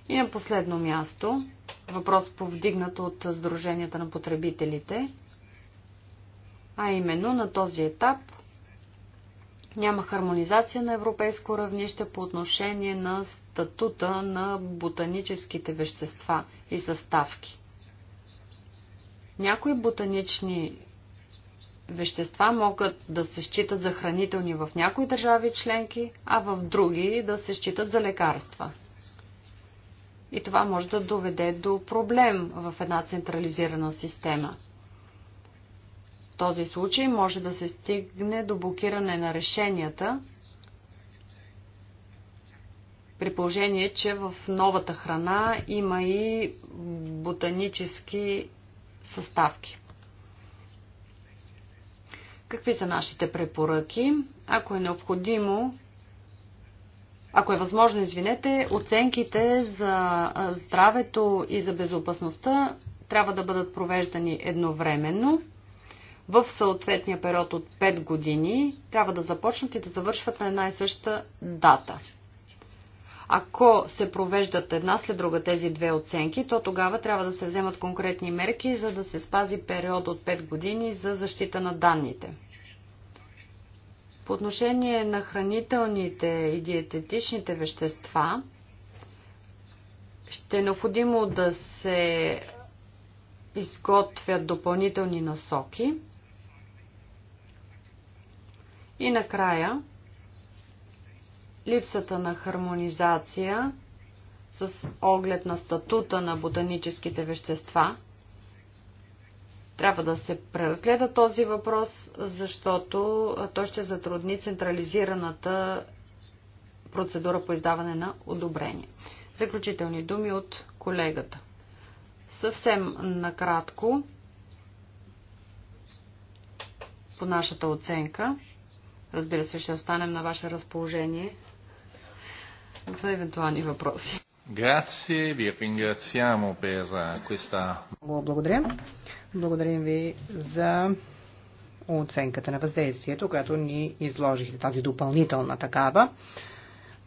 И на последно място, въпрос повдигнат от Сдруженията на потребителите, а именно на този етап няма хармонизация на европейско равнище по отношение на статута на ботаническите вещества и съставки. Някои ботанични вещества могат да се считат за хранителни в някои държави членки, а в други да се считат за лекарства. И това може да доведе до проблем в една централизирана система. В този случай може да се стигне до блокиране на решенията, при положение, че в новата храна има и ботанически съставки. Какви са нашите препоръки? Ако е необходимо, ако е възможно, извинете, оценките за здравето и за безопасността трябва да бъдат провеждани едновременно в съответния период от 5 години, трябва да започнат и да завършват на една и съща дата. Ако се провеждат една след друга тези две оценки, то тогава трябва да се вземат конкретни мерки, за да се спази период от 5 години за защита на данните. По отношение на хранителните и диететичните вещества, ще е необходимо да се изготвят допълнителни насоки. И накрая, липсата на хармонизация с оглед на статута на ботаническите вещества. Трябва да се преразгледа този въпрос, защото той ще затрудни централизираната процедура по издаване на одобрение. Заключителни думи от колегата. Съвсем накратко, по нашата оценка, разбира се, ще останем на ваше разположение за евентуални въпроси. Grazie, ви ringraziamo per eh, questa... Благодаря. Благодарим ви за оценката на въздействието, която ни изложихте, тази допълнителна такава.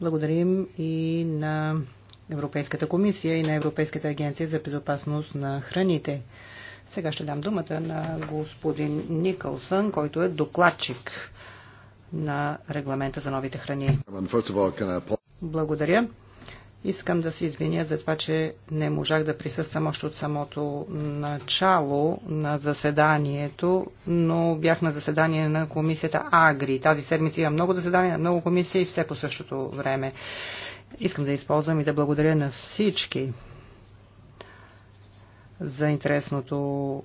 Благодарим и на Европейската комисия и на Европейската агенция за безопасност на храните. Сега ще дам думата на господин Никълсън, който е докладчик на регламента за новите храни. Благодаря. Искам да се извиня за това, че не можах да присъствам още от самото начало на заседанието, но бях на заседание на комисията Агри. Тази седмица има много заседания, много комисии и все по същото време. Искам да използвам и да благодаря на всички за интересното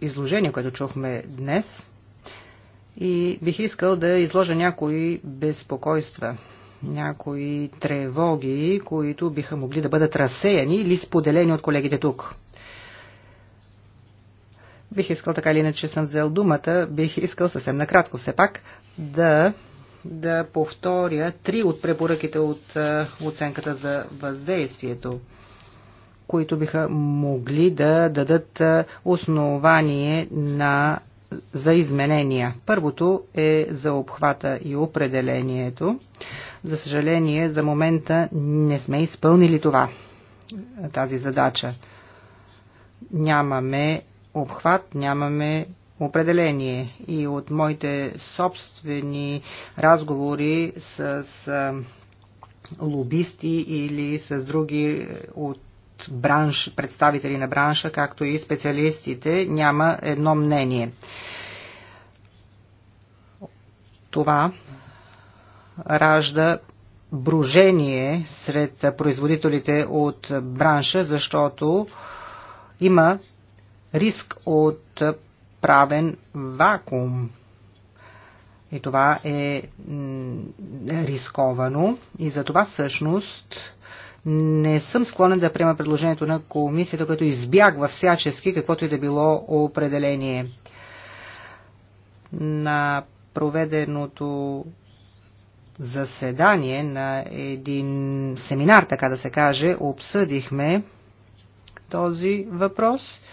изложение, което чухме днес. И бих искал да изложа някои безпокойства някои тревоги, които биха могли да бъдат разсеяни или споделени от колегите тук. Бих искал, така или иначе съм взел думата, бих искал съвсем накратко все пак да, да повторя три от препоръките от оценката за въздействието които биха могли да дадат основание на за изменения. Първото е за обхвата и определението. За съжаление, за момента не сме изпълнили това, тази задача. Нямаме обхват, нямаме определение. И от моите собствени разговори с лобисти или с други от бранш, представители на бранша, както и специалистите, няма едно мнение. Това ражда брожение сред производителите от бранша, защото има риск от правен вакуум. И това е рисковано и за това всъщност не съм склонен да приема предложението на комисията, което избягва всячески каквото и да било определение. На проведеното заседание на един семинар, така да се каже, обсъдихме този въпрос –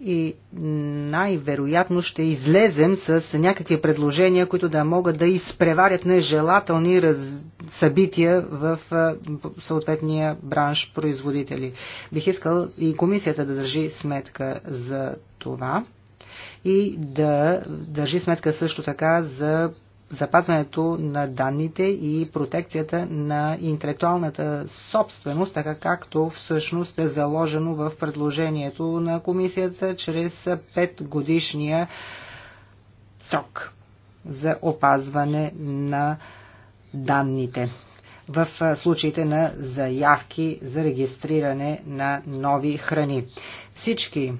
и най-вероятно ще излезем с някакви предложения, които да могат да изпреварят нежелателни раз... събития в съответния бранш производители. Бих искал и комисията да държи сметка за това и да държи сметка също така за запазването на данните и протекцията на интелектуалната собственост, така както всъщност е заложено в предложението на комисията чрез 5 годишния срок за опазване на данните в случаите на заявки за регистриране на нови храни. Всички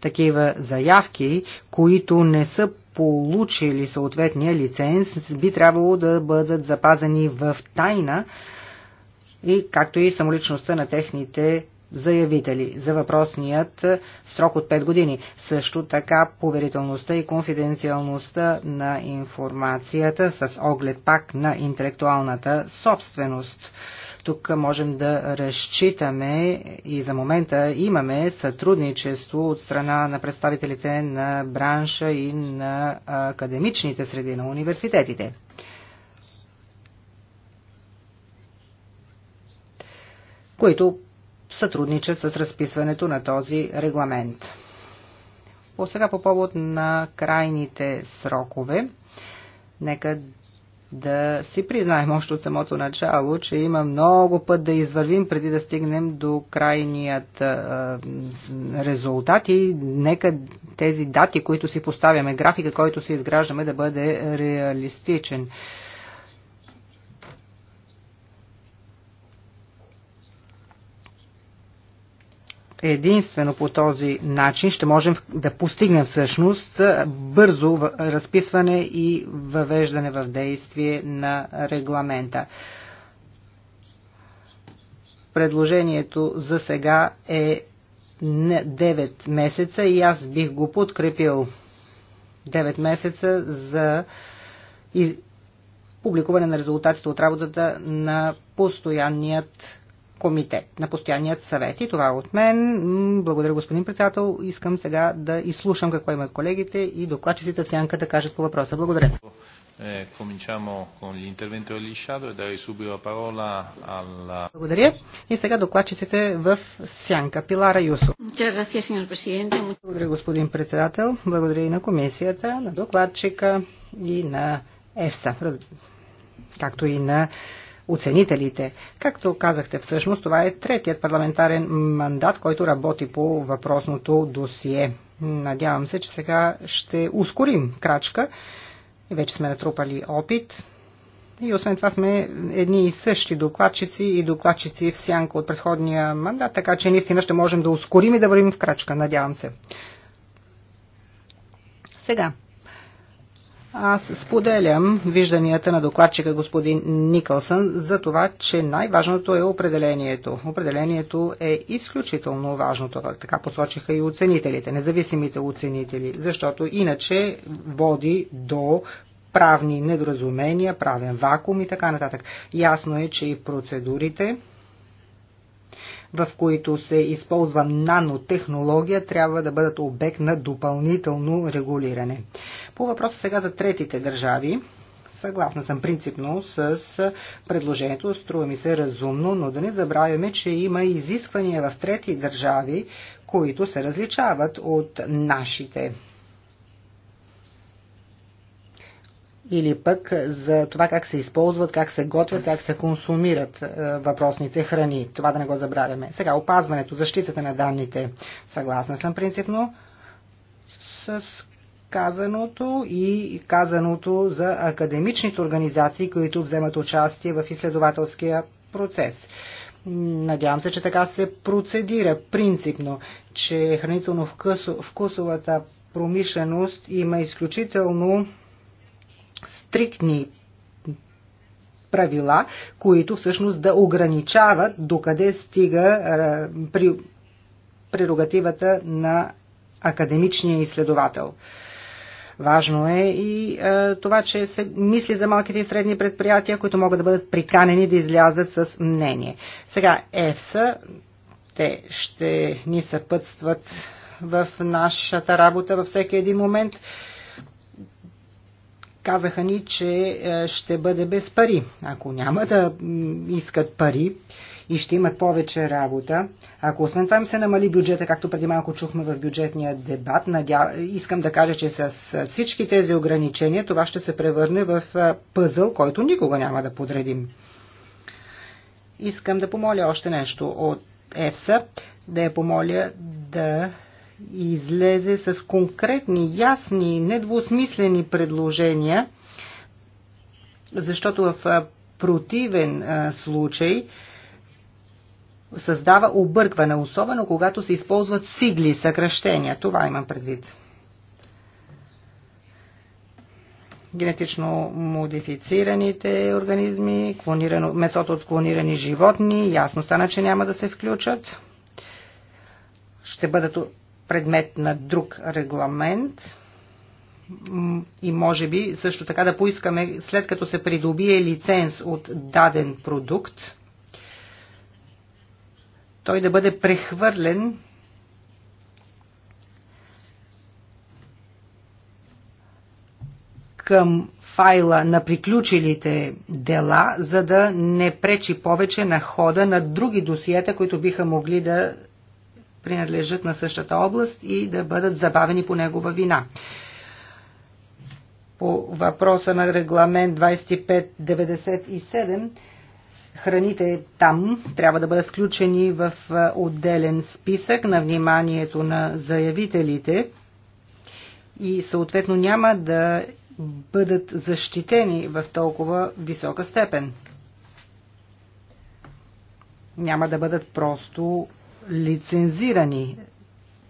такива заявки, които не са получили съответния лиценз, би трябвало да бъдат запазени в тайна и както и самоличността на техните заявители за въпросният срок от 5 години. Също така поверителността и конфиденциалността на информацията с оглед пак на интелектуалната собственост. Тук можем да разчитаме и за момента имаме сътрудничество от страна на представителите на бранша и на академичните среди на университетите. които сътрудничат с разписването на този регламент. По сега по повод на крайните срокове, нека да си признаем още от самото начало, че има много път да извървим преди да стигнем до крайният а, резултат и нека тези дати, които си поставяме, графика, който си изграждаме, да бъде реалистичен. единствено по този начин ще можем да постигнем всъщност бързо разписване и въвеждане в действие на регламента. Предложението за сега е 9 месеца и аз бих го подкрепил. 9 месеца за публикуване на резултатите от работата на постоянният комитет, на постоянният съвет. И това е от мен. Благодаря, господин председател. Искам сега да изслушам какво имат колегите и докладчиците в сянка да кажат по въпроса. Благодаря. Е, e Благодаря. И сега докладчиците в сянка. Пилара Юсо. Благодаря, господин председател. Благодаря и на комисията, на докладчика и на ЕСА, както и на оценителите. Както казахте всъщност, това е третият парламентарен мандат, който работи по въпросното досие. Надявам се, че сега ще ускорим крачка. Вече сме натрупали опит. И освен това сме едни и същи докладчици и докладчици в сянка от предходния мандат, така че наистина ще можем да ускорим и да вървим в крачка, надявам се. Сега, аз споделям вижданията на докладчика господин Никълсън за това, че най-важното е определението. Определението е изключително важно, така посочиха и оценителите, независимите оценители, защото иначе води до правни недоразумения, правен вакуум и така нататък. Ясно е, че и процедурите в които се използва нанотехнология, трябва да бъдат обект на допълнително регулиране. По въпроса сега за третите държави, Съгласна съм принципно с предложението, струва ми се разумно, но да не забравяме, че има изисквания в трети държави, които се различават от нашите. или пък за това как се използват, как се готвят, как се консумират е, въпросните храни. Това да не го забравяме. Сега, опазването, защитата на данните. Съгласна съм принципно с казаното и казаното за академичните организации, които вземат участие в изследователския процес. Надявам се, че така се процедира принципно, че хранително-вкусовата промишленост има изключително стриктни правила, които всъщност да ограничават докъде стига е, при прерогативата на академичния изследовател. Важно е и е, това, че се мисли за малките и средни предприятия, които могат да бъдат приканени да излязат с мнение. Сега ЕФСА, те ще ни съпътстват в нашата работа във всеки един момент казаха ни, че е, ще бъде без пари. Ако няма да искат пари и ще имат повече работа, ако освен това им се намали бюджета, както преди малко чухме в бюджетния дебат, надя... искам да кажа, че с всички тези ограничения това ще се превърне в е, пъзъл, който никога няма да подредим. Искам да помоля още нещо от ЕФСА, да я помоля да излезе с конкретни, ясни, недвусмислени предложения, защото в противен случай създава объркване, особено когато се използват сигли, съкръщения. Това имам предвид. генетично модифицираните организми, клонирано, месото от клонирани животни, ясно стана, че няма да се включат. Ще бъдат предмет на друг регламент и може би също така да поискаме, след като се придобие лиценз от даден продукт, той да бъде прехвърлен към файла на приключилите дела, за да не пречи повече на хода на други досиета, които биха могли да принадлежат на същата област и да бъдат забавени по негова вина. По въпроса на регламент 2597 храните там трябва да бъдат включени в отделен списък на вниманието на заявителите и съответно няма да бъдат защитени в толкова висока степен. Няма да бъдат просто лицензирани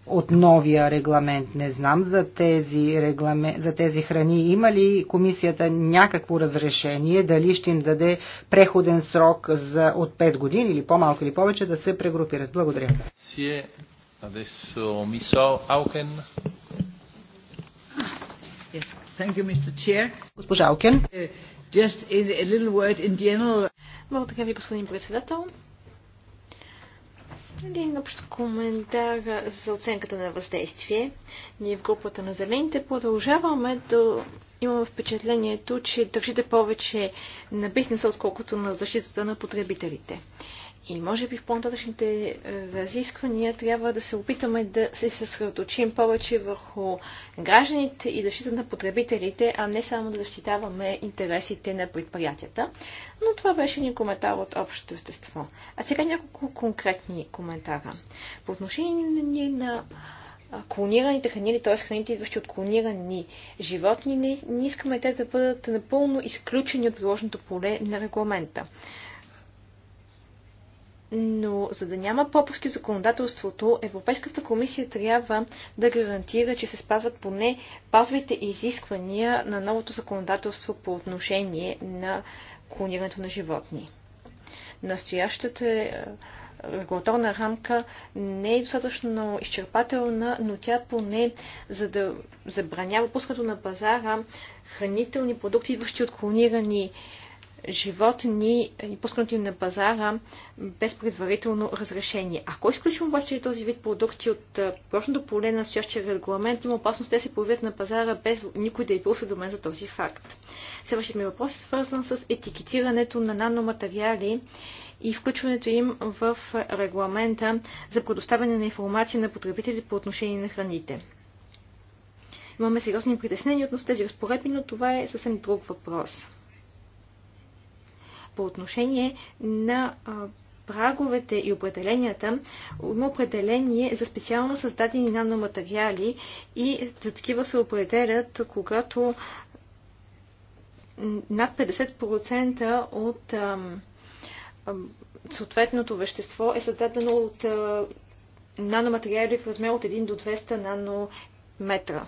от новия регламент. Не знам за тези, регламент, за тези храни. Има ли комисията някакво разрешение, дали ще им даде преходен срок за, от 5 години или по-малко или повече да се прегрупират? Благодаря. Госпожа Аукен. Благодаря uh, ви, господин председател. Един общ коментар за оценката на въздействие. Ние в групата на зелените продължаваме да имаме впечатлението, че държите повече на бизнеса, отколкото на защитата на потребителите. И може би в по-нататъчните е, разисквания трябва да се опитаме да се съсредоточим повече върху гражданите и защита на потребителите, а не само да защитаваме интересите на предприятията. Но това беше ни коментар от общото естество. А сега няколко конкретни коментара. По отношение на клонираните храни, т.е. храните, идващи от клонирани животни, не, не искаме те да бъдат напълно изключени от приложното поле на регламента но за да няма пропуски в законодателството, Европейската комисия трябва да гарантира, че се спазват поне базовите изисквания на новото законодателство по отношение на клонирането на животни. Настоящата е, регулаторна рамка не е достатъчно изчерпателна, но тя поне за да забранява пускането на пазара хранителни продукти, идващи от клонирани животни животни и пускането им на пазара без предварително разрешение. Ако изключим обаче този вид продукти от прочното поле на настоящия регламент, има опасност те се появят на пазара без никой да е бил осведомен за този факт. Следващият ми въпрос е свързан с етикетирането на наноматериали и включването им в регламента за предоставяне на информация на потребители по отношение на храните. Имаме сериозни притеснения относно тези разпоредби, но това е съвсем друг въпрос по отношение на праговете и определенията има определение за специално създадени наноматериали и за такива се определят, когато над 50% от ам, съответното вещество е създадено от а, наноматериали в размер от 1 до 200 нанометра.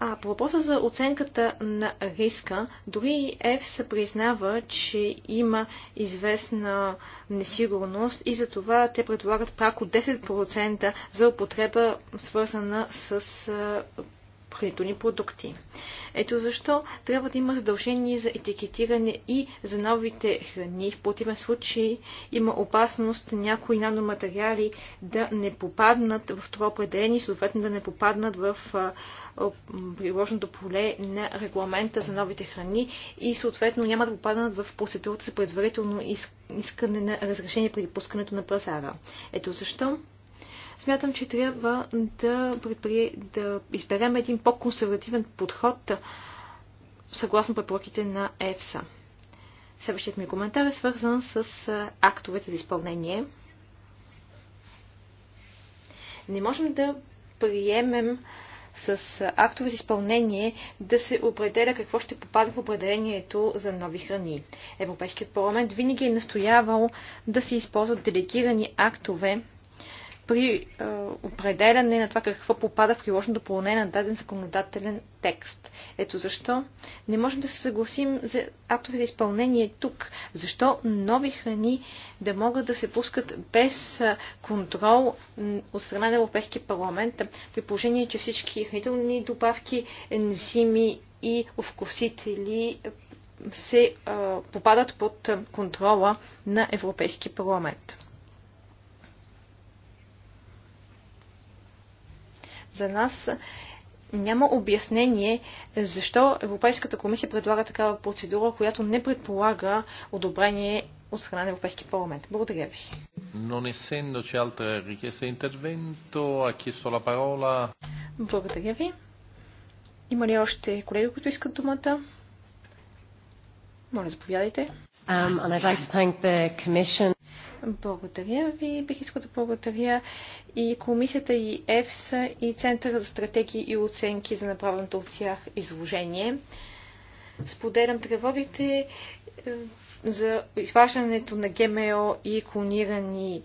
А по въпроса за оценката на риска, дори се признава, че има известна несигурност и за това те предлагат прако 10% за употреба, свързана с хранителни продукти. Ето защо трябва да има задължение за етикетиране и за новите храни. В противен случай има опасност някои наноматериали да не попаднат в това определение съответно да не попаднат в приложното поле на регламента за новите храни и съответно няма да попаднат в процедурата за предварително искане на разрешение при пускането на пазара. Ето защо смятам, че трябва да, предприе, да изберем един по-консервативен подход съгласно препоръките на ЕФСА. Следващият ми коментар е свързан с актовете за изпълнение. Не можем да приемем с актове за изпълнение да се определя какво ще попада в определението за нови храни. Европейският парламент винаги е настоявал да се използват делегирани актове при е, определяне на това какво попада в приложено допълнение на даден законодателен текст. Ето защо не можем да се съгласим за актове за изпълнение тук. Защо нови храни да могат да се пускат без е, контрол от страна на Европейския парламент, при положение, че всички хранителни добавки, ензими и овкусители е, се е, попадат под е, контрола на Европейския парламент. За нас няма обяснение защо Европейската комисия предлага такава процедура, която не предполага одобрение от страна на Европейския парламент. Благодаря ви. Non essendoci altre richieste di intervento, ha chiesto la parola... Благодаря ви. Има ли още колеги, които искат думата? Моля, заповядайте. Um, and I'd like to thank the commission. Благодаря ви. Бих искал да благодаря и комисията и ЕФС и Центъра за стратегии и оценки за направеното от тях изложение. Споделям тревогите е, за изваждането на ГМО и клонирани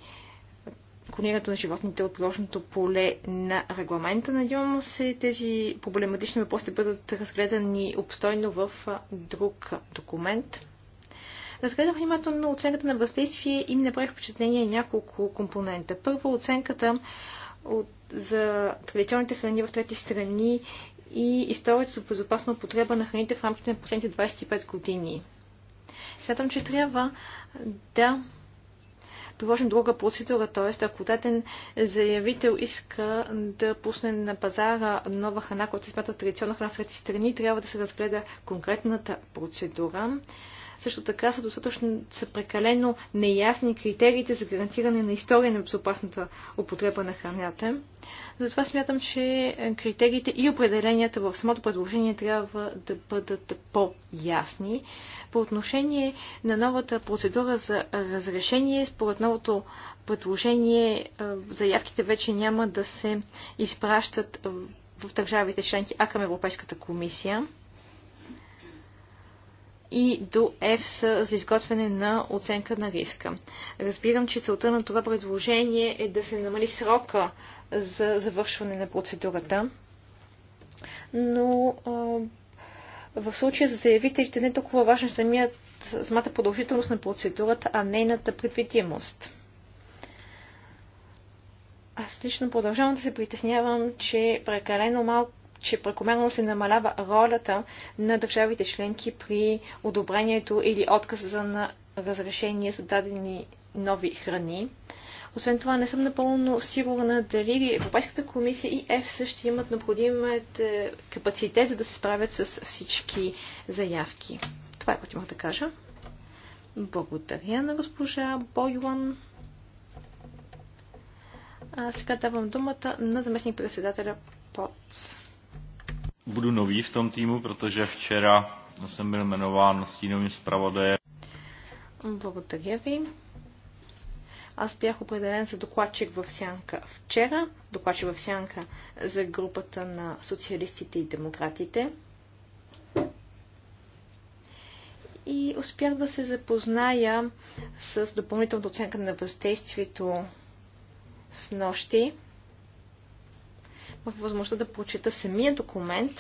клонирането на животните от приложното поле на регламента. Надявам се тези проблематични въпроси да бъдат разгледани обстойно в друг документ. Разгледах внимателно оценката на въздействие и ми направих впечатление няколко компонента. Първо оценката от, за традиционните храни в трети страни и историята за безопасна употреба на храните в рамките на последните 25 години. Смятам, че трябва да приложим друга процедура, т.е. ако даден заявител иска да пусне на пазара нова храна, която се смята традиционна храна в трети страни, трябва да се разгледа конкретната процедура. Също така са достатъчно са прекалено неясни критериите за гарантиране на история на безопасната употреба на храната. Затова смятам, че критериите и определенията в самото предложение трябва да бъдат по-ясни. По отношение на новата процедура за разрешение, според новото предложение, е, заявките вече няма да се изпращат в държавите членки, а към Европейската комисия и до са за изготвяне на оценка на риска. Разбирам, че целта на това предложение е да се намали срока за завършване на процедурата, но в случая за заявителите не е толкова важен самият, самата продължителност на процедурата, а нейната предвидимост. Аз лично продължавам да се притеснявам, че прекалено малко че прекомерно се намалява ролята на държавите членки при одобрението или отказа на разрешение за дадени нови храни. Освен това, не съм напълно сигурна дали Европейската комисия и ЕФСА ще имат необходимият е, капацитет, за да се справят с всички заявки. Това е което имах да кажа. Благодаря на госпожа Бойлан. А сега давам думата на заместник председателя Потс. Budu nový v tom týmu, protože včera jsem byl jmenován stínovým zpravodajem. Благодаря ви. Аз бях определен за докладчик в Сянка вчера, докладчик в Сянка за групата на социалистите и демократите. И успях да се запозная с допълнителната оценка на въздействието с нощи възможността да прочита самия документ.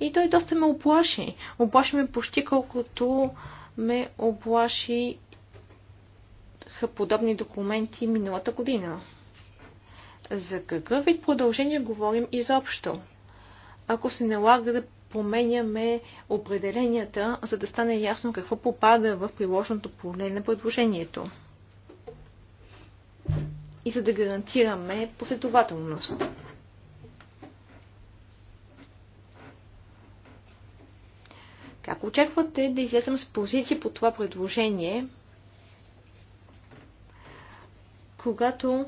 И той доста ме оплаши. Оплаши ме почти колкото ме оплаши подобни документи миналата година. За какъв вид продължение говорим изобщо? Ако се налага да поменяме определенията, за да стане ясно какво попада в приложното поле на предложението и за да гарантираме последователност. Как очаквате да излезем с позиция по това предложение, когато,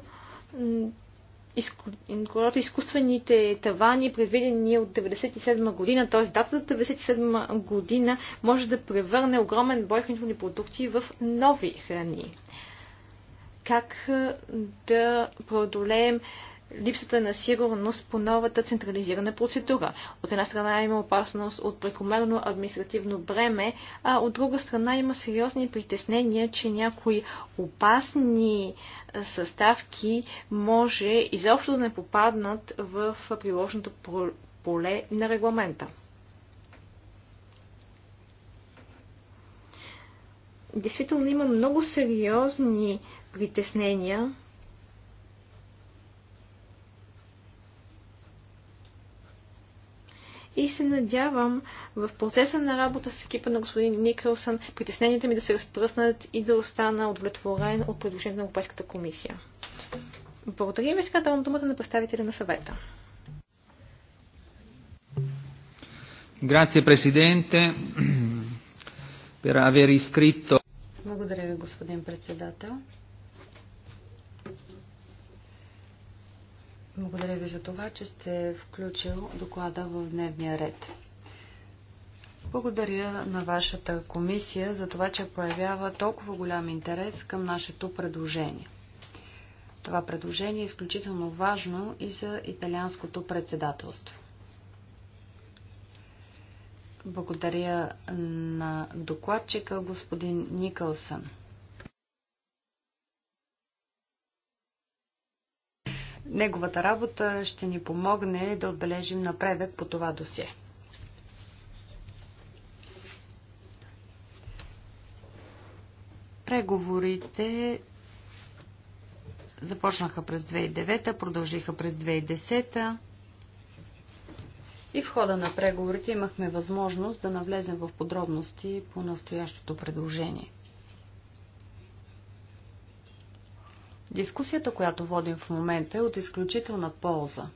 изку... когато изкуствените тавани, предвидени от 1997 година, т.е. датата 1997 година, може да превърне огромен брой хранителни продукти в нови храни? как да преодолеем липсата на сигурност по новата централизирана процедура. От една страна има опасност от прекомерно административно бреме, а от друга страна има сериозни притеснения, че някои опасни съставки може изобщо да не попаднат в приложното поле на регламента. Действително има много сериозни притеснения. И се надявам в процеса на работа с екипа на господин Никълсън притесненията ми да се разпръснат и да остана удовлетворен от предложението на Европейската комисия. Благодаря ви, сега давам думата на представителя на съвета. Grazie Presidente per aver iscritto. Благодаря ви, господин председател. Благодаря ви за това, че сте включил доклада в дневния ред. Благодаря на вашата комисия за това, че проявява толкова голям интерес към нашето предложение. Това предложение е изключително важно и за италианското председателство. Благодаря на докладчика господин Никълсън. Неговата работа ще ни помогне да отбележим напредък по това досие. Преговорите започнаха през 2009, продължиха през 2010 и в хода на преговорите имахме възможност да навлезем в подробности по настоящото предложение. Дискусията, която водим в момента е от изключителна полза.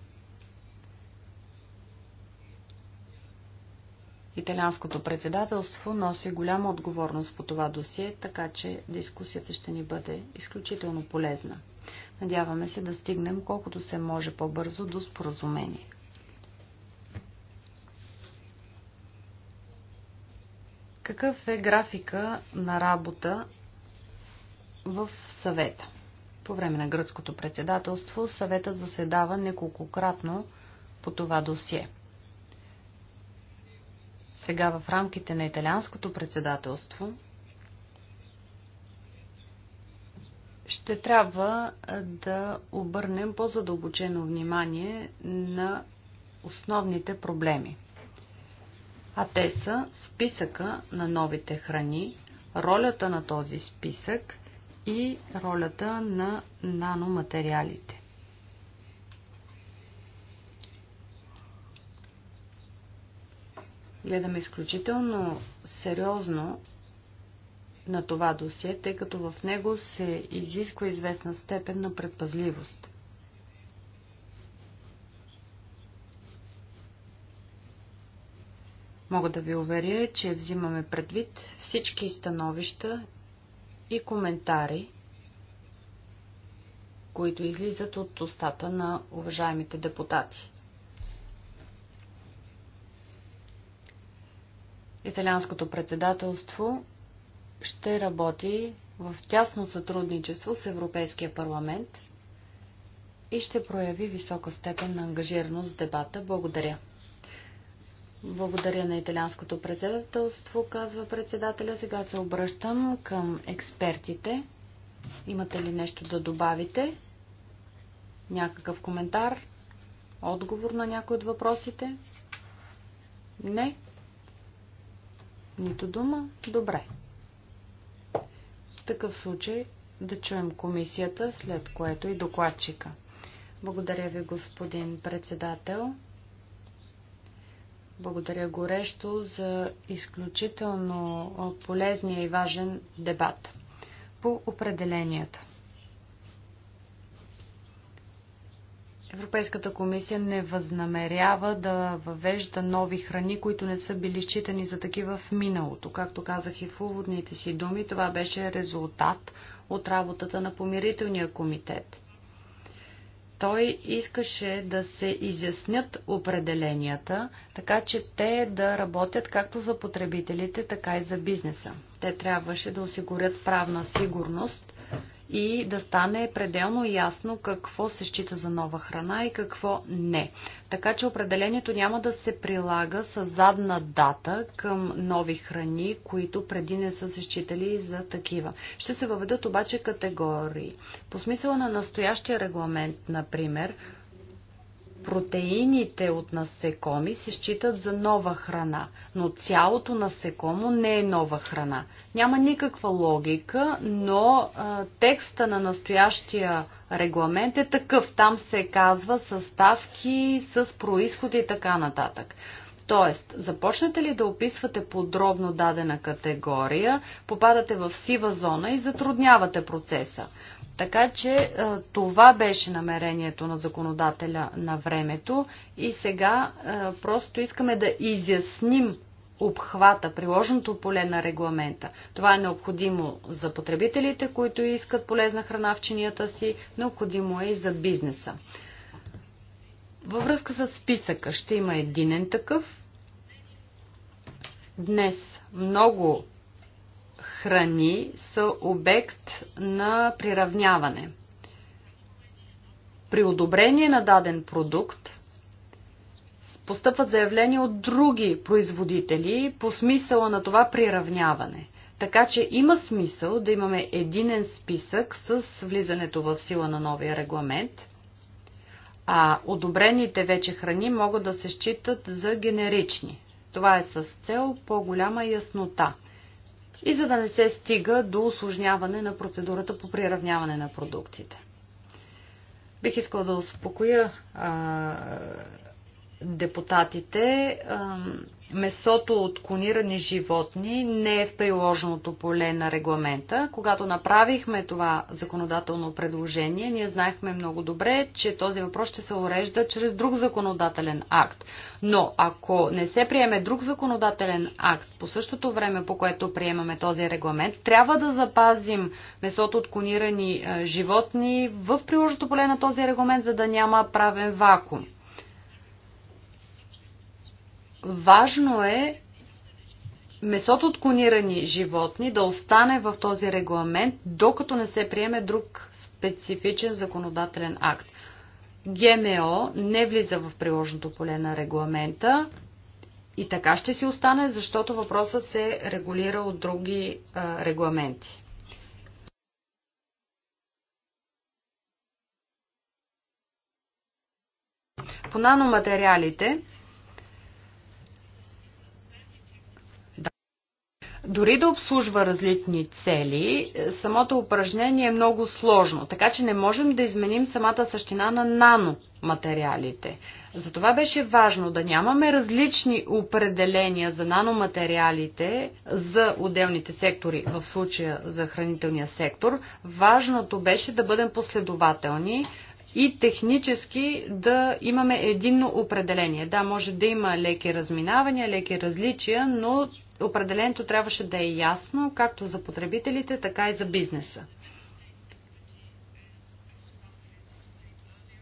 Италианското председателство носи голяма отговорност по това досие, така че дискусията ще ни бъде изключително полезна. Надяваме се да стигнем колкото се може по-бързо до споразумение. Какъв е графика на работа в съвета? По време на гръцкото председателство съветът заседава неколкократно по това досие. Сега в рамките на италианското председателство ще трябва да обърнем по-задълбочено внимание на основните проблеми. А те са списъка на новите храни, ролята на този списък и ролята на наноматериалите. Гледаме изключително сериозно на това досие, тъй като в него се изисква известна степен на предпазливост. Мога да ви уверя, че взимаме предвид всички становища и коментари, които излизат от устата на уважаемите депутати. Италианското председателство ще работи в тясно сътрудничество с Европейския парламент и ще прояви висока степен на ангажираност в дебата. Благодаря. Благодаря на италианското председателство, казва председателя. Сега се обръщам към експертите. Имате ли нещо да добавите? Някакъв коментар? Отговор на някой от въпросите? Не? Нито дума? Добре. В такъв случай да чуем комисията, след което и докладчика. Благодаря ви, господин председател. Благодаря горещо за изключително полезния и важен дебат по определенията. Европейската комисия не възнамерява да въвежда нови храни, които не са били считани за такива в миналото. Както казах и в уводните си думи, това беше резултат от работата на помирителния комитет – той искаше да се изяснят определенията, така че те да работят както за потребителите, така и за бизнеса. Те трябваше да осигурят правна сигурност и да стане пределно ясно какво се счита за нова храна и какво не. Така че определението няма да се прилага с задна дата към нови храни, които преди не са се считали за такива. Ще се въведат обаче категории. По смисъла на настоящия регламент, например, протеините от насекоми се считат за нова храна, но цялото насекомо не е нова храна. Няма никаква логика, но а, текста на настоящия регламент е такъв. Там се казва съставки с происход и така нататък. Тоест, започнете ли да описвате подробно дадена категория, попадате в сива зона и затруднявате процеса. Така че е, това беше намерението на законодателя на времето и сега е, просто искаме да изясним обхвата, приложеното поле на регламента. Това е необходимо за потребителите, които искат полезна храна в чинията си, необходимо е и за бизнеса. Във връзка с списъка ще има единен такъв. Днес много храни са обект на приравняване. При одобрение на даден продукт постъпват заявления от други производители по смисъла на това приравняване. Така че има смисъл да имаме единен списък с влизането в сила на новия регламент, а одобрените вече храни могат да се считат за генерични. Това е с цел по-голяма яснота – и за да не се стига до осложняване на процедурата по приравняване на продуктите. Бих искала да успокоя а, депутатите, месото от клонирани животни не е в приложеното поле на регламента. Когато направихме това законодателно предложение, ние знаехме много добре, че този въпрос ще се урежда чрез друг законодателен акт. Но ако не се приеме друг законодателен акт по същото време, по което приемаме този регламент, трябва да запазим месото от клонирани животни в приложеното поле на този регламент, за да няма правен вакуум. Важно е месото от клонирани животни да остане в този регламент, докато не се приеме друг специфичен законодателен акт. ГМО не влиза в приложното поле на регламента и така ще си остане, защото въпросът се регулира от други а, регламенти. По наноматериалите Дори да обслужва различни цели, е, самото упражнение е много сложно, така че не можем да изменим самата същина на наноматериалите. Затова беше важно да нямаме различни определения за наноматериалите за отделните сектори, в случая за хранителния сектор. Важното беше да бъдем последователни, и технически да имаме единно определение. Да, може да има леки разминавания, леки различия, но определението трябваше да е ясно, както за потребителите, така и за бизнеса.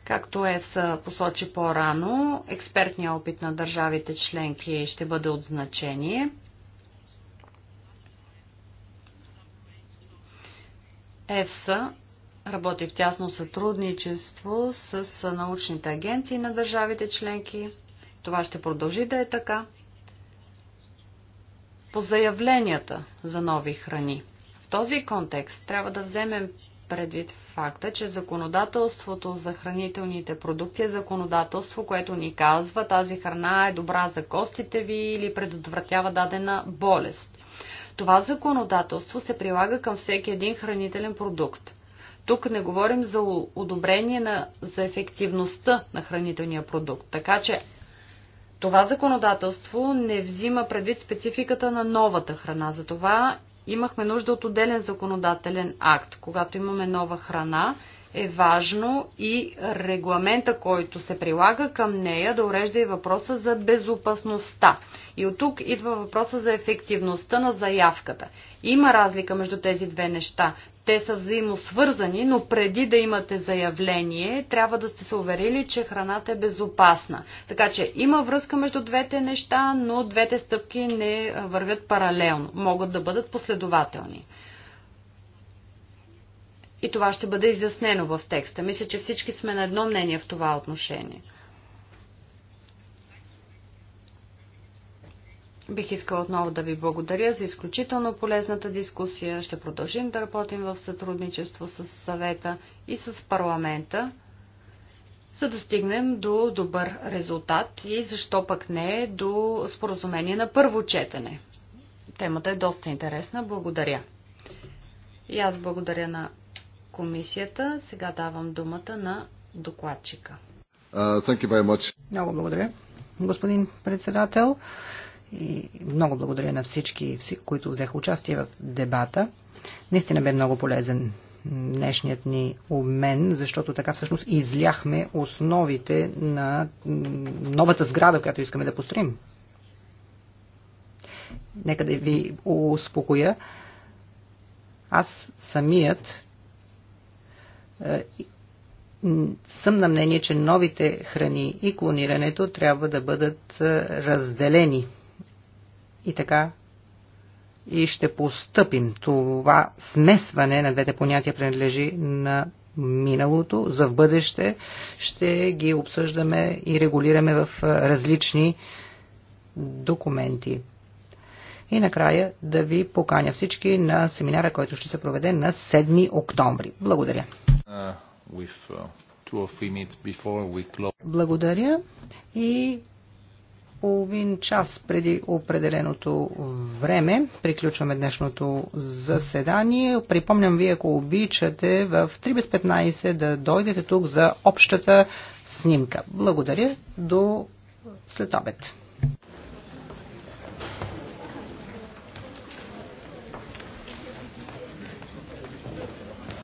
Както ЕФСА посочи по-рано, експертният опит на държавите членки ще бъде от значение. ЕФСА работи в тясно сътрудничество с научните агенции на държавите членки. Това ще продължи да е така по заявленията за нови храни. В този контекст трябва да вземем предвид факта, че законодателството за хранителните продукти е законодателство, което ни казва тази храна е добра за костите ви или предотвратява дадена болест. Това законодателство се прилага към всеки един хранителен продукт. Тук не говорим за одобрение на, за ефективността на хранителния продукт. Така че това законодателство не взима предвид спецификата на новата храна. Затова имахме нужда от отделен законодателен акт. Когато имаме нова храна, е важно и регламента, който се прилага към нея, да урежда и въпроса за безопасността. И от тук идва въпроса за ефективността на заявката. Има разлика между тези две неща. Те са взаимосвързани, но преди да имате заявление, трябва да сте се уверили, че храната е безопасна. Така че има връзка между двете неща, но двете стъпки не вървят паралелно. Могат да бъдат последователни. И това ще бъде изяснено в текста. Мисля, че всички сме на едно мнение в това отношение. Бих искала отново да ви благодаря за изключително полезната дискусия. Ще продължим да работим в сътрудничество с съвета и с парламента, за да стигнем до добър резултат и защо пък не до споразумение на първо четене. Темата е доста интересна. Благодаря. И аз благодаря на комисията. Сега давам думата на докладчика. Uh, много благодаря, господин председател. И много благодаря на всички, които взеха участие в дебата. Наистина бе много полезен днешният ни обмен, защото така всъщност изляхме основите на новата сграда, която искаме да построим. Нека да ви успокоя. Аз самият е, съм на мнение, че новите храни и клонирането трябва да бъдат е, разделени. И така и ще постъпим. Това смесване на двете понятия принадлежи на миналото, за в бъдеще ще ги обсъждаме и регулираме в е, различни документи. И накрая да ви поканя всички на семинара, който ще се проведе на 7 октомври. Благодаря. Uh, uh, Благодаря и половин час преди определеното време. Приключваме днешното заседание. Припомням ви, ако обичате, в 3 без 15 да дойдете тук за общата снимка. Благодаря. До след обед.